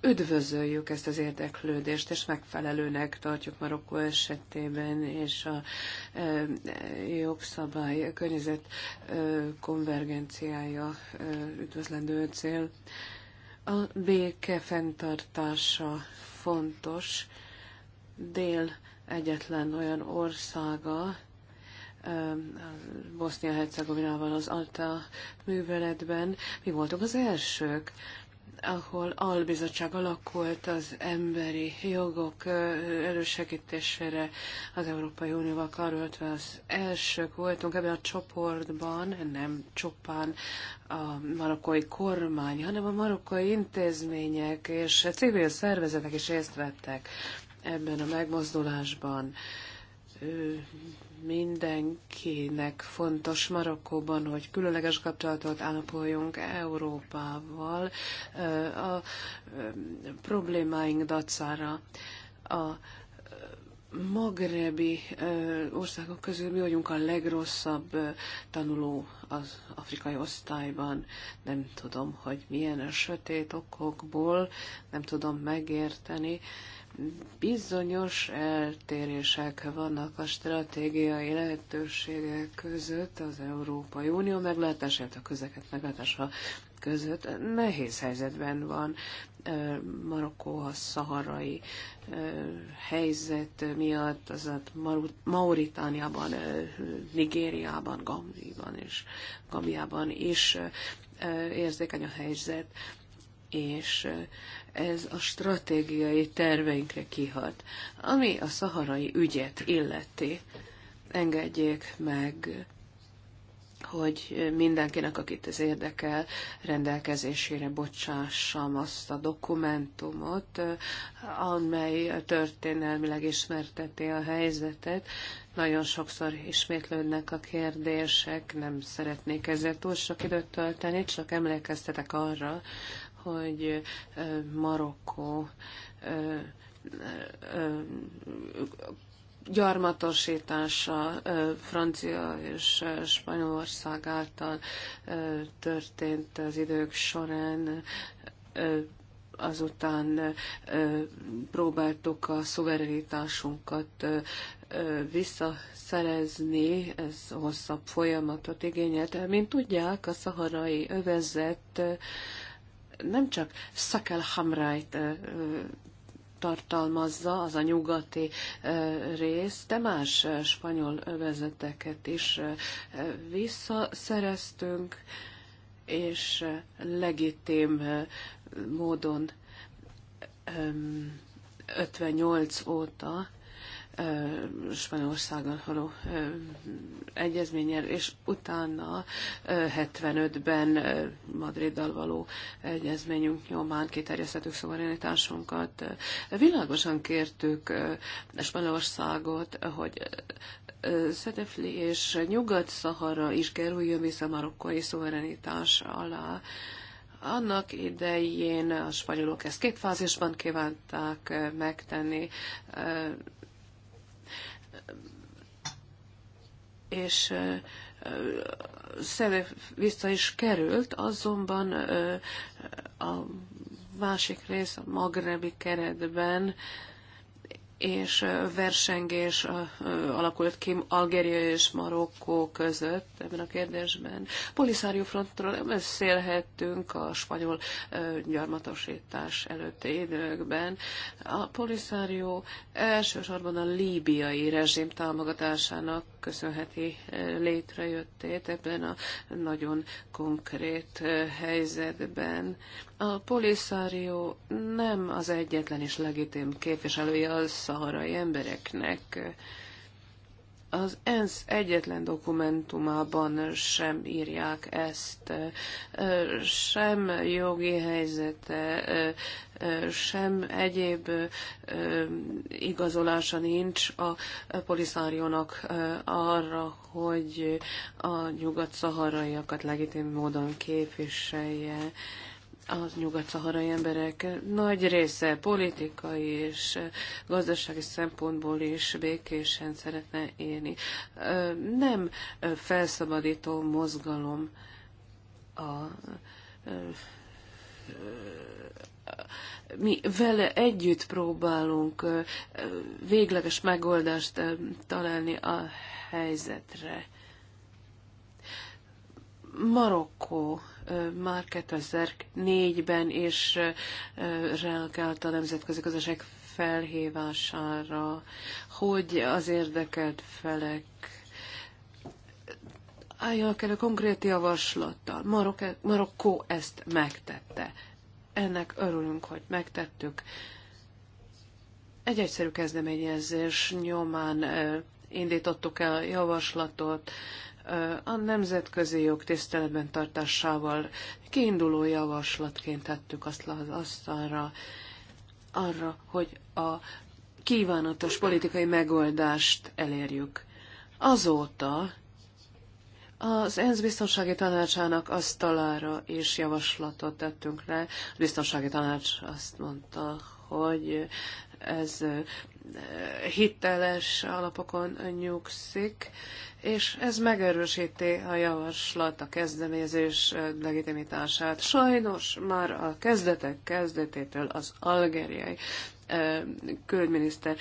üdvözöljük ezt az érdeklődést, és megfelelőnek tartjuk Marokkó esetében, és a e, jogszabály, a környezet e, konvergenciája e, üdvözlendő cél. A béke fenntartása fontos. Dél egyetlen olyan országa, Bosznia-Hercegovinával az Alta műveletben. Mi voltunk az elsők, ahol albizottság alakult az emberi jogok elősegítésére az Európai Unióval karöltve az elsők voltunk ebben a csoportban, nem csupán a marokkai kormány, hanem a marokkai intézmények és civil szervezetek is részt vettek ebben a megmozdulásban mindenkinek fontos Marokkóban, hogy különleges kapcsolatot állapoljunk Európával a problémáink dacára. A magrebi országok közül mi vagyunk a legrosszabb tanuló az afrikai osztályban. Nem tudom, hogy milyen a sötét okokból, nem tudom megérteni bizonyos eltérések vannak a stratégiai lehetőségek között az Európai Unió meglátását, a közeket meglátása között. Nehéz helyzetben van Marokkó a szaharai helyzet miatt, az a Mauritániában, Nigériában, Gambiában és Gambiában is érzékeny a helyzet, és ez a stratégiai terveinkre kihat. Ami a szaharai ügyet illeti, engedjék meg, hogy mindenkinek, akit ez érdekel, rendelkezésére bocsássam azt a dokumentumot, amely történelmileg ismerteti a helyzetet. Nagyon sokszor ismétlődnek a kérdések, nem szeretnék ezzel túl sok időt tölteni, csak emlékeztetek arra, hogy Marokkó gyarmatosítása Francia és Spanyolország által történt az idők során. Azután próbáltuk a szuverenitásunkat visszaszerezni, ez hosszabb folyamatot igényelt. Mint tudják, a szaharai övezet nem csak Szakel Hamrájt tartalmazza, az a nyugati rész, de más spanyol övezeteket is visszaszereztünk, és legitim módon 58 óta Spanyolországgal való egyezménnyel, és utána 75-ben Madriddal való egyezményünk nyomán kiterjesztettük szuverenitásunkat. Világosan kértük Spanyolországot, hogy Szedefli és Nyugat-Szahara is kerüljön vissza marokkai szuverenitás alá. Annak idején a spanyolok ezt két fázisban kívánták megtenni és szerep vissza is került, azonban a másik rész a magrebi keretben és versengés alakult ki Algéria és Marokkó között ebben a kérdésben. Polisario frontról nem beszélhettünk a spanyol gyarmatosítás előtti időkben. A Poliszárió elsősorban a líbiai rezsim támogatásának köszönheti létrejöttét ebben a nagyon konkrét helyzetben. A Poliszárió nem az egyetlen és legitim képviselője az szaharai embereknek. Az ENSZ egyetlen dokumentumában sem írják ezt, sem jogi helyzete, sem egyéb igazolása nincs a poliszáriónak arra, hogy a nyugat-szaharaiakat legitim módon képviselje az nyugat-szaharai emberek nagy része politikai és gazdasági szempontból is békésen szeretne élni. Nem felszabadító mozgalom a mi vele együtt próbálunk végleges megoldást találni a helyzetre. Marokkó már 2004-ben és reagált a nemzetközi közösség felhívására, hogy az érdekelt felek álljanak elő konkrét javaslattal. Marok Marokkó ezt megtette. Ennek örülünk, hogy megtettük. Egy egyszerű kezdeményezés nyomán indítottuk el a javaslatot, a nemzetközi jog tiszteletben tartásával kiinduló javaslatként tettük azt az asztalra, arra, hogy a kívánatos politikai megoldást elérjük. Azóta az ENSZ biztonsági tanácsának asztalára is javaslatot tettünk le. A biztonsági tanács azt mondta, hogy ez eh, hiteles alapokon nyugszik, és ez megerősíti a javaslat, a kezdeményezés legitimitását. Sajnos már a kezdetek kezdetétől az algériai külügyminiszter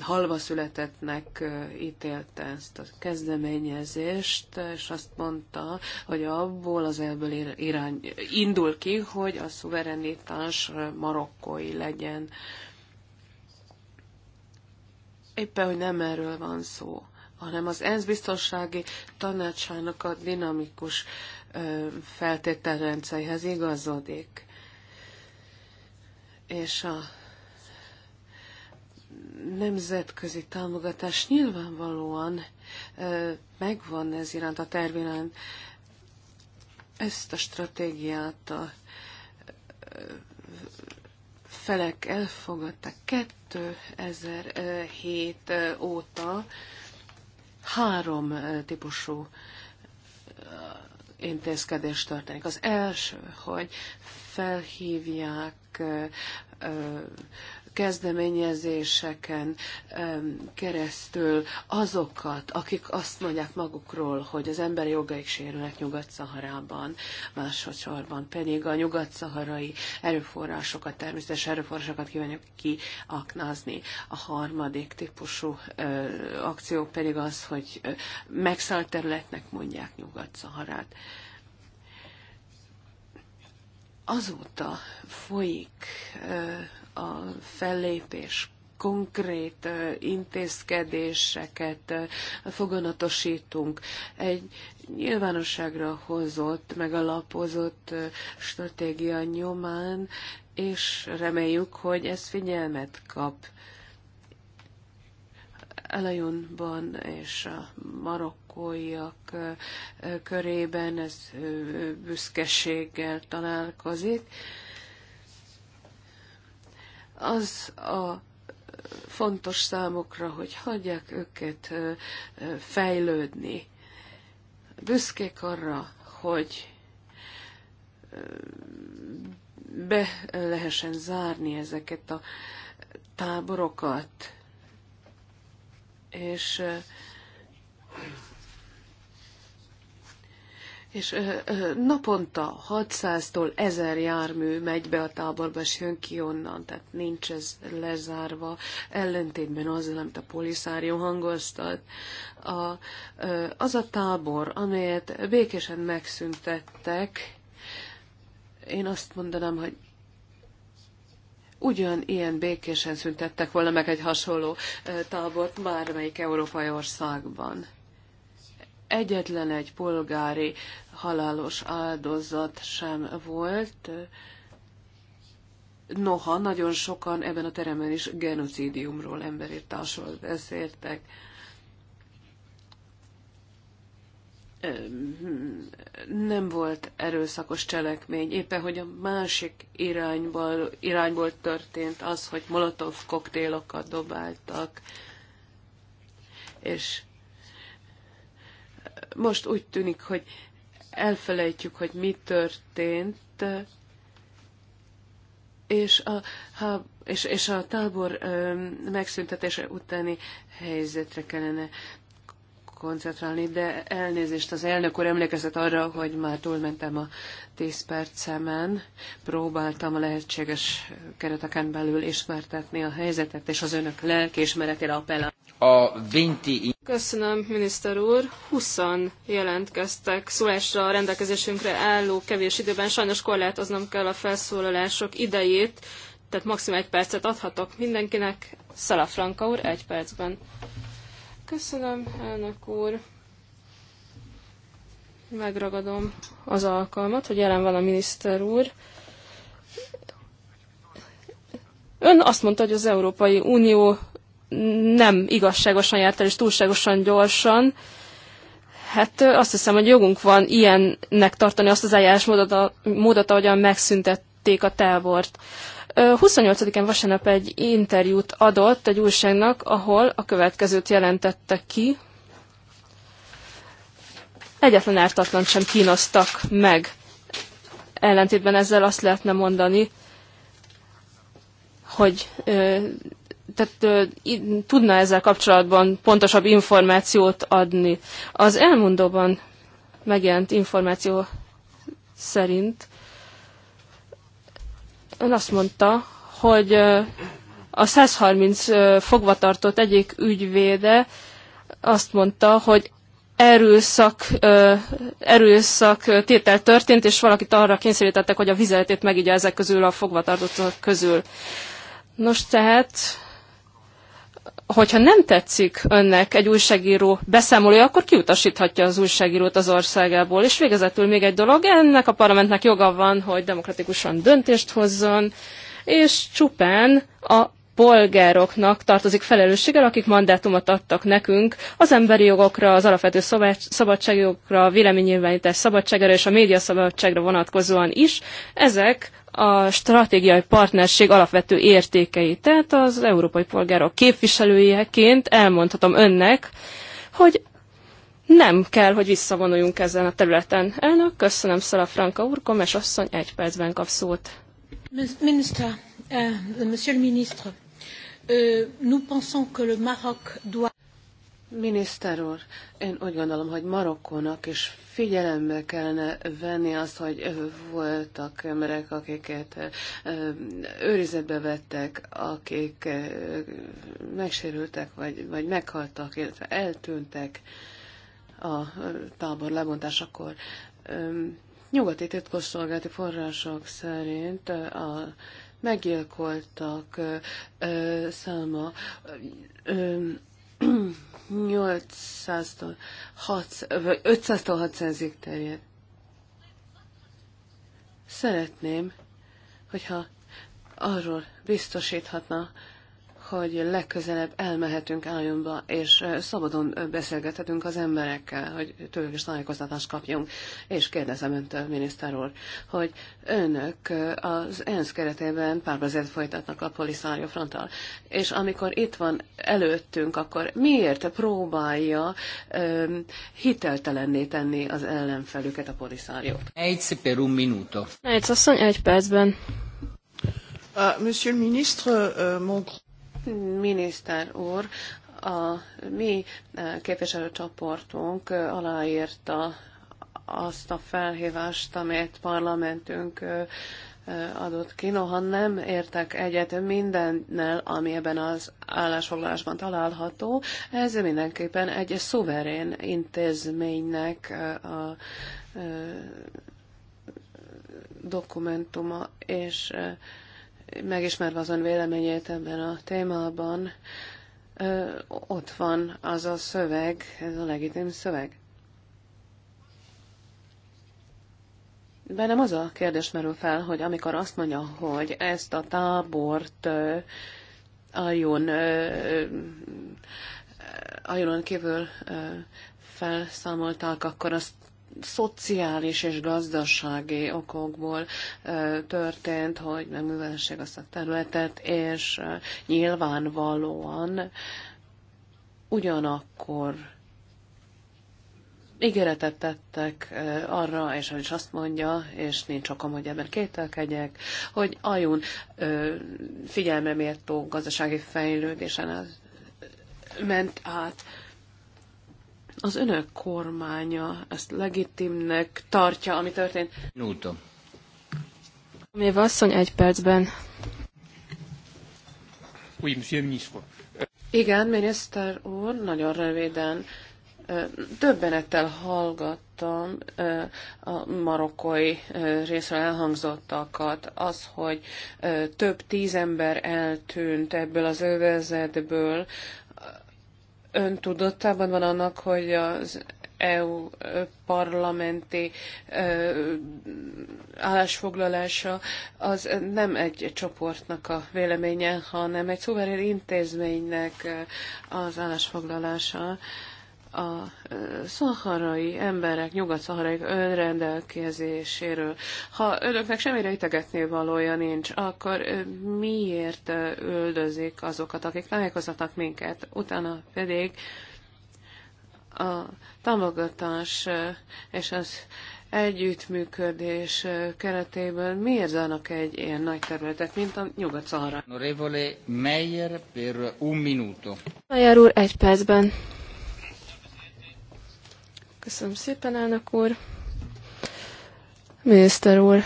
halva születettnek ítélte ezt a kezdeményezést, és azt mondta, hogy abból az elből irány, indul ki, hogy a szuverenitás marokkói legyen. Éppen, hogy nem erről van szó hanem az ENSZ biztonsági tanácsának a dinamikus feltételrendszerhez igazodik. És a nemzetközi támogatás nyilvánvalóan megvan ez iránt a tervilán. Ezt a stratégiát a felek elfogadták 2007 óta, három típusú intézkedés történik. Az első, hogy felhívják kezdeményezéseken keresztül azokat, akik azt mondják magukról, hogy az emberi jogaik sérülnek Nyugat-Szaharában, másodszorban pedig a nyugat-szaharai erőforrásokat, természetes erőforrásokat kívánjuk kiaknázni. A harmadik típusú akció pedig az, hogy megszállt területnek mondják Nyugat-Szaharát azóta folyik a fellépés konkrét intézkedéseket foganatosítunk. Egy nyilvánosságra hozott, megalapozott stratégia nyomán, és reméljük, hogy ez figyelmet kap. Elajunban és a marokkóiak körében ez büszkeséggel találkozik az a fontos számokra, hogy hagyják őket fejlődni. Büszkék arra, hogy be lehessen zárni ezeket a táborokat, és és naponta 600-tól 1000 jármű megy be a táborba, és jön ki onnan, tehát nincs ez lezárva, ellentétben azzal, amit a poliszárió hangoztat. A, az a tábor, amelyet békésen megszüntettek, én azt mondanám, hogy ugyan ilyen békésen szüntettek volna meg egy hasonló tábort bármelyik európai országban egyetlen egy polgári halálos áldozat sem volt, noha nagyon sokan ebben a teremben is genocidiumról, emberírtásról beszéltek. nem volt erőszakos cselekmény, éppen hogy a másik irányból, irányból történt az, hogy molotov koktélokat dobáltak, és most úgy tűnik, hogy elfelejtjük, hogy mi történt, és a, ha, és, és a tábor megszüntetése utáni helyzetre kellene koncentrálni, de elnézést az elnök úr emlékezett arra, hogy már túlmentem a 10 percemen, próbáltam a lehetséges kereteken belül ismertetni a helyzetet, és az önök lelkiismeretére appellálni a 20... Köszönöm, miniszter úr. 20 jelentkeztek szólásra a rendelkezésünkre álló kevés időben. Sajnos korlátoznom kell a felszólalások idejét, tehát maximum egy percet adhatok mindenkinek. Franka úr, egy percben. Köszönöm, elnök úr. Megragadom az alkalmat, hogy jelen van a miniszter úr. Ön azt mondta, hogy az Európai Unió nem igazságosan járt el, és túlságosan gyorsan. Hát azt hiszem, hogy jogunk van ilyennek tartani azt az eljárásmódot, módot, ahogyan megszüntették a távort. 28 en vasárnap egy interjút adott egy újságnak, ahol a következőt jelentette ki. Egyetlen ártatlan sem kínoztak meg. Ellentétben ezzel azt lehetne mondani, hogy ö, tehát tudna ezzel kapcsolatban pontosabb információt adni. Az elmondóban megjelent információ szerint ön azt mondta, hogy a 130 fogvatartott egyik ügyvéde azt mondta, hogy erőszak, erőszak tétel történt, és valakit arra kényszerítettek, hogy a vizeletét megigye ezek közül a fogvatartottak közül. Nos, tehát hogyha nem tetszik önnek egy újságíró beszámolója, akkor kiutasíthatja az újságírót az országából. És végezetül még egy dolog, ennek a parlamentnek joga van, hogy demokratikusan döntést hozzon, és csupán a polgároknak tartozik felelősséggel, akik mandátumot adtak nekünk az emberi jogokra, az alapvető szabadságjogokra, a véleménynyilvánítás szabadságára és a médiaszabadságra vonatkozóan is. Ezek a stratégiai partnerség alapvető értékeit. Tehát az európai polgárok képviselőjeként elmondhatom önnek, hogy nem kell, hogy visszavonuljunk ezen a területen. Elnök, köszönöm Szala Franka úr, Komes asszony egy percben kap szót. Minister, uh, eh, monsieur le ministre, uh, nous pensons que le Maroc doit... Miniszter úr, én úgy gondolom, hogy Marokkónak is figyelembe kellene venni azt, hogy voltak emberek, akiket őrizetbe vettek, akik megsérültek, vagy, vagy meghaltak, illetve eltűntek a tábor lebontásakor. Nyugati titkosszolgálati források szerint a meggyilkoltak száma 800-tól 500-600-ig terjed. Szeretném, hogyha arról biztosíthatna hogy legközelebb elmehetünk álljonba, és szabadon beszélgethetünk az emberekkel, hogy tőlük is tájékoztatást kapjunk. És kérdezem öntől, miniszter úr, hogy önök az ENSZ keretében párbeszéd folytatnak a Polisario fronttal, és amikor itt van előttünk, akkor miért próbálja um, hiteltelenné tenni az ellenfelüket a Polisáriót? Egy per un minuto. Egy szasszony, egy percben. Uh, monsieur le ministre, uh, mon... Miniszter úr, a mi eh, képviselőcsoportunk eh, aláírta azt a felhívást, amelyet parlamentünk eh, adott ki. Noha nem értek egyet mindennel, ami ebben az állásfoglalásban található, ez mindenképpen egy szuverén intézménynek a dokumentuma, és megismerve azon véleményét ebben a témában, ott van az a szöveg, ez a legitim szöveg. Bennem az a kérdés merül fel, hogy amikor azt mondja, hogy ezt a tábort aljon, aljonon kívül felszámolták, akkor azt szociális és gazdasági okokból történt, hogy nem művelhessék azt a területet, és nyilvánvalóan ugyanakkor ígéretet tettek arra, és is azt mondja, és nincs okom, hogy ebben kételkedjek, hogy ajun figyelme méltó gazdasági fejlődésen ment át az önök kormánya ezt legitimnek tartja, ami történt. Nuto. Ami asszony egy percben. Oui, monsieur ministre. Igen, miniszter úr, nagyon röviden. Többenettel hallgattam a marokkói részről elhangzottakat. Az, hogy több tíz ember eltűnt ebből az övezetből, ön tudatában van annak, hogy az EU parlamenti állásfoglalása az nem egy csoportnak a véleménye, hanem egy szuverén intézménynek az állásfoglalása a szaharai emberek, nyugat-szaharai önrendelkezéséről. Ha önöknek semmire itegetné valója nincs, akkor miért üldözik azokat, akik tájékoztatnak minket? Utána pedig a támogatás és az együttműködés keretében miért zárnak egy ilyen nagy területet, mint a nyugat szahara Meyer per un minuto. Meyer úr, egy percben. Köszönöm szépen, elnök úr. Miniszter úr,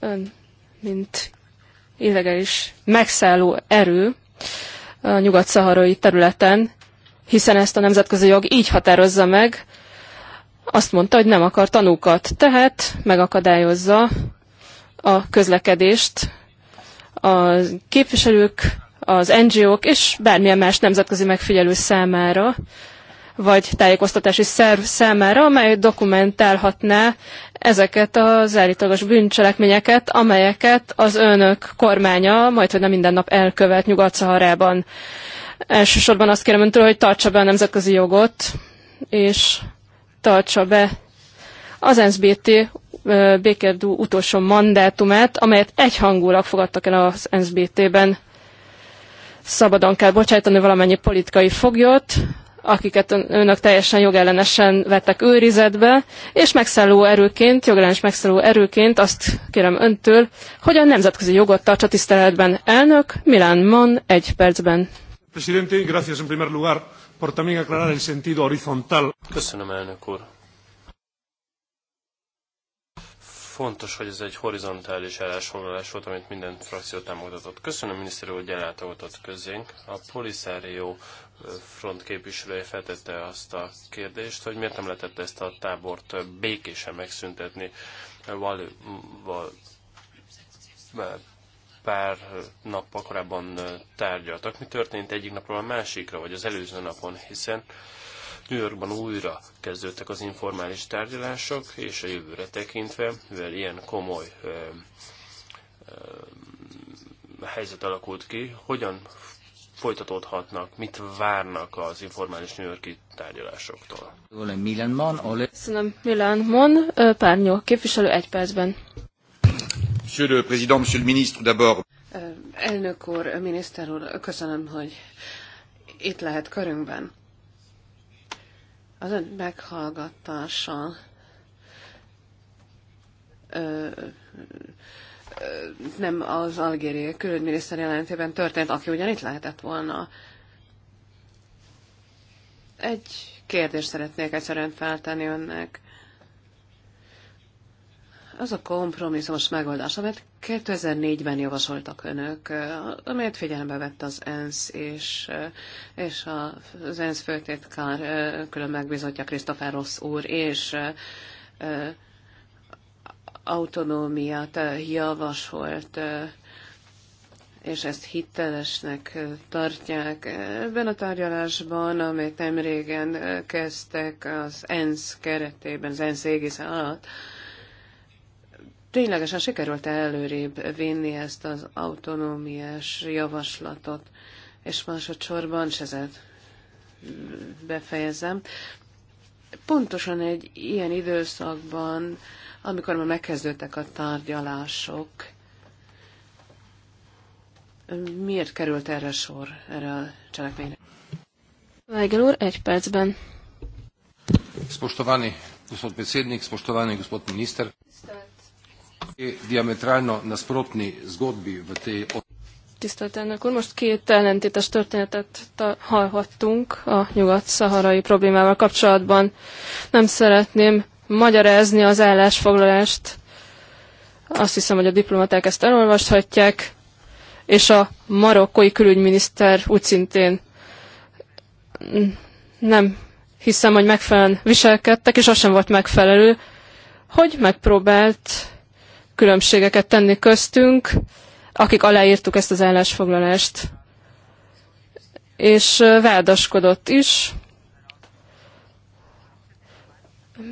ön, mint illegális megszálló erő a nyugat-szaharai területen, hiszen ezt a nemzetközi jog így határozza meg, azt mondta, hogy nem akar tanúkat, tehát megakadályozza a közlekedést a képviselők, az NGO-k és bármilyen más nemzetközi megfigyelő számára, vagy tájékoztatási szerv számára, amely dokumentálhatná ezeket az állítólagos bűncselekményeket, amelyeket az önök kormánya majd, hogy nem minden nap elkövet Nyugat-Szaharában. Elsősorban azt kérem öntől, hogy tartsa be a nemzetközi jogot, és tartsa be az NSBT békérdú utolsó mandátumát, amelyet egyhangulag fogadtak el az NSBT-ben. Szabadon kell bocsájtani valamennyi politikai foglyot, akiket önök teljesen jogellenesen vettek őrizetbe, és megszálló erőként, jogellenes megszálló erőként azt kérem öntől, hogy a nemzetközi jogot tartsa tiszteletben elnök Milán Mon egy percben. Presidente, gracias en primer lugar por también aclarar el sentido horizontal. Köszönöm, elnök úr. Fontos, hogy ez egy horizontális állásfoglalás volt, amit minden frakció támogatott. Köszönöm, miniszter úr, hogy ellátogatott közénk. A Polisario front képviselője feltette azt a kérdést, hogy miért nem lehetett ezt a tábort békésen megszüntetni. Valival pár nappal korábban tárgyaltak. Mi történt egyik napról a másikra, vagy az előző napon, hiszen New Yorkban újra kezdődtek az informális tárgyalások, és a jövőre tekintve, mivel ilyen komoly ö, eh, ö, eh, helyzet alakult ki, hogyan folytatódhatnak, mit várnak az informális New Yorki tárgyalásoktól. Köszönöm, Milan Mon, párnyó képviselő egy percben. Monsieur le Président, Monsieur le Ministre, d'abord. Elnök úr, miniszter úr, köszönöm, hogy itt lehet körünkben. Az ön meghallgatása ö, nem az algériai külügyminiszter jelentében történt, aki ugyan itt lehetett volna. Egy kérdést szeretnék egyszerűen feltenni önnek. Az a kompromisszumos megoldás, amit 2004-ben javasoltak önök, amelyet figyelembe vett az ENSZ és, és az ENSZ főtétkár külön megbizotja Krisztofer Rossz úr, és autonómiát eh, javasolt, eh, és ezt hitelesnek eh, tartják. Ebben a tárgyalásban, amelyet nem régen kezdtek az ENSZ keretében, az ENSZ égisze alatt, ténylegesen sikerült előrébb vinni ezt az autonómiás javaslatot, és másodszorban, és ezzel befejezem, pontosan egy ilyen időszakban, amikor már megkezdődtek a tárgyalások, miért került erre sor, erre a cselekményre? Weigel úr, egy percben. Spostovani, gospod predsednik, Spostovani, gospod minister. Diametrálno nasprotni zgodbi v tej... Tisztelt elnök úr, most két ellentétes történetet hallhattunk a nyugat-szaharai problémával kapcsolatban. Nem szeretném magyarázni az állásfoglalást. Azt hiszem, hogy a diplomaták ezt elolvashatják, és a marokkói külügyminiszter úgy szintén nem hiszem, hogy megfelelően viselkedtek, és az sem volt megfelelő, hogy megpróbált különbségeket tenni köztünk, akik aláírtuk ezt az állásfoglalást. És vádaskodott is,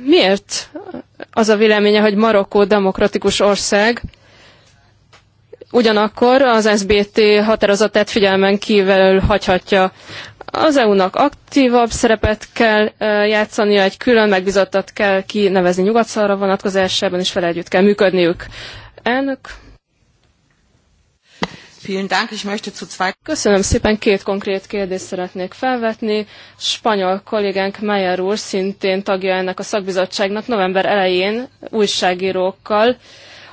Miért az a véleménye, hogy Marokkó demokratikus ország, ugyanakkor az SBT határozatát figyelmen kívül hagyhatja? Az EU-nak aktívabb szerepet kell játszania, egy külön megbizottat kell kinevezni nyugat vonatkozásában, és vele együtt kell működniük. Elnök, Vielen Dank, ich möchte zu Köszönöm szépen, két konkrét kérdést szeretnék felvetni. Spanyol kollégánk Meyer úr szintén tagja ennek a szakbizottságnak november elején újságírókkal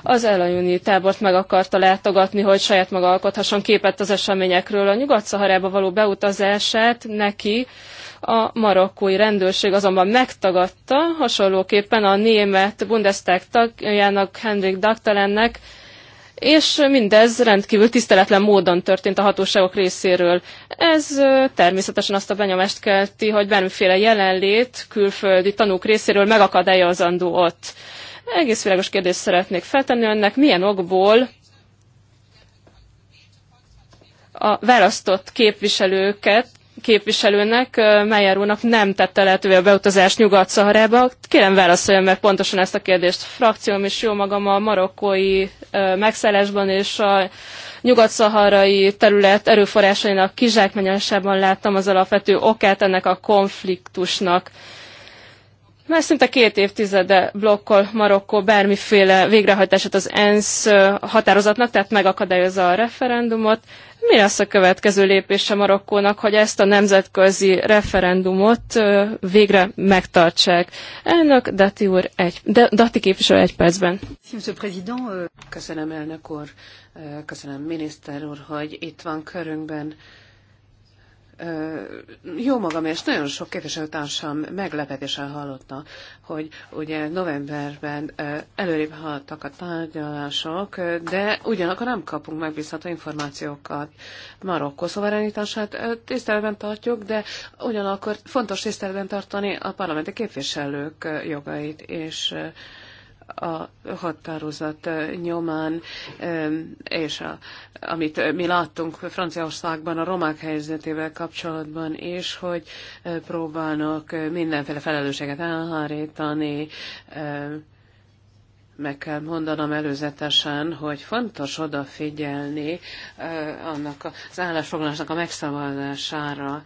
az elajuni tábort meg akarta látogatni, hogy saját maga alkothasson képet az eseményekről. A Nyugat-Szaharába való beutazását neki a marokkói rendőrség azonban megtagadta, hasonlóképpen a német Bundestag tagjának Henrik Daktelennek és mindez rendkívül tiszteletlen módon történt a hatóságok részéről. Ez természetesen azt a benyomást kelti, hogy bármiféle jelenlét külföldi tanúk részéről megakadályozandó ott. Egész világos kérdést szeretnék feltenni önnek, milyen okból a választott képviselőket képviselőnek, Meyer úrnak nem tette lehetővé a beutazást Nyugat-Szaharába. Kérem válaszoljon meg pontosan ezt a kérdést. Frakcióm és jó magam a marokkói megszállásban és a nyugat-szaharai terület erőforrásainak kizsákmányosában láttam az alapvető okát ennek a konfliktusnak. Már szinte két évtizede blokkol Marokkó bármiféle végrehajtását az ENSZ határozatnak, tehát megakadályozza a referendumot, mi lesz a következő lépése Marokkónak, hogy ezt a nemzetközi referendumot végre megtartsák? Elnök Dati, úr egy, Dati képviselő egy percben. Euh. Köszönöm elnök úr, köszönöm miniszter úr, hogy itt van körünkben jó magam, és nagyon sok képviselőtársam meglepetésen hallotta, hogy ugye novemberben előrébb haladtak a tárgyalások, de ugyanakkor nem kapunk megbízható információkat. Marokkó szuverenitását. tiszteletben tartjuk, de ugyanakkor fontos tiszteletben tartani a parlamenti képviselők jogait, és a határozat nyomán, és a, amit mi láttunk Franciaországban a romák helyzetével kapcsolatban is, hogy próbálnak mindenféle felelősséget elhárítani, meg kell mondanom előzetesen, hogy fontos odafigyelni annak az állásfoglalásnak a megszavazására,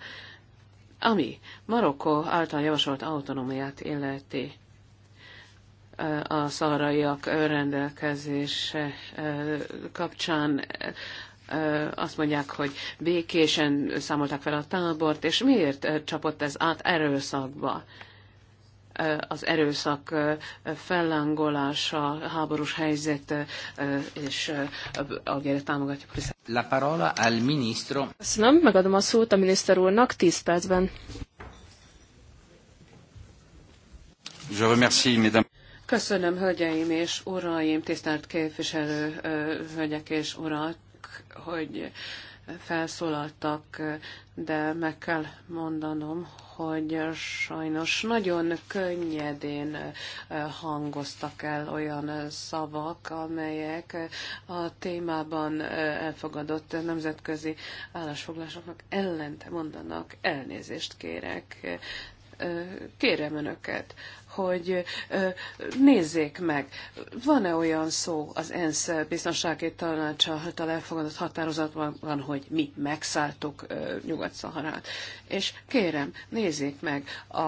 ami Marokkó által javasolt autonómiát illeti a szaharaiak önrendelkezése kapcsán azt mondják, hogy békésen számolták fel a tábort, és miért csapott ez át erőszakba? Az erőszak fellángolása, háborús helyzet, és a támogatjuk. La parola al ministro. Köszönöm, megadom a szót a miniszter úrnak 10 percben. Je remercie, mesdames. Köszönöm, hölgyeim és uraim, tisztelt képviselő hölgyek és urak, hogy felszólaltak, de meg kell mondanom, hogy sajnos nagyon könnyedén hangoztak el olyan szavak, amelyek a témában elfogadott nemzetközi állásfoglásoknak ellent mondanak. Elnézést kérek. Kérem önöket, hogy nézzék meg, van-e olyan szó az ENSZ biztonsági tanácsa által elfogadott határozatban, hogy mi megszálltuk Nyugat-Szaharát. És kérem, nézzék meg a,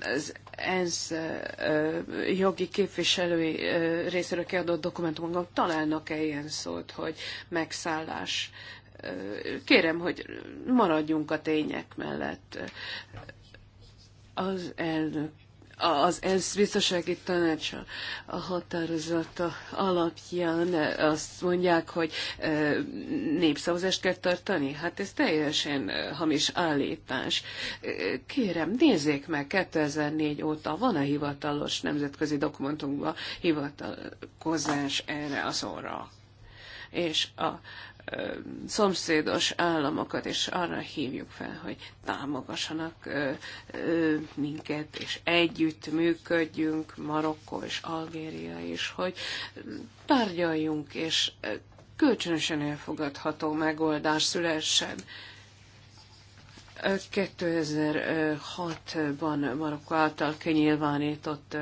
az ENSZ jogi képviselői részéről kiadott dokumentumokban találnak-e ilyen szót, hogy megszállás. Kérem, hogy maradjunk a tények mellett. Az elnök az ENSZ biztonsági tanácsa a határozata alapján eh, azt mondják, hogy eh, népszavazást kell tartani? Hát ez teljesen eh, hamis állítás. Kérem, nézzék meg, 2004 óta van a hivatalos nemzetközi dokumentumban hivatalkozás erre a szóra és a szomszédos államokat, és arra hívjuk fel, hogy támogassanak minket, és együtt működjünk, Marokkó és Algéria is, hogy tárgyaljunk, és kölcsönösen elfogadható megoldás szülessen. 2006-ban Marokko által kinyilvánított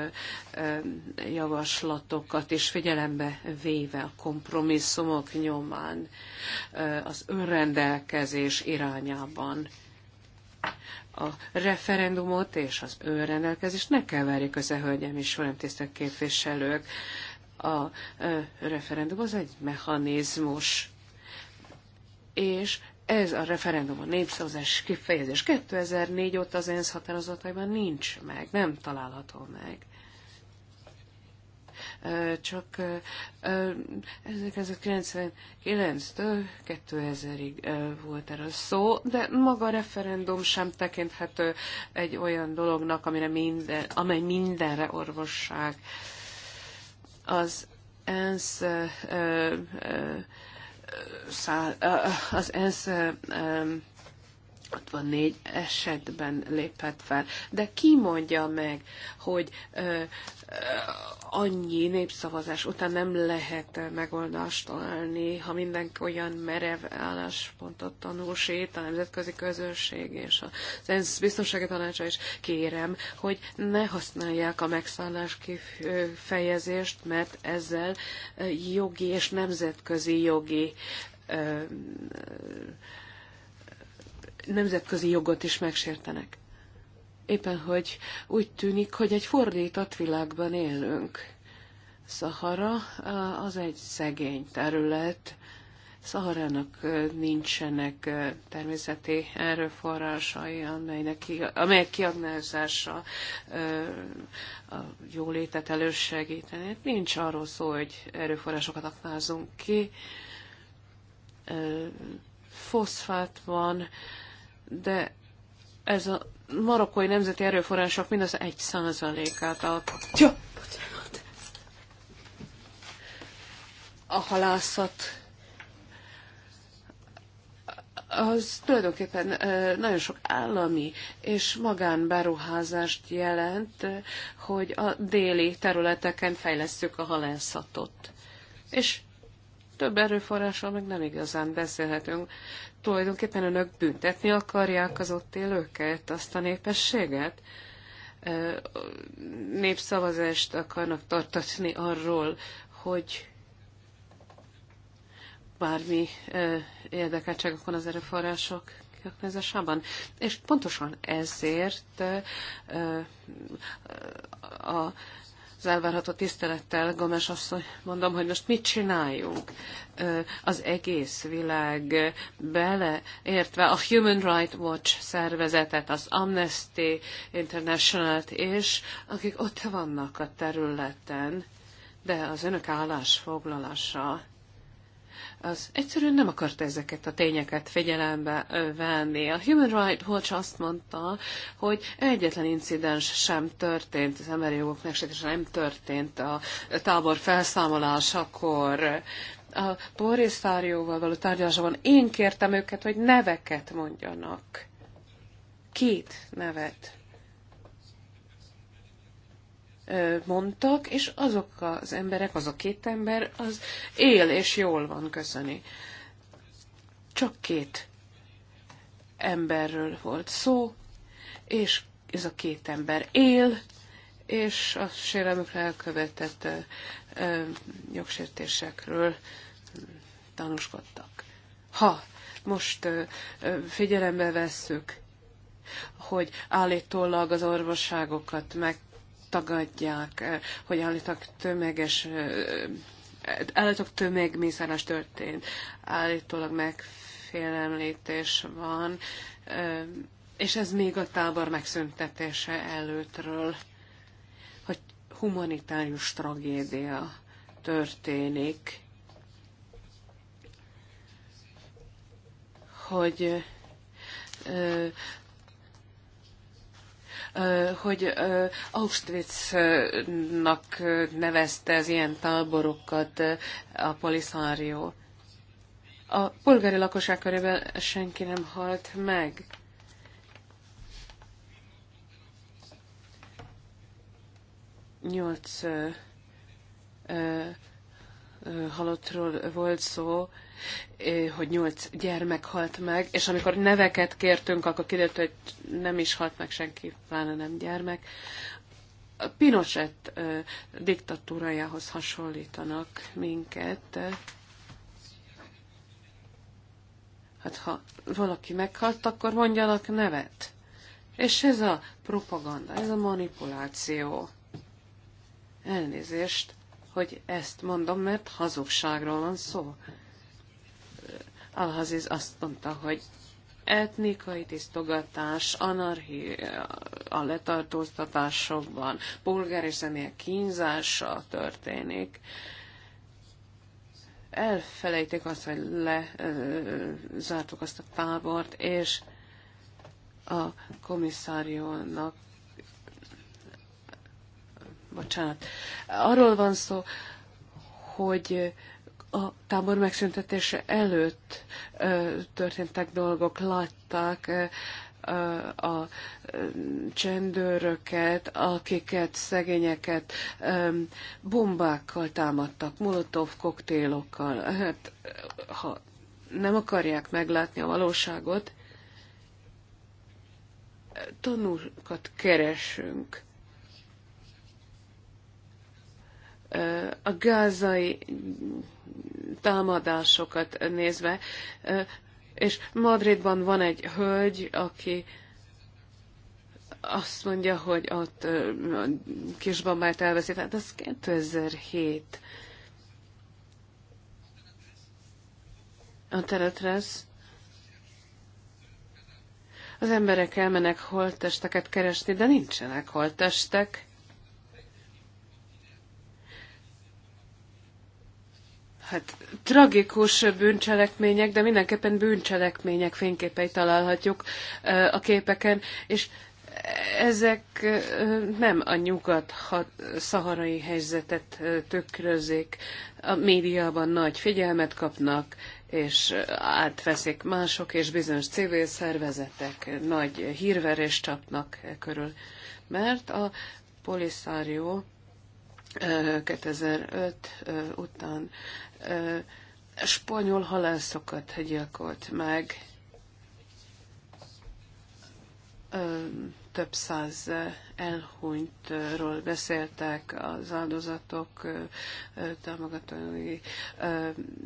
javaslatokat és figyelembe véve a kompromisszumok nyomán az önrendelkezés irányában a referendumot és az önrendelkezést ne keverjük össze, hölgyem és uram, tisztelt képviselők. A referendum az egy mechanizmus, és ez a referendum, a népszavazás kifejezés 2004 óta az ENSZ határozataiban nincs meg, nem található meg. Csak 1999-től 2000-ig volt erről szó, de maga a referendum sem tekinthető egy olyan dolognak, amire minden, amely mindenre orvosság. Az ENSZ ö, ö, ö, az ENSZ 64 esetben lépett fel. De ki mondja meg, hogy ö, ö, annyi népszavazás után nem lehet megoldást találni, ha mindenki olyan merev álláspontot tanúsít a nemzetközi közösség és a ENSZ biztonsági tanácsa is kérem, hogy ne használják a megszállás kifejezést, mert ezzel jogi és nemzetközi jogi ö, ö, nemzetközi jogot is megsértenek. Éppen hogy úgy tűnik, hogy egy fordított világban élünk. Szahara az egy szegény terület, Szaharának nincsenek természeti erőforrásai, amelynek, amelyek kiaknázása a jólétet elősegíteni. Nincs arról szó, hogy erőforrásokat aknázunk ki. Foszfát van, de ez a marokkói nemzeti erőforrások mindössze egy százalékát ad. bocsánat. A halászat az tulajdonképpen nagyon sok állami és magánberuházást jelent, hogy a déli területeken fejlesztjük a halászatot. És több erőforrásról meg nem igazán beszélhetünk tulajdonképpen önök büntetni akarják az ott élőket, azt a népességet? Népszavazást akarnak tartatni arról, hogy bármi érdekeltségek van az erőforrások kiaknázásában. És pontosan ezért a az elvárható tisztelettel, Gomes asszony, mondom, hogy most mit csináljunk? Az egész világ beleértve a Human Rights Watch szervezetet, az Amnesty International-t és akik ott vannak a területen, de az önök állásfoglalása az egyszerűen nem akarta ezeket a tényeket figyelembe venni. A Human Rights Watch azt mondta, hogy egyetlen incidens sem történt, az emberi jogok megsértése nem történt a tábor felszámolásakor. A Boris Fárióval való tárgyalásban én kértem őket, hogy neveket mondjanak. Két nevet mondtak, és azok az emberek, az a két ember, az él és jól van, köszöni. Csak két emberről volt szó, és ez a két ember él, és a sérelmükre elkövetett ö, ö, jogsértésekről tanúskodtak. Ha most ö, ö, figyelembe vesszük, hogy állítólag az orvosságokat meg tagadják, eh, hogy állítak tömeges eh, állítólag tömegmészárlás történt, állítólag megfélemlítés van, eh, és ez még a tábor megszüntetése előttről, hogy humanitárius tragédia történik, hogy hogy Auschwitznak nevezte az ilyen táborokat a Polisario. A polgári lakosság körében senki nem halt meg. Nyolc uh, uh, halottról volt szó, hogy nyolc gyermek halt meg, és amikor neveket kértünk, akkor kiderült, hogy nem is halt meg senki, pláne nem gyermek. A Pinochet diktatúrájához hasonlítanak minket. Hát ha valaki meghalt, akkor mondjanak nevet. És ez a propaganda, ez a manipuláció. Elnézést, hogy ezt mondom, mert hazugságról van szó. Alhaziz azt mondta, hogy etnikai tisztogatás, anarchia, a letartóztatásokban, polgári személyek kínzása történik. Elfelejtik azt, hogy lezártuk azt a tábort, és a komisszáriónak bocsánat, arról van szó, hogy a tábor megszüntetése előtt történtek dolgok, látták a csendőröket, akiket, szegényeket bombákkal támadtak, molotov koktélokkal. Hát, ha nem akarják meglátni a valóságot, tanulkat keresünk a gázai támadásokat nézve, és Madridban van egy hölgy, aki azt mondja, hogy ott a kisbabát elveszi, tehát az 2007. A teretrez. Az emberek elmennek holttesteket keresni, de nincsenek holttestek. hát tragikus bűncselekmények, de mindenképpen bűncselekmények fényképeit találhatjuk a képeken, és ezek nem a nyugat szaharai helyzetet tükrözik. A médiában nagy figyelmet kapnak, és átveszik mások, és bizonyos civil szervezetek nagy hírverést csapnak e körül. Mert a Polisario 2005 után spanyol halászokat gyilkolt meg, több száz elhunytról beszéltek az áldozatok támogatói,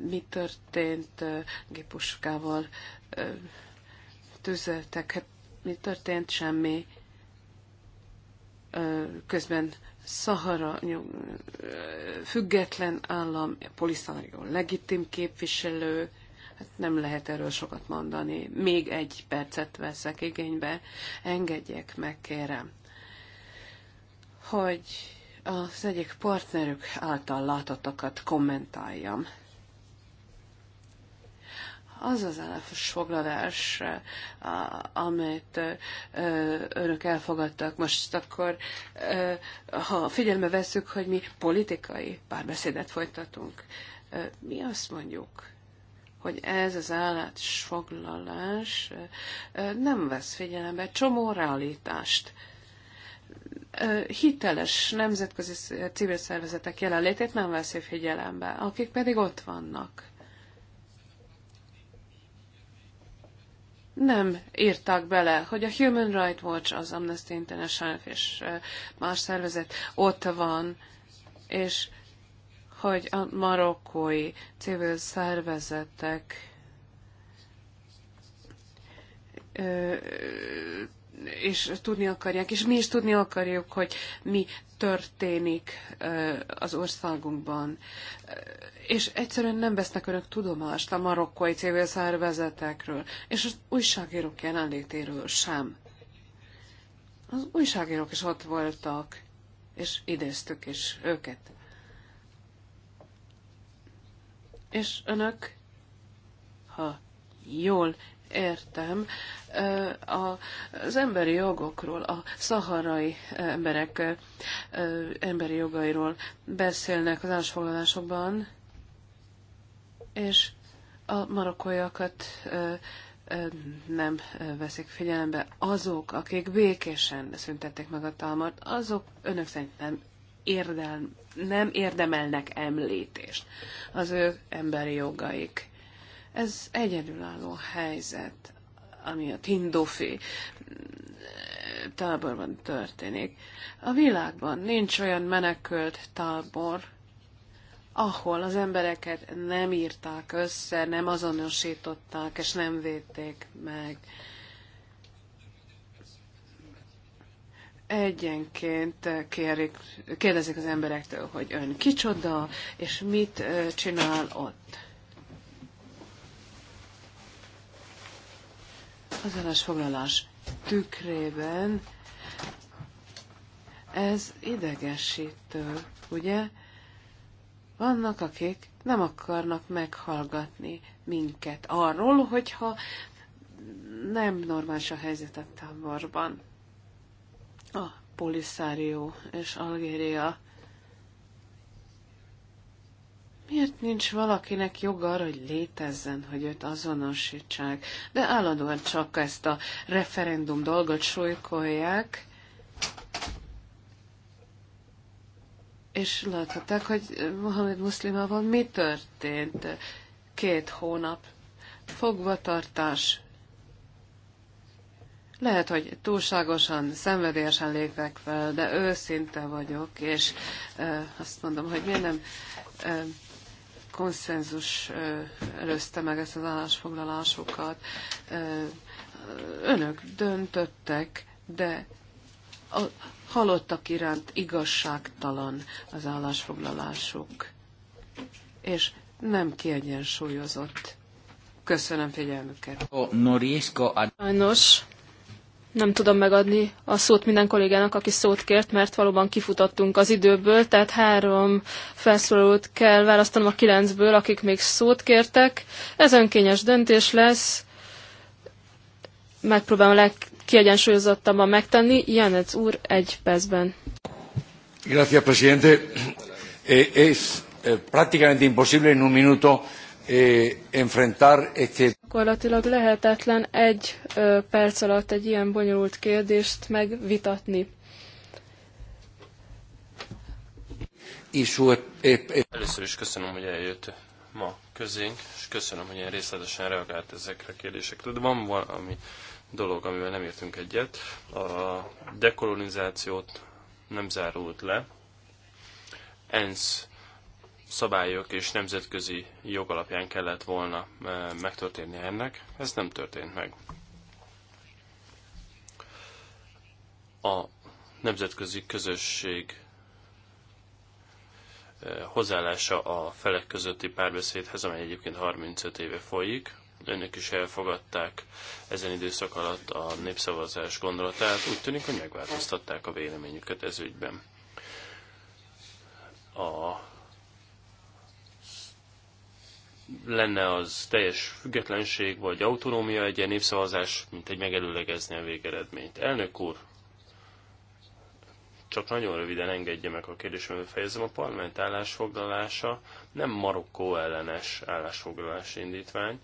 mi történt gépuskával, tüzeltek, hát mi történt, semmi. Közben Szahara független állam, Polisztánrió legitim képviselő, hát nem lehet erről sokat mondani. Még egy percet veszek igénybe, engedjék meg, kérem, hogy az egyik partnerük által látottakat kommentáljam az az foglalás, amit önök elfogadtak most akkor, ha figyelme veszük, hogy mi politikai párbeszédet folytatunk, mi azt mondjuk, hogy ez az foglalás nem vesz figyelembe csomó realitást hiteles nemzetközi civil szervezetek jelenlétét nem veszi figyelembe, akik pedig ott vannak. nem írták bele, hogy a Human Rights Watch, az Amnesty International és más szervezet ott van, és hogy a marokkói civil szervezetek és tudni akarják, és mi is tudni akarjuk, hogy mi történik az országunkban. És egyszerűen nem vesznek önök tudomást a marokkói civil szervezetekről, és az újságírók jelenlétéről sem. Az újságírók is ott voltak, és idéztük is őket. És önök, ha jól értem. Az emberi jogokról, a szaharai emberek emberi jogairól beszélnek az állásfoglalásokban, és a marokkóiakat nem veszik figyelembe. Azok, akik békésen szüntették meg a talmat, azok önök szerint nem, érdem, nem érdemelnek említést. Az ő emberi jogaik ez egyedülálló helyzet, ami a Tindofi mm, táborban történik. A világban nincs olyan menekült tábor, ahol az embereket nem írták össze, nem azonosították, és nem védték meg. Egyenként kérik, kérdezik az emberektől, hogy ön kicsoda, és mit csinál ott. az foglalás tükrében. Ez idegesítő, ugye? Vannak, akik nem akarnak meghallgatni minket arról, hogyha nem normális a helyzet a táborban. A Polisario és Algéria Miért nincs valakinek joga arra, hogy létezzen, hogy őt azonosítsák? De állandóan csak ezt a referendum dolgot súlykolják. És láthatták, hogy Mohamed muszlimával mi történt. Két hónap fogvatartás. Lehet, hogy túlságosan, szenvedélyesen lépek fel, de őszinte vagyok, és e, azt mondom, hogy miért nem e, konszenzus előzte meg ezt az állásfoglalásokat. Önök döntöttek, de a halottak iránt igazságtalan az állásfoglalásuk, és nem kiegyensúlyozott. Köszönöm figyelmüket. Sajnos nem tudom megadni a szót minden kollégának, aki szót kért, mert valóban kifutottunk az időből, tehát három felszólalót kell választanom a kilencből, akik még szót kértek. Ez önkényes döntés lesz. Megpróbálom a legkiegyensúlyozottabban megtenni. Janec úr, egy percben. Gracias, presidente. Eh, es eh, prácticamente imposible en un minuto Eh, enfrentar este... Gyakorlatilag lehetetlen egy perc alatt egy ilyen bonyolult kérdést megvitatni. Először is köszönöm, hogy eljött ma közénk, és köszönöm, hogy ilyen részletesen reagált ezekre a kérdésekre. De van valami dolog, amivel nem értünk egyet. A dekolonizációt nem zárult le. ENSZ szabályok és nemzetközi jog alapján kellett volna e, megtörténnie ennek, ez nem történt meg. A nemzetközi közösség e, hozzáállása a felek közötti párbeszédhez, amely egyébként 35 éve folyik. Önök is elfogadták ezen időszak alatt a népszavazás gondolatát. Úgy tűnik, hogy megváltoztatták a véleményüket ez ügyben. A lenne az teljes függetlenség vagy autonómia egy ilyen népszavazás, mint egy megelőlegezni a végeredményt. Elnök úr, csak nagyon röviden engedje meg a kérdésem, hogy fejezem a parlament állásfoglalása, nem Marokkó ellenes állásfoglalás indítvány.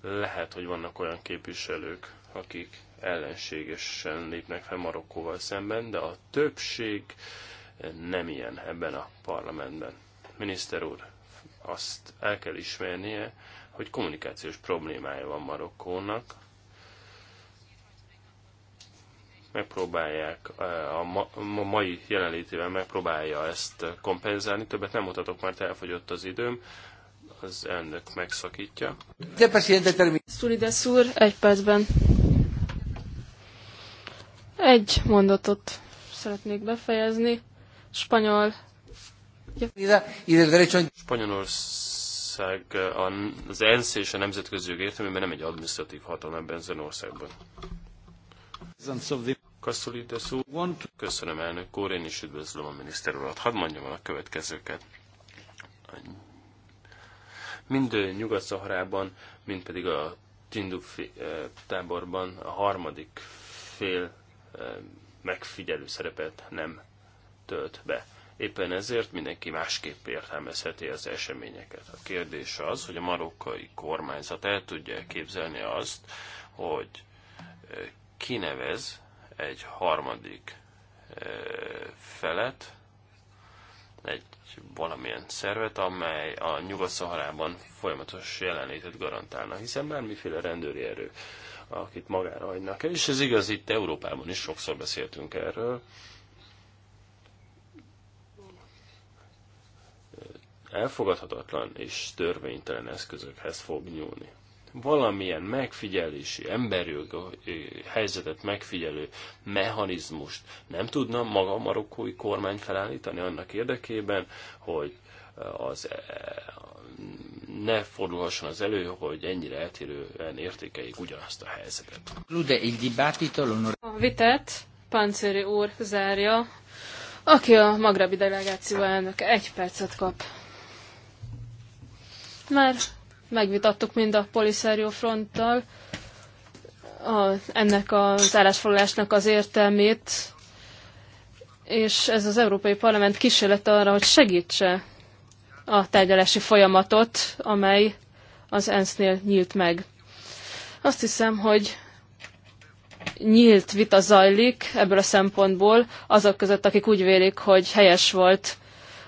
Lehet, hogy vannak olyan képviselők, akik ellenségesen lépnek fel Marokkóval szemben, de a többség nem ilyen ebben a parlamentben. Miniszter úr, azt el kell ismernie, hogy kommunikációs problémája van Marokkónak. Megpróbálják, eh, a, ma, a mai jelenlétével megpróbálja ezt kompenzálni. Többet nem mutatok, mert elfogyott az időm. Az elnök megszakítja. Szulides úr, egy percben. Egy mondatot szeretnék befejezni. Spanyol Spanyolország az ENSZ és a nemzetközi jog értelmében nem egy administratív hatalom ebben az országban. köszönöm elnök úr, én is üdvözlöm a miniszter urat. Hadd mondjam el a következőket. Mind Nyugat-Szaharában, mind pedig a Tinduk eh, táborban a harmadik fél eh, megfigyelő szerepet nem tölt be. Éppen ezért mindenki másképp értelmezheti az eseményeket. A kérdés az, hogy a marokkai kormányzat el tudja képzelni azt, hogy eh, kinevez egy harmadik eh, felet, egy valamilyen szervet, amely a Nyugat-Szaharában folyamatos jelenlétet garantálna, hiszen bármiféle rendőri erő, akit magára hagynak el, és ez igaz, itt Európában is sokszor beszéltünk erről, elfogadhatatlan és törvénytelen eszközökhez fog nyúlni. Valamilyen megfigyelési, emberjogi eh, helyzetet megfigyelő mechanizmust nem tudna maga a marokkói kormány felállítani annak érdekében, hogy eh, az eh, ne fordulhasson az elő, hogy ennyire eltérően értékeik ugyanazt a helyzetet. A vitát Pancéri úr zárja, aki a Magrabi delegáció elnök egy percet kap. Mert megvitattuk mind a Polisario fronttal a, ennek az állásfoglalásnak az értelmét, és ez az Európai Parlament kísérlet arra, hogy segítse a tárgyalási folyamatot, amely az ENSZ-nél nyílt meg. Azt hiszem, hogy nyílt vita zajlik ebből a szempontból azok között, akik úgy vélik, hogy helyes volt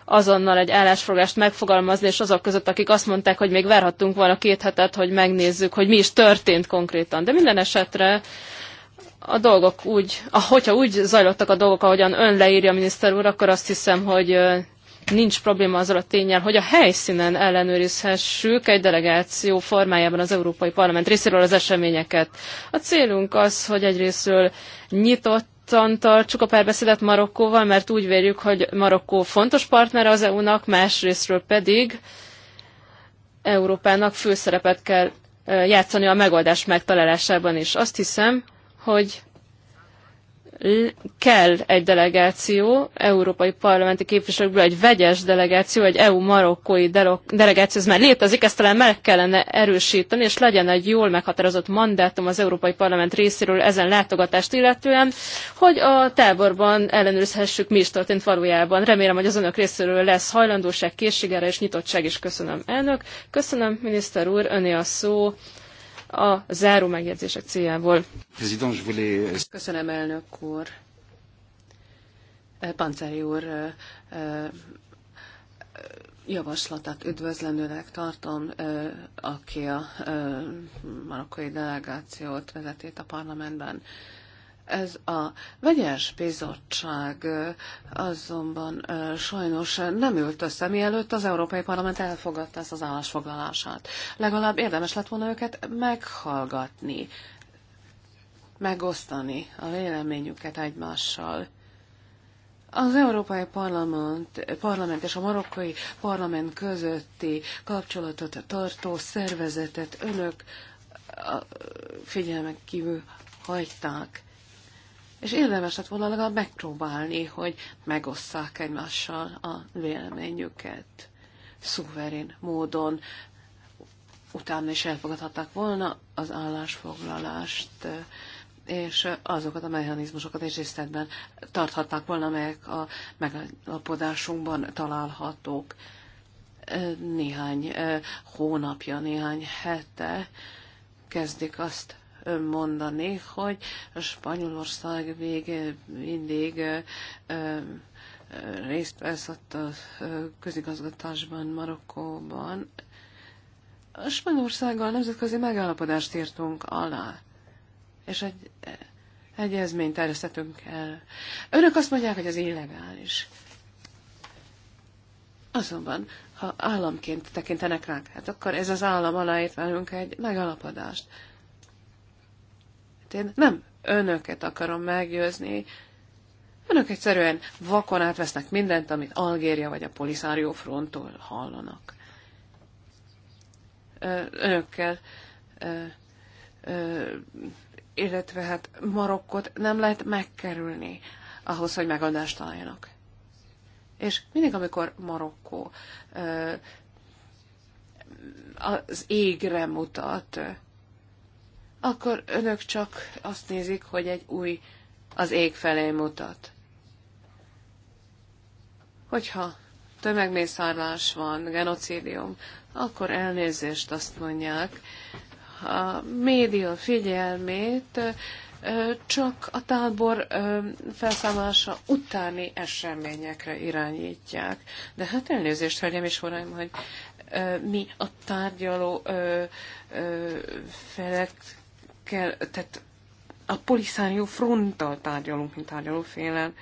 azonnal egy állásfogást megfogalmazni, és azok között, akik azt mondták, hogy még várhattunk volna két hetet, hogy megnézzük, hogy mi is történt konkrétan. De minden esetre a dolgok úgy, hogyha úgy zajlottak a dolgok, ahogyan ön leírja a miniszter úr, akkor azt hiszem, hogy nincs probléma azzal a tényel, hogy a helyszínen ellenőrizhessük egy delegáció formájában az Európai Parlament részéről az eseményeket. A célunk az, hogy egyrésztről nyitott nyitottan tartsuk a párbeszédet Marokkóval, mert úgy vérjük, hogy Marokkó fontos partner az EU-nak, másrésztről pedig Európának főszerepet kell eh, játszani a megoldás megtalálásában is. Azt hiszem, hogy kell egy delegáció, európai parlamenti képviselőkből egy vegyes delegáció, egy EU-marokkói delegáció, ez már létezik, ezt talán meg kellene erősíteni, és legyen egy jól meghatározott mandátum az Európai Parlament részéről ezen látogatást illetően, hogy a táborban ellenőrizhessük, mi is történt valójában. Remélem, hogy az önök részéről lesz hajlandóság, készség erre és nyitottság is. Köszönöm, elnök. Köszönöm, miniszter úr, öné a szó a záró megjegyzések céljából. Köszönöm, elnök úr. Panceri úr javaslatát üdvözlendőnek tartom, aki a marokkai delegációt vezeti a parlamentben. Ez a vegyes bizottság azonban sajnos nem ült össze, mielőtt az Európai Parlament elfogadta ezt az állásfoglalását. Legalább érdemes lett volna őket meghallgatni, megosztani a véleményüket egymással. Az Európai Parlament, Parlament és a marokkai parlament közötti kapcsolatot tartó szervezetet önök figyelmek kívül hagyták és érdemes lett volna legalább megpróbálni, hogy megosszák egymással a véleményüket szuverén módon. Utána is elfogadhatták volna az állásfoglalást, és azokat a mechanizmusokat és részletben tarthatták volna, amelyek a megalapodásunkban találhatók néhány eh, hónapja, néhány hete kezdik azt mondani, hogy a Spanyolország végig mindig részt vesz a közigazgatásban, Marokkóban. A Spanyolországgal nemzetközi megállapodást írtunk alá, és egy egyezményt terjesztettünk el. Önök azt mondják, hogy az illegális. Azonban, ha államként tekintenek ránk, hát akkor ez az állam aláért velünk egy megalapodást én Nem önöket akarom meggyőzni. Önök egyszerűen vakon átvesznek mindent, amit Algéria vagy a Polisario fronttól hallanak. Önökkel illetve hát Marokkot nem lehet megkerülni ahhoz, hogy megoldást találjanak. És mindig, amikor Marokkó az égre mutat, akkor önök csak azt nézik, hogy egy új az ég felé mutat. Hogyha tömegmészárlás van, genocídium, akkor elnézést azt mondják. A média figyelmét csak a tábor felszámolása utáni eseményekre irányítják. De hát elnézést, hölgyem és uraim, hogy mi a tárgyaló felek kell, tehát a poliszárió fronttal tárgyalunk, mint tárgyalófélen.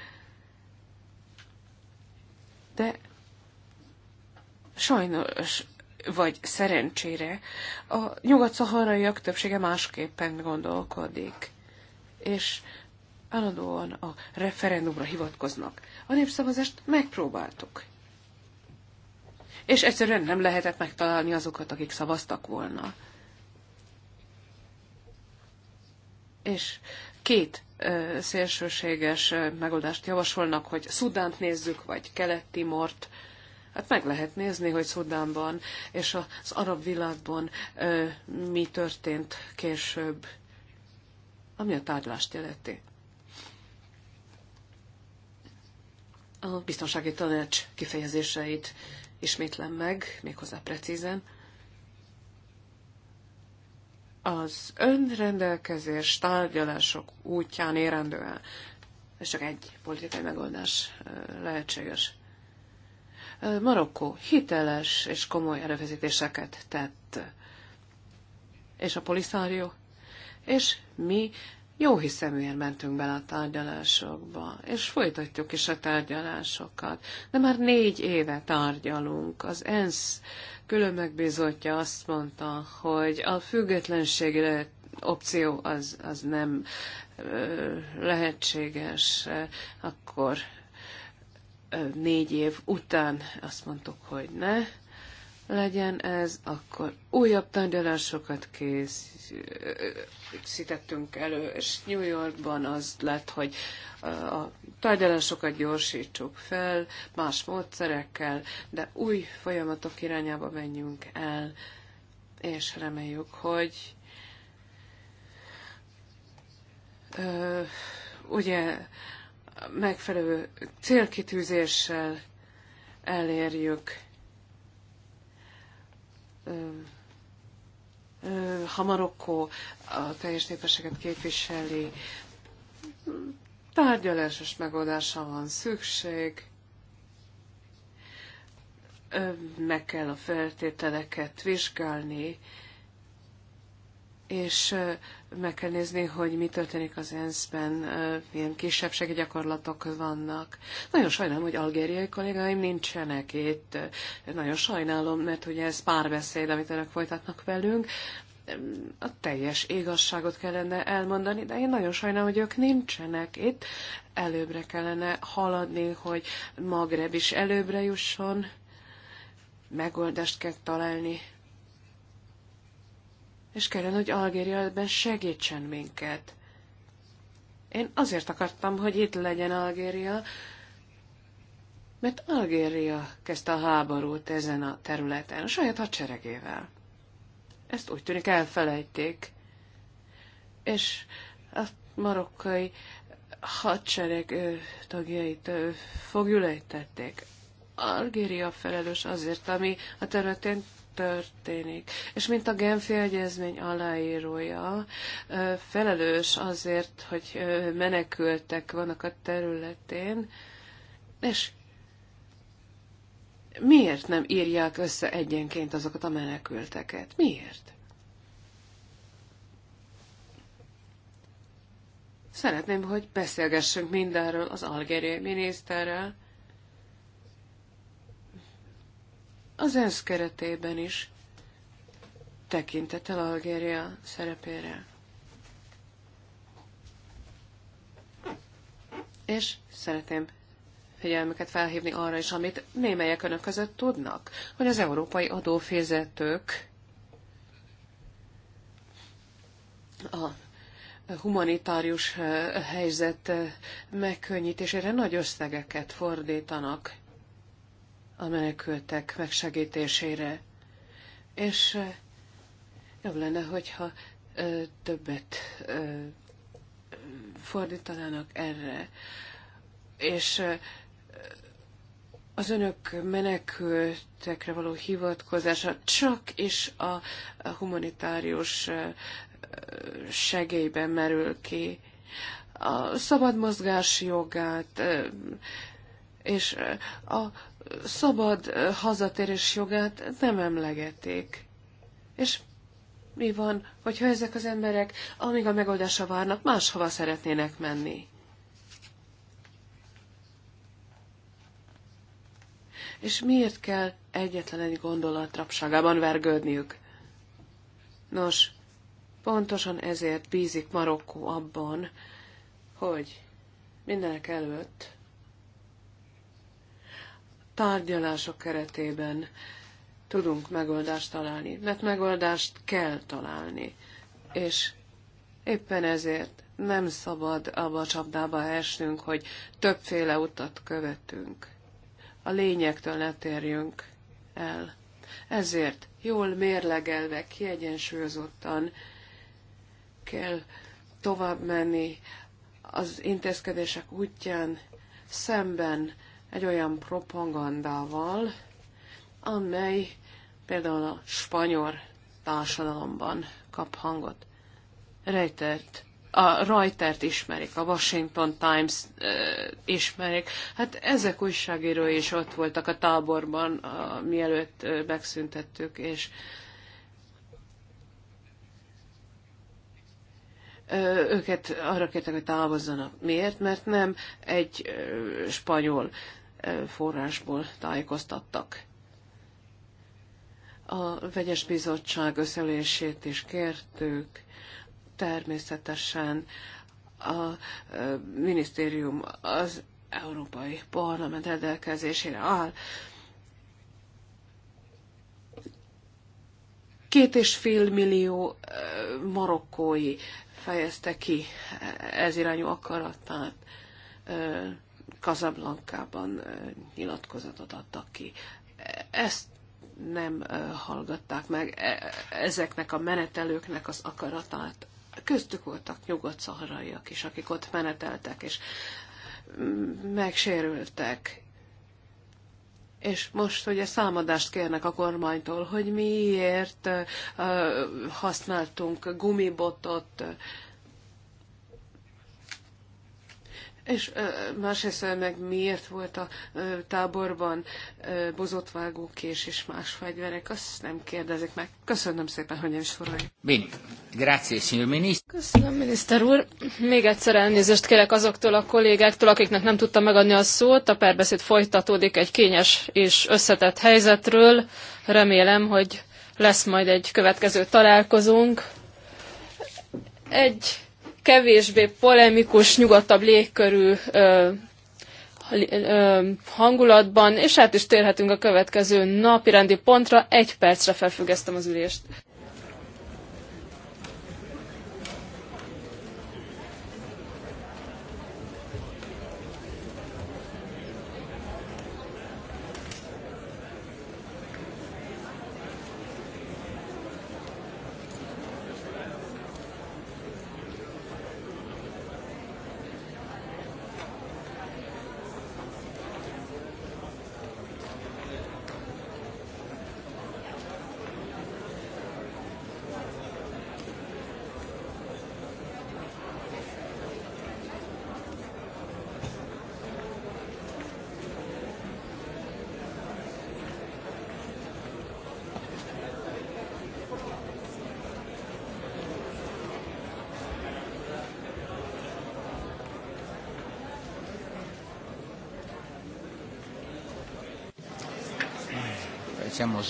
De sajnos, vagy szerencsére, a nyugat-szaharaiak többsége másképpen gondolkodik. És állandóan a referendumra hivatkoznak. A népszavazást megpróbáltuk. És egyszerűen nem lehetett megtalálni azokat, akik szavaztak volna. és két szélsőséges megoldást javasolnak, hogy Szudánt nézzük, vagy Kelet-Timort. Hát meg lehet nézni, hogy Szudánban és az arab világban mi történt később, ami a tárgyalást jelenti. A biztonsági tanács kifejezéseit ismétlem meg, méghozzá precízen az önrendelkezés tárgyalások útján érendően, Ez csak egy politikai megoldás lehetséges. Marokkó hiteles és komoly erőfeszítéseket tett, és a poliszárió, és mi jó hiszeműen mentünk bele a tárgyalásokba, és folytatjuk is a tárgyalásokat. De már négy éve tárgyalunk. Az ENSZ külön megbízottja azt mondta, hogy a függetlenségi opció az, az nem lehetséges, akkor négy év után azt mondtuk, hogy ne legyen ez, akkor újabb tárgyalásokat készítettünk elő, és New Yorkban az lett, hogy eh, a tárgyalásokat gyorsítsuk fel, más módszerekkel, de új folyamatok irányába menjünk el, és reméljük, hogy ö, eh, ugye megfelelő célkitűzéssel elérjük ha Marokkó a teljes népességet képviseli, tárgyalásos megoldása van szükség, meg kell a feltételeket vizsgálni, és meg kell nézni, hogy mi történik az ENSZ-ben, milyen kisebbségi gyakorlatok vannak. Nagyon sajnálom, hogy algériai kollégáim nincsenek itt. Nagyon sajnálom, mert ugye ez párbeszéd, amit önök folytatnak velünk. A teljes igazságot kellene elmondani, de én nagyon sajnálom, hogy ők nincsenek itt. Előbbre kellene haladni, hogy Magreb is előbbre jusson. Megoldást kell találni és kellene, hogy Algéria ebben segítsen minket. Én azért akartam, hogy itt legyen Algéria, mert Algéria kezdte a háborút ezen a területen, a saját hadseregével. Ezt úgy tűnik elfelejték. És a marokkai hadsereg tagjait fogjulejtették. Algéria felelős azért, ami a területén történik. És mint a Genfi Egyezmény aláírója, felelős azért, hogy menekültek vannak a területén, és miért nem írják össze egyenként azokat a menekülteket? Miért? Szeretném, hogy beszélgessünk mindenről az algériai miniszterrel, az ENSZ keretében is tekintettel Algéria szerepére. És szeretném figyelmüket felhívni arra is, amit némelyek önök között tudnak, hogy az európai adófizetők a humanitárius eh, helyzet eh, megkönnyítésére nagy összegeket fordítanak a menekültek megsegítésére. És jobb lenne, hogyha többet fordítanának erre. És az önök menekültekre való hivatkozása csak is a humanitárius segélyben merül ki. A szabad mozgás jogát és a szabad hazatérés jogát nem emlegették. És mi van, hogyha ezek az emberek, amíg a megoldása várnak, máshova szeretnének menni? És miért kell egyetlen egy gondolat rapságában vergődniük? Nos, pontosan ezért bízik Marokkó abban, hogy mindenek előtt tárgyalások keretében tudunk megoldást találni, mert megoldást kell találni. És éppen ezért nem szabad abba a csapdába esnünk, hogy többféle utat követünk. A lényektől ne térjünk el. Ezért jól mérlegelve, kiegyensúlyozottan kell tovább menni az intézkedések útján, szemben egy olyan propagandával, amely például a spanyol társadalomban kap hangot. Reutert, a Reutert ismerik, a Washington Times uh, ismerik. Hát ezek újságírói is ott voltak a táborban, uh, mielőtt uh, megszüntettük, és őket arra kértek, hogy távozzanak. Miért? Mert nem egy spanyol forrásból tájékoztattak. A vegyes bizottság összelését is kértük, természetesen a minisztérium az Európai Parlament rendelkezésére áll. Két és fél millió marokkói fejezte ki ez irányú akaratát. Kazablankában nyilatkozatot adtak ki. Ezt nem hallgatták meg e, ezeknek a menetelőknek az akaratát. Köztük voltak nyugodt szaharaiak is, akik ott meneteltek, és megsérültek. És most ugye számadást kérnek a kormánytól, hogy miért használtunk gumibotot, És másrészt meg miért volt a táborban bozotvágókés és más fegyverek, azt nem kérdezik meg. Köszönöm szépen, hogy én soroljuk. Bene, grazie, signor minister. Köszönöm, miniszter úr. Még egyszer elnézést kérek azoktól a kollégáktól, akiknek nem tudtam megadni a szót. A perbeszéd folytatódik egy kényes és összetett helyzetről. Remélem, hogy lesz majd egy következő találkozunk. Egy kevésbé polemikus, nyugatabb légkörű ö, ö, hangulatban, és hát is térhetünk a következő napi rendi pontra. Egy percre felfüggesztem az ülést.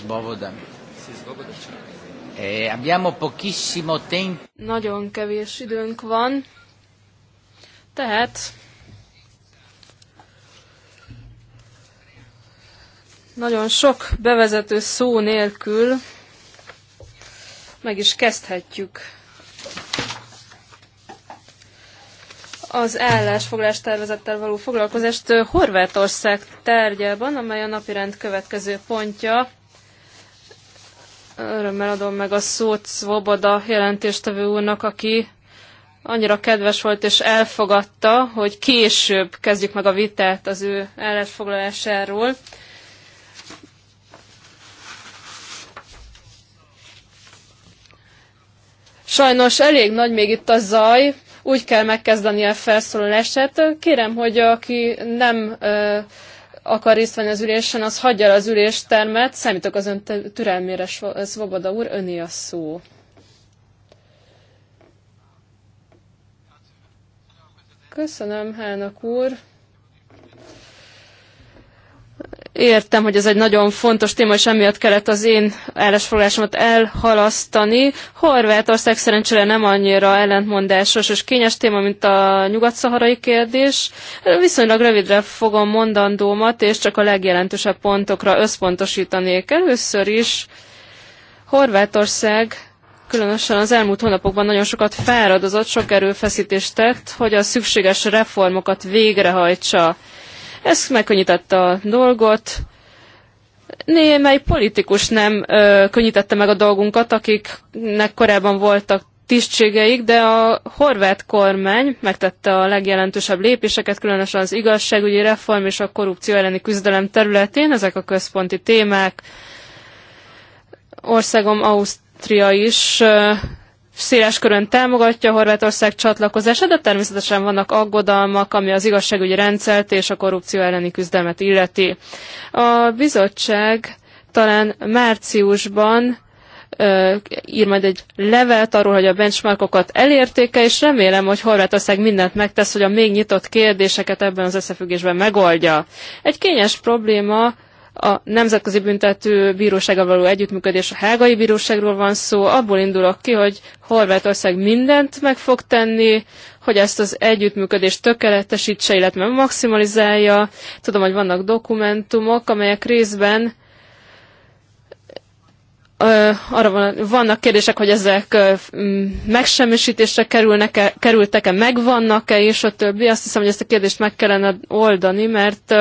Svoboda. Eh, abbiamo pochissimo tempo. Nagyon kevés időnk van, tehát nagyon sok bevezető szó nélkül meg is kezdhetjük az állásfoglás tervezettel való foglalkozást Horvátország tárgyában, amely a napirend következő pontja. Örömmel adom meg a szót Svoboda jelentéstevő úrnak, aki annyira kedves volt és elfogadta, hogy később kezdjük meg a vitát az ő állásfoglalásáról. Sajnos elég nagy még itt a zaj, úgy kell megkezdeni a felszólalását. Kérem, hogy aki nem akar részt venni az ülésen, az hagyja az üléstermet. Számítok az ön türelmére, Svoboda úr, öné a szó. Köszönöm, Hának úr értem, hogy ez egy nagyon fontos téma, és emiatt kellett az én állásfoglalásomat elhalasztani. Horvátország szerencsére nem annyira ellentmondásos és kényes téma, mint a nyugat-szaharai kérdés. Viszonylag rövidre fogom mondandómat, és csak a legjelentősebb pontokra összpontosítanék. Először is Horvátország különösen az elmúlt hónapokban nagyon sokat fáradozott, sok erőfeszítést tett, hogy a szükséges reformokat végrehajtsa. Ez megkönnyítette a dolgot. Némely politikus nem ö, könnyítette meg a dolgunkat, akiknek korábban voltak tisztségeik, de a horvát kormány megtette a legjelentősebb lépéseket, különösen az igazságügyi reform és a korrupció elleni küzdelem területén. Ezek a központi témák. Országom Ausztria is széles körön támogatja Horvátország csatlakozását, de természetesen vannak aggodalmak, ami az igazságügyi rendszert és a korrupció elleni küzdelmet illeti. A bizottság talán márciusban ír majd egy levelet arról, hogy a benchmarkokat elértéke, és remélem, hogy Horvátország mindent megtesz, hogy a még nyitott kérdéseket ebben az összefüggésben megoldja. Egy kényes probléma a Nemzetközi Büntető Bírósággal való együttműködés, a Hágai Bíróságról van szó, abból indulok ki, hogy Horvátország mindent meg fog tenni, hogy ezt az együttműködést tökéletesítse, illetve maximalizálja. Tudom, hogy vannak dokumentumok, amelyek részben arra van, vannak kérdések, hogy ezek megsemmisítésre kerülnek-e, kerültek-e, megvannak-e, és a többi. Azt hiszem, hogy ezt a kérdést meg kellene oldani, mert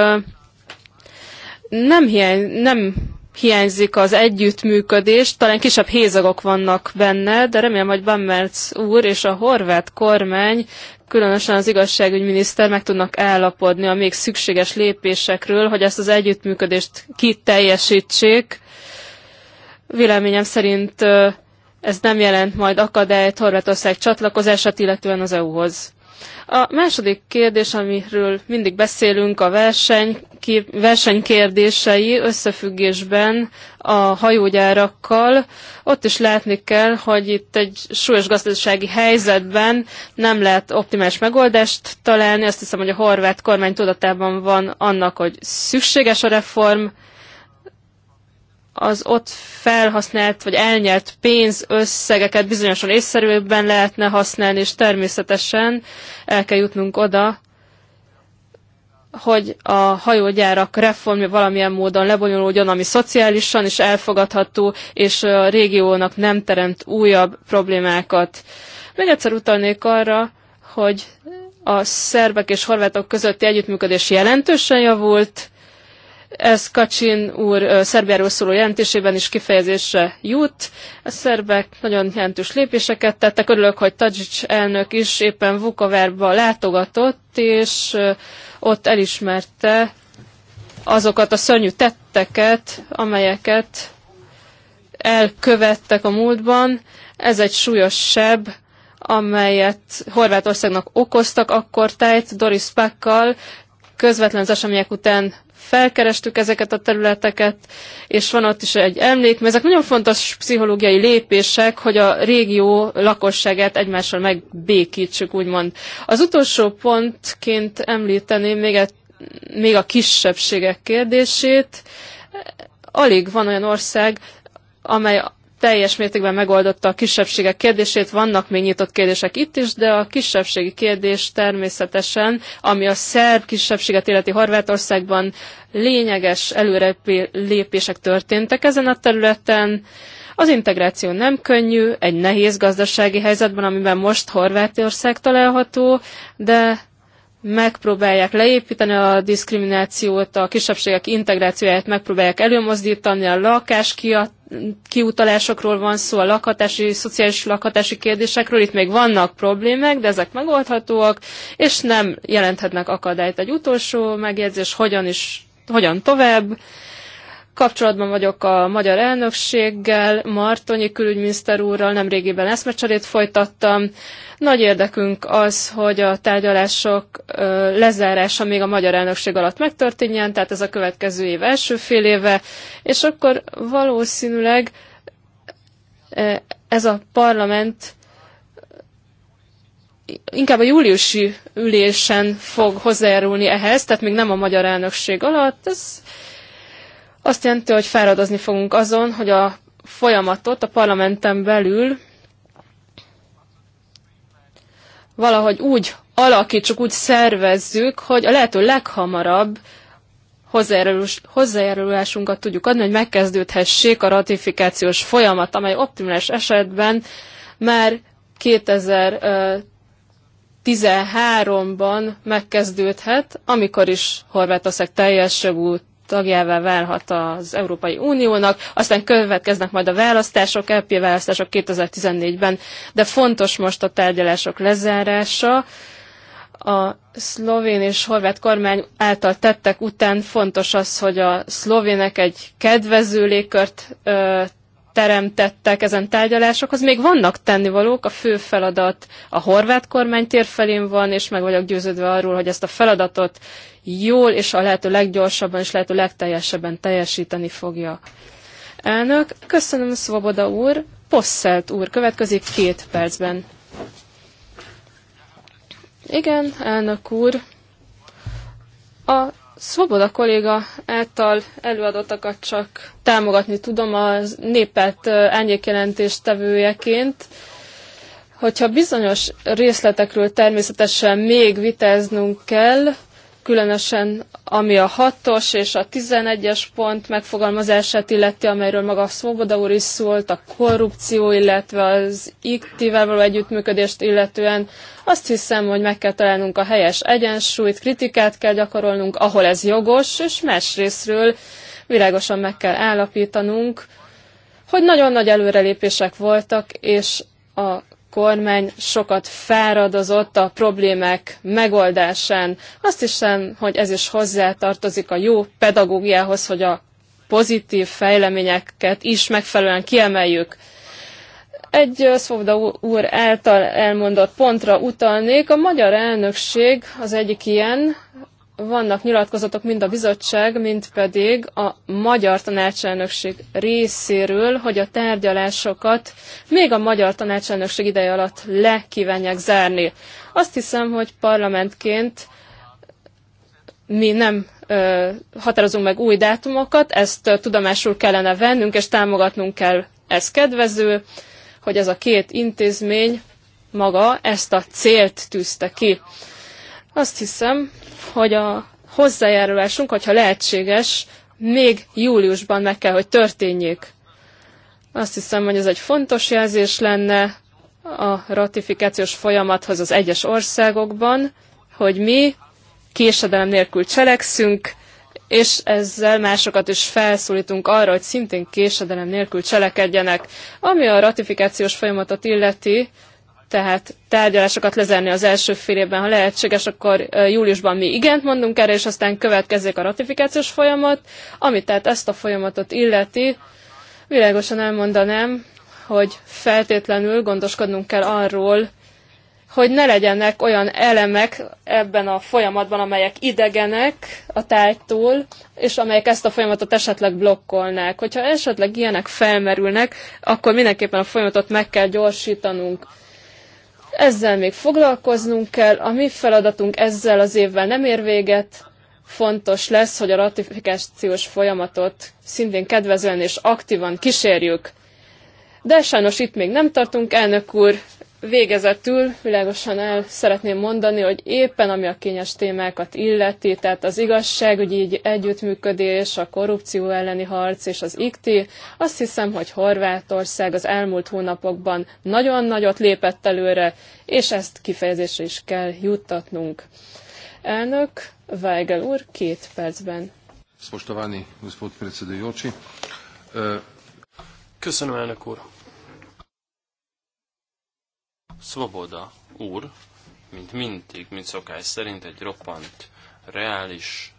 nem, hiány, nem hiányzik az együttműködés, talán kisebb hézagok vannak benne, de remélem, hogy Bammerc úr és a horvát kormány, különösen az igazságügyminiszter meg tudnak állapodni a még szükséges lépésekről, hogy ezt az együttműködést kiteljesítsék. Véleményem szerint ez nem jelent majd akadályt Horvátország csatlakozását, illetően az EU-hoz. A második kérdés, amiről mindig beszélünk, a verseny, verseny kérdései összefüggésben a hajógyárakkal. Ott is látni kell, hogy itt egy súlyos gazdasági helyzetben nem lehet optimális megoldást találni. Azt hiszem, hogy a horvát kormány tudatában van annak, hogy szükséges a reform, az ott felhasznált vagy elnyert pénz összegeket bizonyosan észszerűbben lehetne használni, és természetesen el kell jutnunk oda, hogy a hajógyárak reformja valamilyen módon lebonyolódjon, ami szociálisan is elfogadható, és a régiónak nem teremt újabb problémákat. Még egyszer utalnék arra, hogy a szerbek és horvátok közötti együttműködés jelentősen javult, ez Kacsin úr Szerbiáról szóló jelentésében is kifejezésre jut. A szerbek nagyon jelentős lépéseket tettek. Örülök, hogy Tadzsics elnök is éppen Vukovárba látogatott, és ott elismerte azokat a szörnyű tetteket, amelyeket elkövettek a múltban. Ez egy súlyos seb, amelyet Horvátországnak okoztak akkor tájt Doris Pakkal, közvetlen az események után felkerestük ezeket a területeket, és van ott is egy emlék, mert ezek nagyon fontos pszichológiai lépések, hogy a régió lakosságát egymással megbékítsük, úgymond. Az utolsó pontként említeném még, egy, még a kisebbségek kérdését. Alig van olyan ország, amely teljes mértékben megoldotta a kisebbségek kérdését. Vannak még nyitott kérdések itt is, de a kisebbségi kérdés természetesen, ami a szerb kisebbséget illeti Horvátországban lényeges előrelépések történtek ezen a területen. Az integráció nem könnyű, egy nehéz gazdasági helyzetben, amiben most Horvátország található, de megpróbálják leépíteni a diszkriminációt, a kisebbségek integrációját megpróbálják előmozdítani, a lakás kiutalásokról van szó, a lakhatási, szociális lakhatási kérdésekről, itt még vannak problémák, de ezek megoldhatóak, és nem jelenthetnek akadályt. Egy utolsó megjegyzés, hogyan is, hogyan tovább. Kapcsolatban vagyok a magyar elnökséggel, Martonyi külügyminiszter úrral, nemrégiben eszmecserét folytattam. Nagy érdekünk az, hogy a tárgyalások lezárása még a magyar elnökség alatt megtörténjen, tehát ez a következő év első fél éve, és akkor valószínűleg ez a parlament inkább a júliusi ülésen fog hozzájárulni ehhez, tehát még nem a magyar elnökség alatt. Ez azt jelenti, hogy fáradozni fogunk azon, hogy a folyamatot a parlamenten belül valahogy úgy alakítsuk, úgy szervezzük, hogy a lehető leghamarabb hozzájárulásunkat tudjuk adni, hogy megkezdődhessék a ratifikációs folyamat, amely optimális esetben már 2013-ban megkezdődhet, amikor is Horvátország teljes jogú tagjává válhat az Európai Uniónak, aztán következnek majd a választások, EP választások 2014-ben, de fontos most a tárgyalások lezárása. A szlovén és horvát kormány által tettek után fontos az, hogy a szlovének egy kedvező légkört ö, teremtettek ezen tárgyalásokhoz. Még vannak tennivalók, a fő feladat a horvát kormány térfelén van, és meg vagyok győződve arról, hogy ezt a feladatot jól és a lehető leggyorsabban és lehető legteljesebben teljesíteni fogja. Elnök, köszönöm Szoboda úr, Posszelt úr, következik két percben. Igen, elnök úr, a Szoboda kolléga által előadottakat csak támogatni tudom a népet tevőjeként, Hogyha bizonyos részletekről természetesen még viteznünk kell, különösen ami a 6-os és a 11-es pont megfogalmazását illeti, amelyről maga Szvoboda úr is szólt, a korrupció, illetve az iktivel való együttműködést illetően. Azt hiszem, hogy meg kell találnunk a helyes egyensúlyt, kritikát kell gyakorolnunk, ahol ez jogos, és másrésztről világosan meg kell állapítanunk, hogy nagyon nagy előrelépések voltak, és a kormány sokat fáradozott a problémák megoldásán. Azt hiszem, hogy ez is hozzátartozik a jó pedagógiához, hogy a pozitív fejleményeket is megfelelően kiemeljük. Egy Szovda úr által elmondott pontra utalnék. A magyar elnökség az egyik ilyen, vannak nyilatkozatok mind a bizottság, mind pedig a magyar tanácselnökség részéről, hogy a tárgyalásokat még a magyar tanácselnökség ideje alatt le kívánják zárni. Azt hiszem, hogy parlamentként mi nem ö, határozunk meg új dátumokat, ezt ö, tudomásul kellene vennünk, és támogatnunk kell ez kedvező, hogy ez a két intézmény maga ezt a célt tűzte ki. Azt hiszem, hogy a hozzájárulásunk, hogyha lehetséges, még júliusban meg kell, hogy történjék. Azt hiszem, hogy ez egy fontos jelzés lenne a ratifikációs folyamathoz az egyes országokban, hogy mi késedelem nélkül cselekszünk, és ezzel másokat is felszólítunk arra, hogy szintén késedelem nélkül cselekedjenek. Ami a ratifikációs folyamatot illeti, tehát tárgyalásokat lezárni az első fél évben, ha lehetséges, akkor júliusban mi igent mondunk erre, és aztán következik a ratifikációs folyamat, ami tehát ezt a folyamatot illeti, világosan elmondanám, hogy feltétlenül gondoskodnunk kell arról, hogy ne legyenek olyan elemek ebben a folyamatban, amelyek idegenek a tájtól, és amelyek ezt a folyamatot esetleg blokkolnák. Hogyha esetleg ilyenek felmerülnek, akkor mindenképpen a folyamatot meg kell gyorsítanunk. Ezzel még foglalkoznunk kell, a mi feladatunk ezzel az évvel nem ér véget, fontos lesz, hogy a ratifikációs folyamatot szintén kedvezően és aktívan kísérjük. De sajnos itt még nem tartunk, elnök úr, Végezetül világosan el szeretném mondani, hogy éppen ami a kényes témákat illeti, tehát az igazságügyi együttműködés, a korrupció elleni harc és az IKTI, azt hiszem, hogy Horvátország az elmúlt hónapokban nagyon nagyot lépett előre, és ezt kifejezésre is kell juttatnunk. Elnök Weigel úr, két percben. Spoštovani gospod predsedujoči. Eh, Köszönöm, elnök úr. Svoboda úr, mint mindig, mint szokás szerint, egy roppant, reális,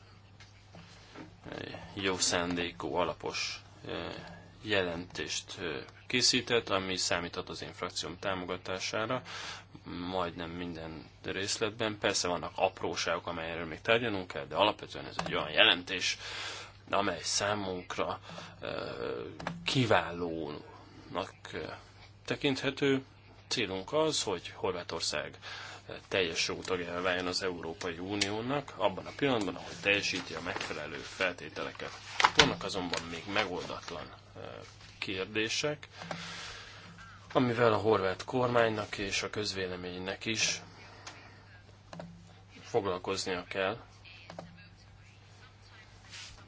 eh, jó szándékú, alapos eh, jelentést eh, készített, ami számíthat az én frakcióm támogatására, majdnem minden részletben. Persze vannak apróságok, amelyről még tárgyalunk kell, de alapvetően ez egy olyan jelentés, amely számunkra kiválónak tekinthető, Célunk az, hogy Horvátország teljes jogtagjára váljon az Európai Uniónak, abban a pillanatban, ahol teljesíti a megfelelő feltételeket. Vannak azonban még megoldatlan kérdések, amivel a horvát kormánynak és a közvéleménynek is foglalkoznia kell.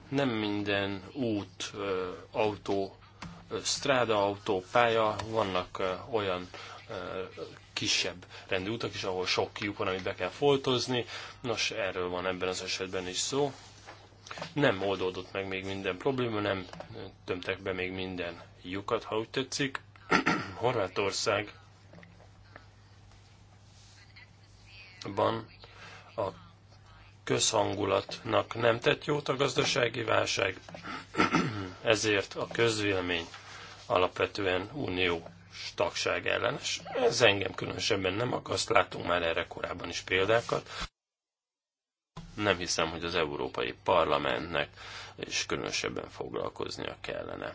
Nem minden út, autó, stráda, autó, pálya, vannak olyan kisebb rendű utak is, ahol sok kiuk van, amit be kell foltozni. Nos, erről van ebben az esetben is szó. Nem oldódott meg még minden probléma, nem tömtek be még minden lyukat, ha úgy tetszik. Horvátország a közhangulatnak nem tett jót a gazdasági válság, ezért a közvélemény alapvetően unió tagság ellenes. Ez engem különösebben nem akaszt, Látunk már erre korábban is példákat. Nem hiszem, hogy az Európai Parlamentnek is különösebben foglalkoznia kellene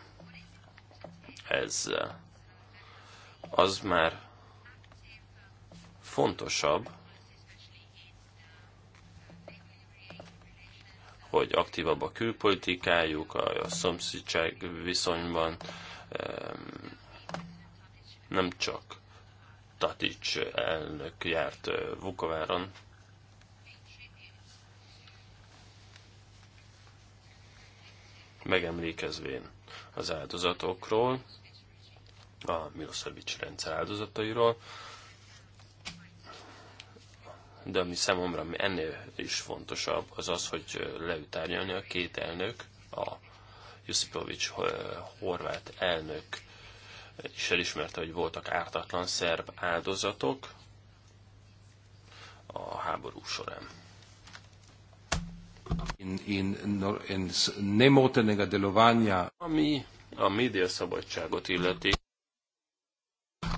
Ez, Az már fontosabb, hogy aktívabb a külpolitikájuk, a szomszédság viszonyban, nem csak Tatics elnök járt Vukováron, megemlékezvén az áldozatokról, a Milosevic rendszer áldozatairól, de ami számomra ennél is fontosabb, az az, hogy leütárgyalni a két elnök, a Jusipovics horvát elnök és elismerte, hogy voltak ártatlan szerb áldozatok a háború során. In, in, in nemotene Ami a szabadságot illeti,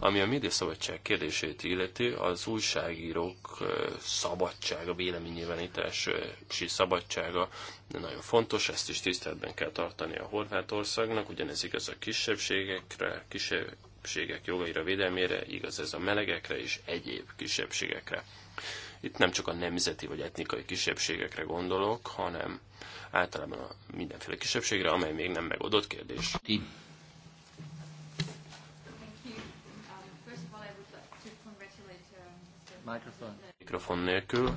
ami a médiaszabadság kérdését illeti, az újságírók szabadsága, véleménynyilvánítás és szabadsága nagyon fontos, ezt is tiszteletben kell tartani a Horvátországnak, ugyanez igaz a kisebbségekre, kisebbségek jogaira, védelmére, igaz ez a melegekre és egyéb kisebbségekre. Itt nem csak a nemzeti vagy etnikai kisebbségekre gondolok, hanem általában a mindenféle kisebbségre, amely még nem megoldott kérdés. Mikrofon nélkül.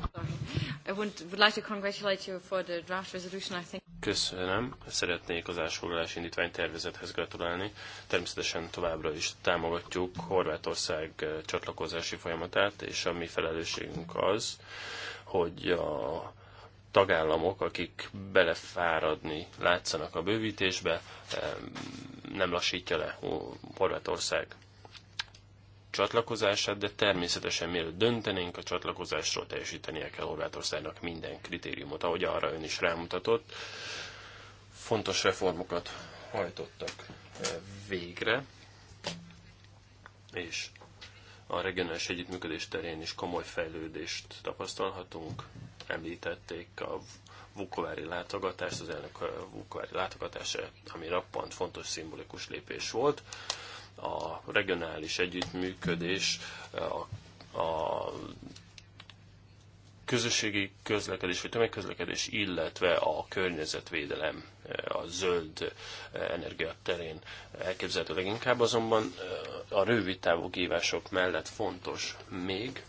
Köszönöm. Szeretnék az állásfoglalás indítvány tervezethez gratulálni. Természetesen továbbra is támogatjuk Horvátország eh, csatlakozási folyamatát, és a mi felelősségünk az, hogy a tagállamok, akik belefáradni látszanak a bővítésbe, eh, nem lassítja le Horvátország csatlakozását, de természetesen mielőtt döntenénk a csatlakozásról, teljesítenie kell Horvátországnak minden kritériumot, ahogy arra ön is rámutatott. Fontos reformokat hajtottak eh, végre, és a regionális együttműködés terén is komoly fejlődést tapasztalhatunk. Említették a Vukovári látogatást, az elnök eh, Vukovári látogatása, ami rappant fontos szimbolikus lépés volt a regionális együttműködés, a, a közösségi közlekedés vagy tömegközlekedés, illetve a környezetvédelem, a zöld energia terén elképzelhető leginkább, azonban a rövid távú kívások mellett fontos még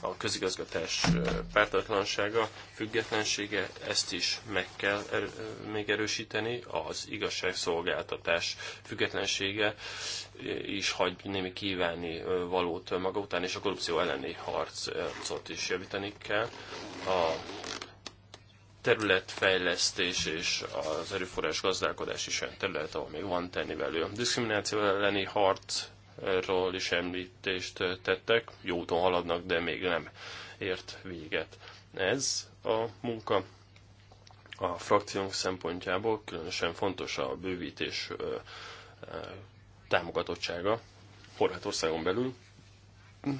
a közigazgatás pártatlansága, függetlensége, ezt is meg kell er- még erősíteni, az igazságszolgáltatás függetlensége is hagy némi kívánni valót maga után, és a korrupció elleni harcot is javítani kell. A területfejlesztés és az erőforrás gazdálkodás is olyan terület, ahol még van tennivelő. A diszkrimináció elleni harc ról is említést tettek. Jó úton haladnak, de még nem ért véget. Ez a munka a frakciónk szempontjából különösen fontos a bővítés támogatottsága Horvátországon belül.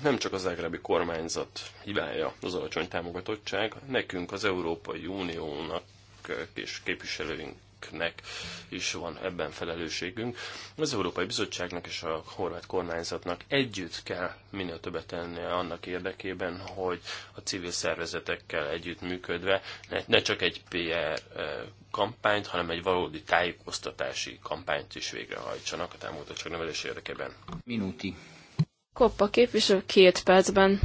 Nem csak az ágrábi kormányzat hibája az alacsony támogatottság, nekünk az Európai Uniónak és képviselőink önöknek is van ebben felelősségünk. Az Európai Bizottságnak és a horvát kormányzatnak együtt kell minél többet tenni annak érdekében, hogy a civil szervezetekkel együtt ne, ne csak egy PR eh, kampányt, hanem egy valódi tájékoztatási kampányt is végrehajtsanak a támogatottság nevelés érdekében. Minuti. Koppa képviselő két percben.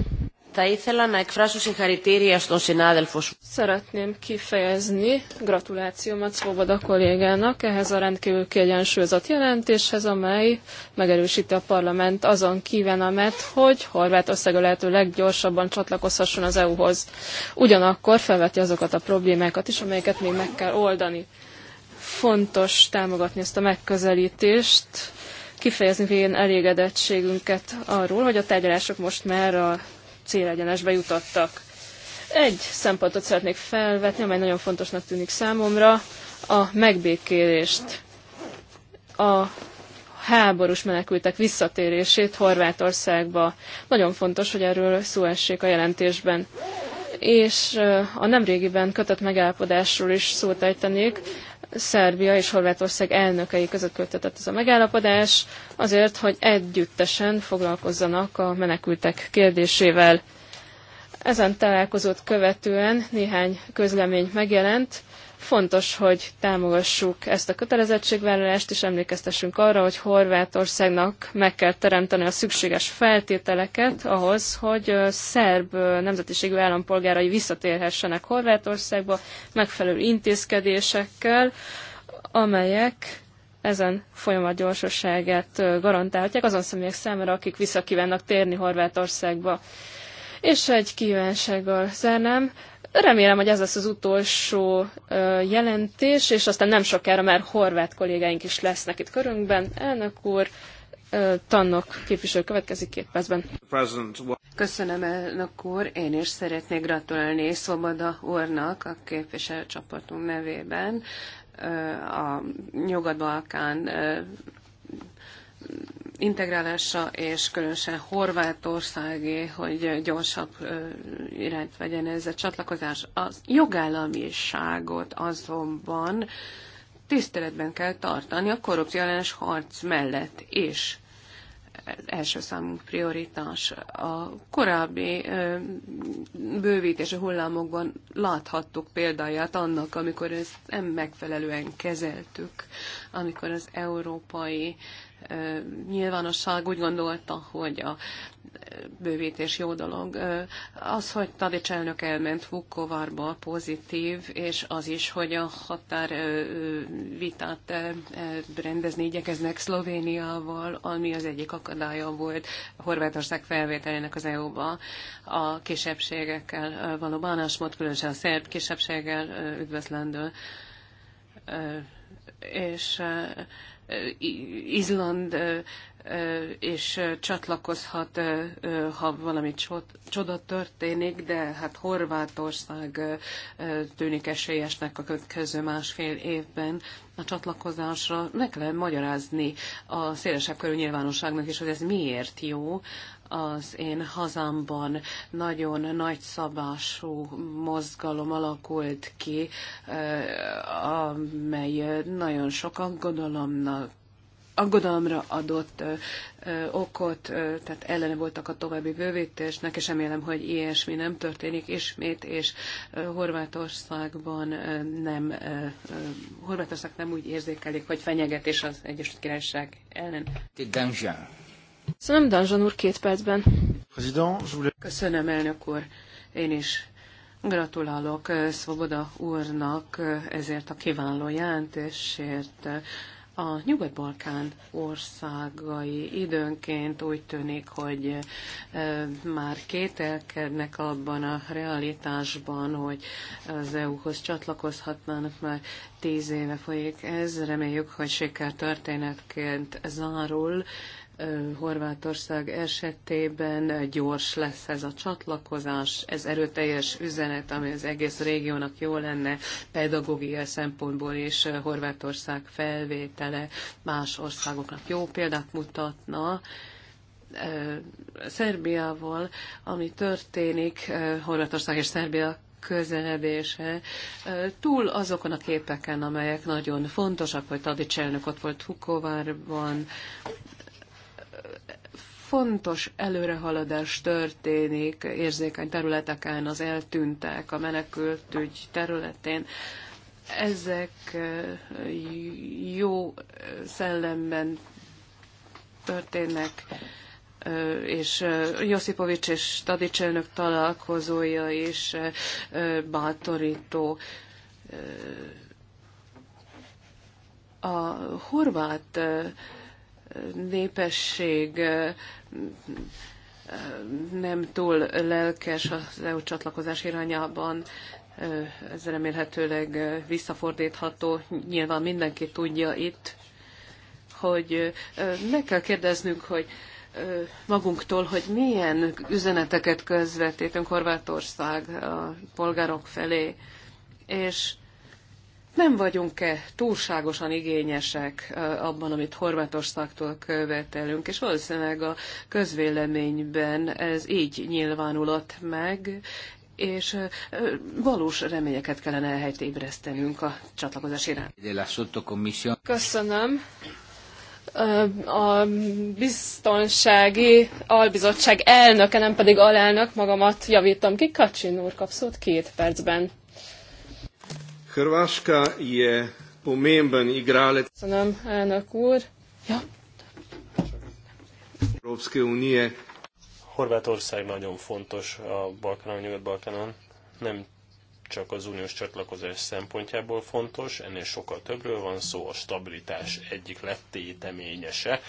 Szeretném kifejezni gratulációmat Szvoboda kollégának ehhez a rendkívül kiegyensúlyozott jelentéshez, amely megerősíti a parlament azon kívánamet, hogy Horvátország a lehető leggyorsabban csatlakozhasson az EU-hoz. Ugyanakkor felveti azokat a problémákat is, amelyeket még meg kell oldani. Fontos támogatni ezt a megközelítést, kifejezni végén elégedettségünket arról, hogy a tárgyalások most már a célegyenesbe jutottak. Egy szempontot szeretnék felvetni, amely nagyon fontosnak tűnik számomra, a megbékélést. A háborús menekültek visszatérését Horvátországba. Nagyon fontos, hogy erről szó essék a jelentésben. És a nemrégiben kötött megállapodásról is szót ejtenék, Szerbia és Horvátország elnökei között kötetett ez a megállapodás, azért, hogy együttesen foglalkozzanak a menekültek kérdésével. Ezen találkozót követően néhány közlemény megjelent, Fontos, hogy támogassuk ezt a kötelezettségvállalást, és emlékeztessünk arra, hogy Horvátországnak meg kell teremteni a szükséges feltételeket ahhoz, hogy szerb nemzetiségű állampolgárai visszatérhessenek Horvátországba megfelelő intézkedésekkel, amelyek ezen folyamat gyorsaságát garantálhatják azon személyek számára, akik vissza kívánnak térni Horvátországba. És egy kívánsággal zárnám. Remélem, hogy ez lesz az utolsó jelentés, és aztán nem sokára már horvát kollégáink is lesznek itt körünkben. Elnök úr, Tannok képviselő következik két percben. Köszönöm, elnök úr. Én is szeretnék gratulálni Szoboda úrnak a képviselőcsapatunk nevében a Nyugat-Balkán integrálása, és különösen Horvátországé, hogy gyorsabb irányt vegyen ez a csatlakozás. A jogállamiságot azonban tiszteletben kell tartani a korrupció ellenes harc mellett is. Ez első számú prioritás. A korábbi ö, bővítési hullámokban láthattuk példáját annak, amikor ezt nem megfelelően kezeltük, amikor az európai nyilvánosság úgy gondolta, hogy a bővítés jó dolog. Az, hogy Tadics elnök elment Vukovarba pozitív, és az is, hogy a határ vitát rendezni igyekeznek Szlovéniával, ami az egyik akadálya volt Horvátország felvételének az EU-ba a kisebbségekkel való bánásmód, különösen a szerb kisebbséggel üdvözlendő. És Izland és csatlakozhat, ha valami csoda történik, de hát Horvátország tűnik esélyesnek a következő másfél évben a csatlakozásra. Meg kell magyarázni a szélesebb körű nyilvánosságnak is, hogy ez miért jó az én hazámban nagyon nagy szabású mozgalom alakult ki, amely nagyon sok aggodalomnak aggodalomra adott ö, ö, okot, ö, tehát ellene voltak a további bővítésnek, és remélem, hogy ilyesmi nem történik ismét, és ö, Horvátországban ö, nem, ö, Horvátország nem úgy érzékelik, hogy fenyegetés az Egyesült Királyság ellen. Danjean. Köszönöm, Danzsan úr, két percben. Köszönöm, elnök úr. Én is gratulálok eh, Svoboda úrnak eh, ezért a kiváló jelentésért. A Nyugat-Balkán országai időnként úgy tűnik, hogy eh, már kételkednek abban a realitásban, hogy az EU-hoz csatlakozhatnának, már tíz éve folyik ez. Reméljük, hogy sikertörténetként zárul, Horvátország esetében gyors lesz ez a csatlakozás, ez erőteljes üzenet, ami az egész régiónak jó lenne, pedagógiai szempontból is Horvátország felvétele más országoknak jó példát mutatna. Szerbiával, ami történik, Horvátország és Szerbia közeledése túl azokon a képeken, amelyek nagyon fontosak, hogy Tadics elnök ott volt Hukovárban, fontos előrehaladás történik érzékeny területeken, az eltűntek, a menekültügy területén. Ezek eh, jó szellemben történnek, eh, és eh, Josipovics és Tadics elnök találkozója is bátorító a horvát népesség nem túl lelkes az EU csatlakozás irányában, ez remélhetőleg visszafordítható. Nyilván mindenki tudja itt, hogy meg kell kérdeznünk, hogy magunktól, hogy milyen üzeneteket közvetítünk Horvátország a polgárok felé, és nem vagyunk-e túlságosan igényesek abban, amit Horvátországtól követelünk, és valószínűleg a közvéleményben ez így nyilvánulott meg, és valós reményeket kellene elhelyt ébresztenünk a csatlakozás iránt. Köszönöm. A biztonsági albizottság elnöke, nem pedig alelnök, magamat javítom ki. Kacsin úr kapszót két percben. Hrvaška je pomemben igralec. Köszönöm, elnök Ja. Európske Unie. Horvátország nagyon fontos a Balkánon, Nyugat-Balkánon. Nem csak az uniós csatlakozás szempontjából fontos, ennél sokkal többről van szó, a stabilitás egyik lettéteményese,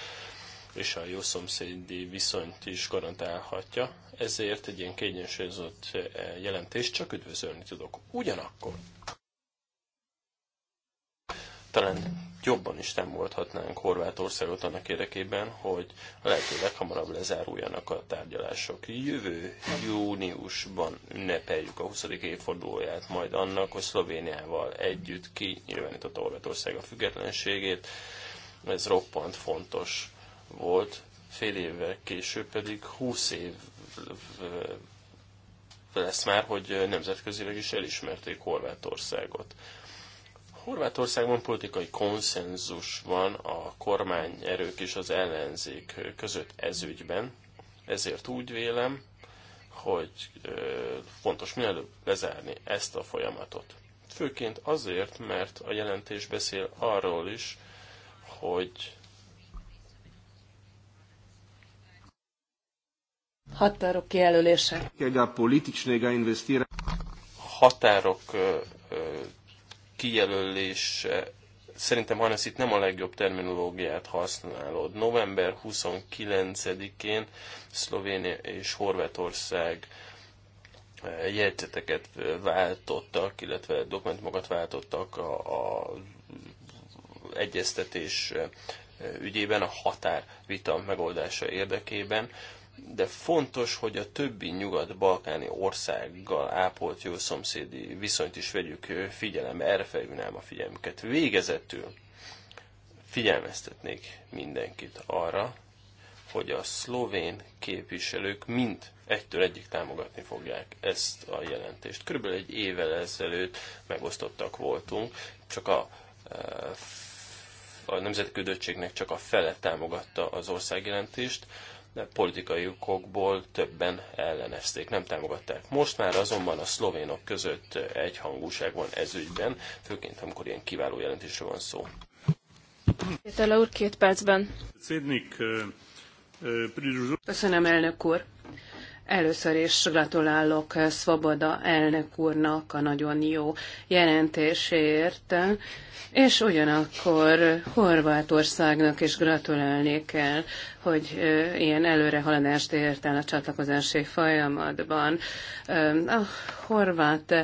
és a jó szomszédi viszonyt is garantálhatja. Ezért egy ilyen kiegyensúlyozott eh, jelentést csak üdvözölni tudok. Ugyanakkor talán jobban is voltatnánk Horvátországot annak érdekében, hogy a lehető leghamarabb lezáruljanak a tárgyalások. Jövő júniusban ünnepeljük a 20. évfordulóját, majd annak, hogy Szlovéniával együtt kinyilvánította Horvátország a függetlenségét. Ez roppant fontos volt. Fél évvel később pedig 20 év lesz már, hogy nemzetközileg is elismerték Horvátországot. Horvátországban politikai konszenzus van a kormány erők és az ellenzék között ezügyben, ezért úgy vélem, hogy fontos mielőbb lezárni ezt a folyamatot. Főként azért, mert a jelentés beszél arról is, hogy Határok kijelölése. Határok kijelölése szerintem Hannes itt nem a legjobb terminológiát használod. November 29-én Szlovénia és Horvátország eh, jegyzeteket váltottak, illetve dokumentumokat váltottak a, a egyeztetés eh, ügyében, a határvita megoldása érdekében de fontos, hogy a többi nyugat-balkáni országgal ápolt jó szomszédi viszonyt is vegyük figyelembe, erre felhívnám a figyelmüket. Végezetül figyelmeztetnék mindenkit arra, hogy a szlovén képviselők mind egytől egyik támogatni fogják ezt a jelentést. Körülbelül egy évvel ezelőtt megosztottak voltunk, csak a, eh, a nemzetközi csak a fele támogatta az országjelentést, de politikai okokból többen ellenezték, nem támogatták. Most már azonban a szlovénok között egyhangúság van ez ügyben, főként amikor ilyen kiváló jelentésről van szó. Tétele úr, két percben. Köszönöm, elnök úr. Először is gratulálok Svoboda elnök úrnak a nagyon jó jelentésért, és ugyanakkor Horvátországnak is gratulálni kell, hogy ilyen előrehaladást ért el a csatlakozási folyamatban. A horvát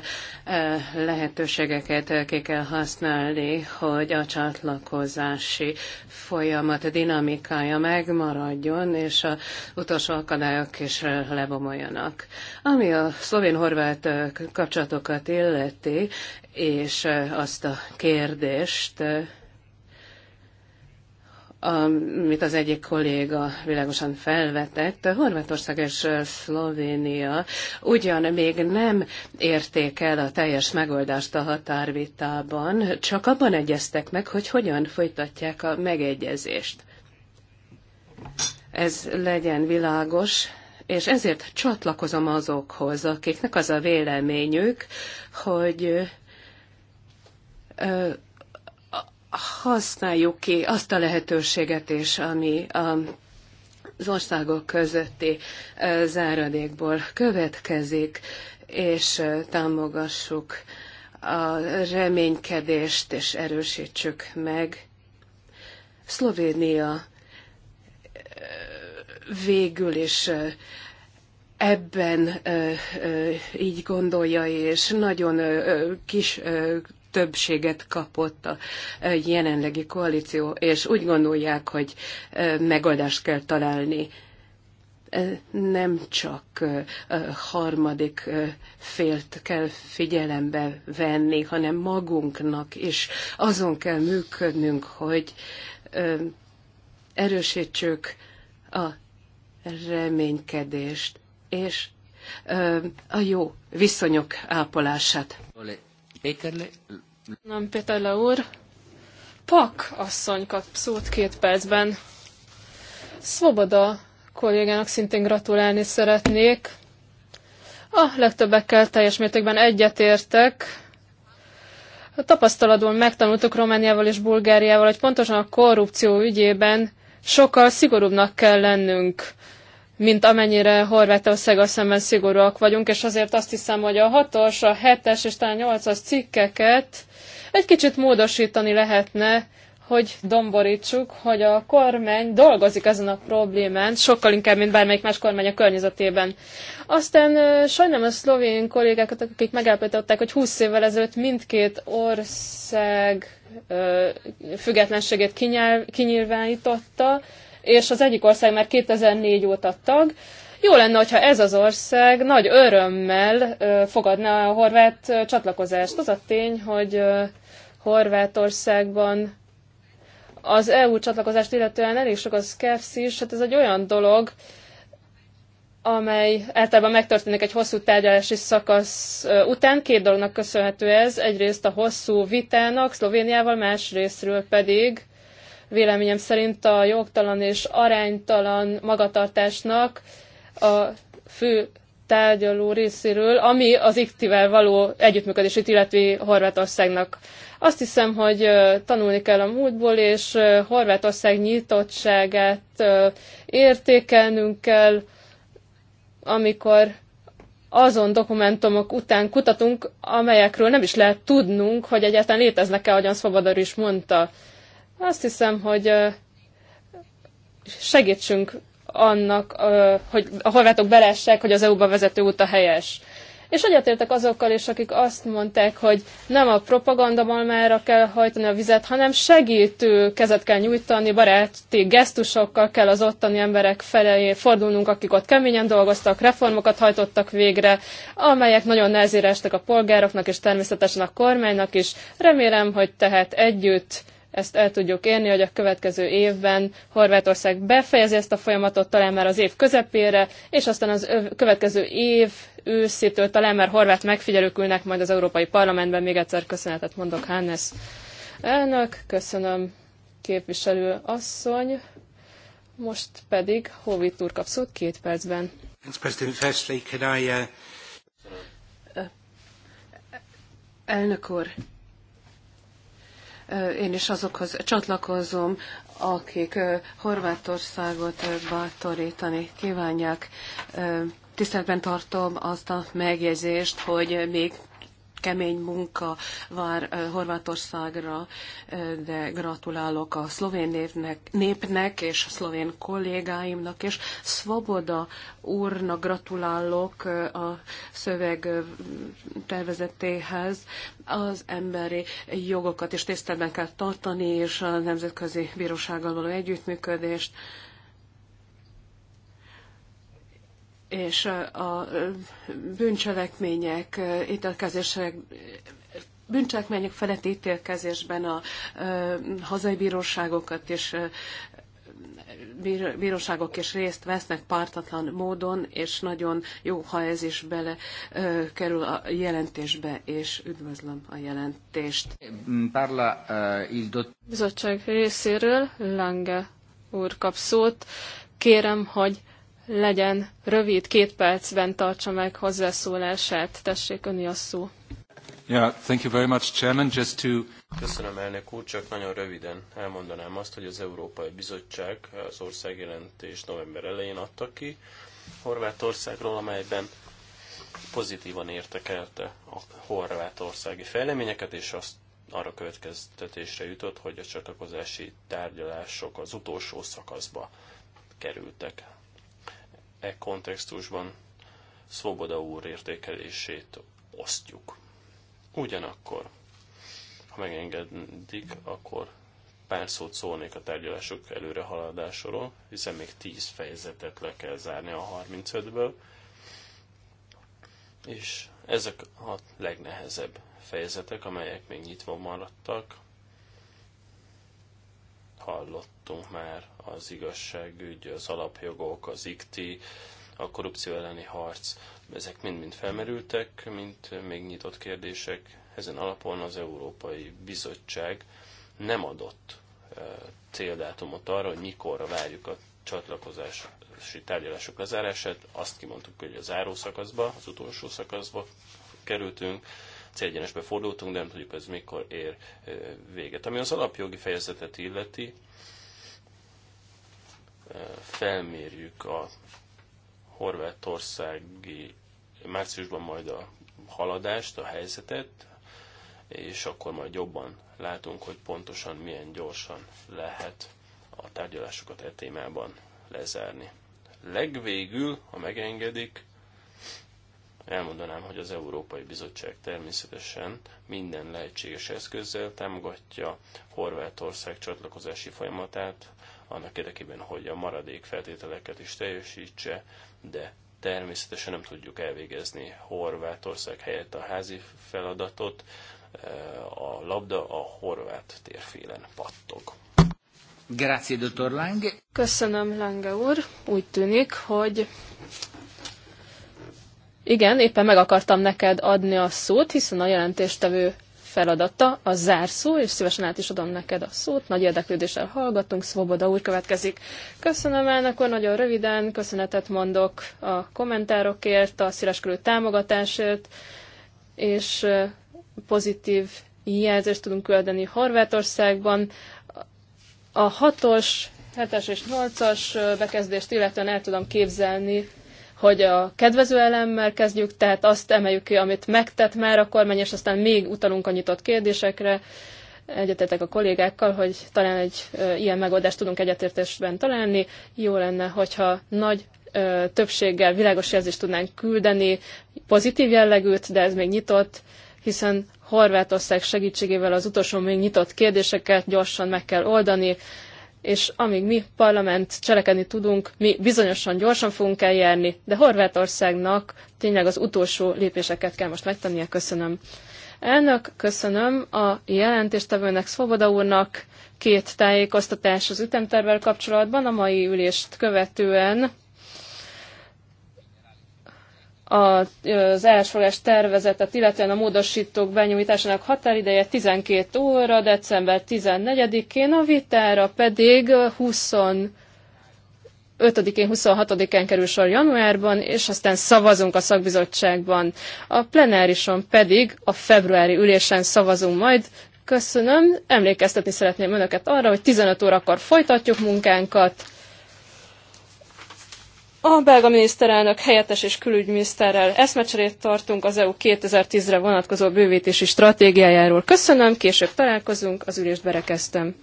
lehetőségeket ki kell használni, hogy a csatlakozási folyamat dinamikája megmaradjon, és a utolsó akadályok is lebontakozzanak komolyanak. Ami a szlovén-horvát kapcsolatokat illeti, és azt a kérdést, amit az egyik kolléga világosan felvetett, Horvátország és Szlovénia ugyan még nem érték el a teljes megoldást a határvitában, csak abban egyeztek meg, hogy hogyan folytatják a megegyezést. Ez legyen világos, és ezért csatlakozom azokhoz, akiknek az a véleményük, hogy használjuk ki azt a lehetőséget is, ami a az országok közötti záradékból következik, és támogassuk a reménykedést, és erősítsük meg. Szlovénia végül is ebben így gondolja, és nagyon kis többséget kapott a jelenlegi koalíció, és úgy gondolják, hogy megoldást kell találni nem csak harmadik félt kell figyelembe venni, hanem magunknak is azon kell működnünk, hogy erősítsük a reménykedést és a jó viszonyok ápolását. Nem, Péterle úr. Pak asszony kap szót két percben. Svoboda kollégának szintén gratulálni szeretnék. A legtöbbekkel teljes mértékben egyetértek. A tapasztalatból megtanultuk Romániával és Bulgáriával, hogy pontosan a korrupció ügyében sokkal szigorúbbnak kell lennünk mint amennyire Horvátországgal szemben szigorúak vagyunk, és azért azt hiszem, hogy a 6-os, a 7-es és talán 8-as cikkeket egy kicsit módosítani lehetne, hogy domborítsuk, hogy a kormány dolgozik ezen a problémán, sokkal inkább, mint bármelyik más kormány a környezetében. Aztán sajnálom a szlovén kollégákat, akik megállapították, hogy 20 évvel ezelőtt mindkét ország függetlenségét kinyilvánította, és az egyik ország már 2004 óta tag. Jó lenne, hogyha ez az ország nagy örömmel fogadna a horvát csatlakozást. Az a tény, hogy Horvátországban az EU csatlakozást illetően elég sok a szkepszis, hát ez egy olyan dolog, amely általában megtörténik egy hosszú tárgyalási szakasz után. Két dolognak köszönhető ez, egyrészt a hosszú vitának Szlovéniával, másrésztről pedig Véleményem szerint a jogtalan és aránytalan magatartásnak a fő tárgyaló részéről, ami az iktivel való együttműködését, illetve Horvátországnak. Azt hiszem, hogy tanulni kell a múltból, és Horvátország nyitottságát értékelnünk kell, amikor azon dokumentumok után kutatunk, amelyekről nem is lehet tudnunk, hogy egyáltalán léteznek-e, ahogyan Szobador is mondta. Azt hiszem, hogy segítsünk annak, hogy a horvátok belessek, hogy az EU-ba vezető út a helyes. És egyetértek azokkal is, akik azt mondták, hogy nem a propaganda malmára kell hajtani a vizet, hanem segítő kezet kell nyújtani, baráti gesztusokkal kell az ottani emberek felé fordulnunk, akik ott keményen dolgoztak, reformokat hajtottak végre, amelyek nagyon nehezére estek a polgároknak és természetesen a kormánynak is. Remélem, hogy tehát együtt ezt el tudjuk érni, hogy a következő évben Horvátország befejezi ezt a folyamatot, talán már az év közepére, és aztán az következő év őszétől talán már horvát megfigyelők ülnek majd az Európai Parlamentben. Még egyszer köszönetet mondok, Hannes. Elnök, köszönöm képviselő asszony. Most pedig Hovit úr kap szót két percben. Uh, Elnök úr, én is azokhoz csatlakozom, akik Horvátországot bátorítani kívánják. Tiszteletben tartom azt a megjegyzést, hogy még kemény munka vár Horvátországra, de gratulálok a szlovén névnek, népnek és a szlovén kollégáimnak, és Svoboda úrnak gratulálok a szöveg tervezetéhez. Az emberi jogokat is tiszteletben kell tartani, és a Nemzetközi Bírósággal való együttműködést és a bűncselekmények, eh, ítélkezések, bűncselekmények felett ítélkezésben a eh, hazai bíróságokat és eh, bíróságok is részt vesznek pártatlan módon, és nagyon jó, ha ez is bele kerül a jelentésbe, és üdvözlöm a jelentést. Parla, uh, il dot... Bizottság részéről Lange úr kap szót. Kérem, hogy legyen rövid, két percben tartsa meg hozzászólását. Tessék, öni a szó. Yeah, thank you very much, Chairman. Just to... Köszönöm, elnök úr, csak nagyon röviden elmondanám azt, hogy az Európai Bizottság az országjelentés november elején adta ki Horvátországról, amelyben pozitívan értekelte a horvátországi fejleményeket, és azt arra következtetésre jutott, hogy a csatlakozási tárgyalások az utolsó szakaszba kerültek e kontextusban Szoboda úr értékelését osztjuk. Ugyanakkor, ha megengedik, akkor pár szót szólnék a tárgyalások előrehaladásról, hiszen még 10 fejezetet le kell zárni a 35-ből, és ezek a legnehezebb fejezetek, amelyek még nyitva maradtak, hallottunk már, az igazságügy, az alapjogok, az IKTI, a korrupció elleni harc, ezek mind-mind felmerültek, mint még nyitott kérdések. Ezen alapon az Európai Bizottság nem adott e, céldátumot arra, hogy mikorra várjuk a csatlakozási tárgyalások lezárását. Azt kimondtuk, hogy a záró szakaszba, az utolsó szakaszba kerültünk, célgyenesbe fordultunk, de nem tudjuk ez mikor ér véget. Ami az alapjogi fejezetet illeti, felmérjük a horvátországi márciusban majd a haladást, a helyzetet, és akkor majd jobban látunk, hogy pontosan milyen gyorsan lehet a tárgyalásokat e témában lezárni. Legvégül, ha megengedik, elmondanám, hogy az Európai Bizottság természetesen minden lehetséges eszközzel támogatja Horvátország csatlakozási folyamatát, annak érdekében, hogy a maradék feltételeket is teljesítse, de természetesen nem tudjuk elvégezni Horvátország helyett a házi feladatot, eh, a labda a horvát térfélen pattog. Grazie, dottor Lange. Köszönöm, Lange úr. Úgy tűnik, hogy igen, éppen meg akartam neked adni a szót, hiszen a jelentéstevő feladata a zárszó, és szívesen át is adom neked a szót. Nagy érdeklődéssel hallgatunk, Svoboda úr következik. Köszönöm elnök úr, nagyon röviden köszönetet mondok a kommentárokért, a széleskörű támogatásért, és pozitív jelzést tudunk küldeni Horvátországban. A hatos, hetes és nyolcas bekezdést illetően el tudom képzelni hogy a kedvező elemmel kezdjük, tehát azt emeljük ki, amit megtett már a kormány, és aztán még utalunk a nyitott kérdésekre. Egyetetek a kollégákkal, hogy talán egy ilyen megoldást tudunk egyetértésben találni. Jó lenne, hogyha nagy többséggel világos jelzést tudnánk küldeni, pozitív jellegűt, de ez még nyitott, hiszen Horvátország segítségével az utolsó még nyitott kérdéseket gyorsan meg kell oldani, és amíg mi parlament cselekedni tudunk, mi bizonyosan gyorsan fogunk eljárni, de Horvátországnak tényleg az utolsó lépéseket kell most megtennie. Köszönöm. Elnök, köszönöm a jelentéstevőnek, Szoboda úrnak két tájékoztatás az ütemtervel kapcsolatban. A mai ülést követően az elsőleges tervezetet, illetően a módosítók benyújtásának határideje 12 óra, december 14-én, a vitára pedig 20 5-én, 26-án kerül sor januárban, és aztán szavazunk a szakbizottságban. A plenárison pedig a februári ülésen szavazunk majd. Köszönöm, emlékeztetni szeretném önöket arra, hogy 15 órakor folytatjuk munkánkat. A belga miniszterelnök helyettes és külügyminiszterrel eszmecserét tartunk az EU 2010-re vonatkozó bővítési stratégiájáról. Köszönöm, később találkozunk, az ülést berekeztem.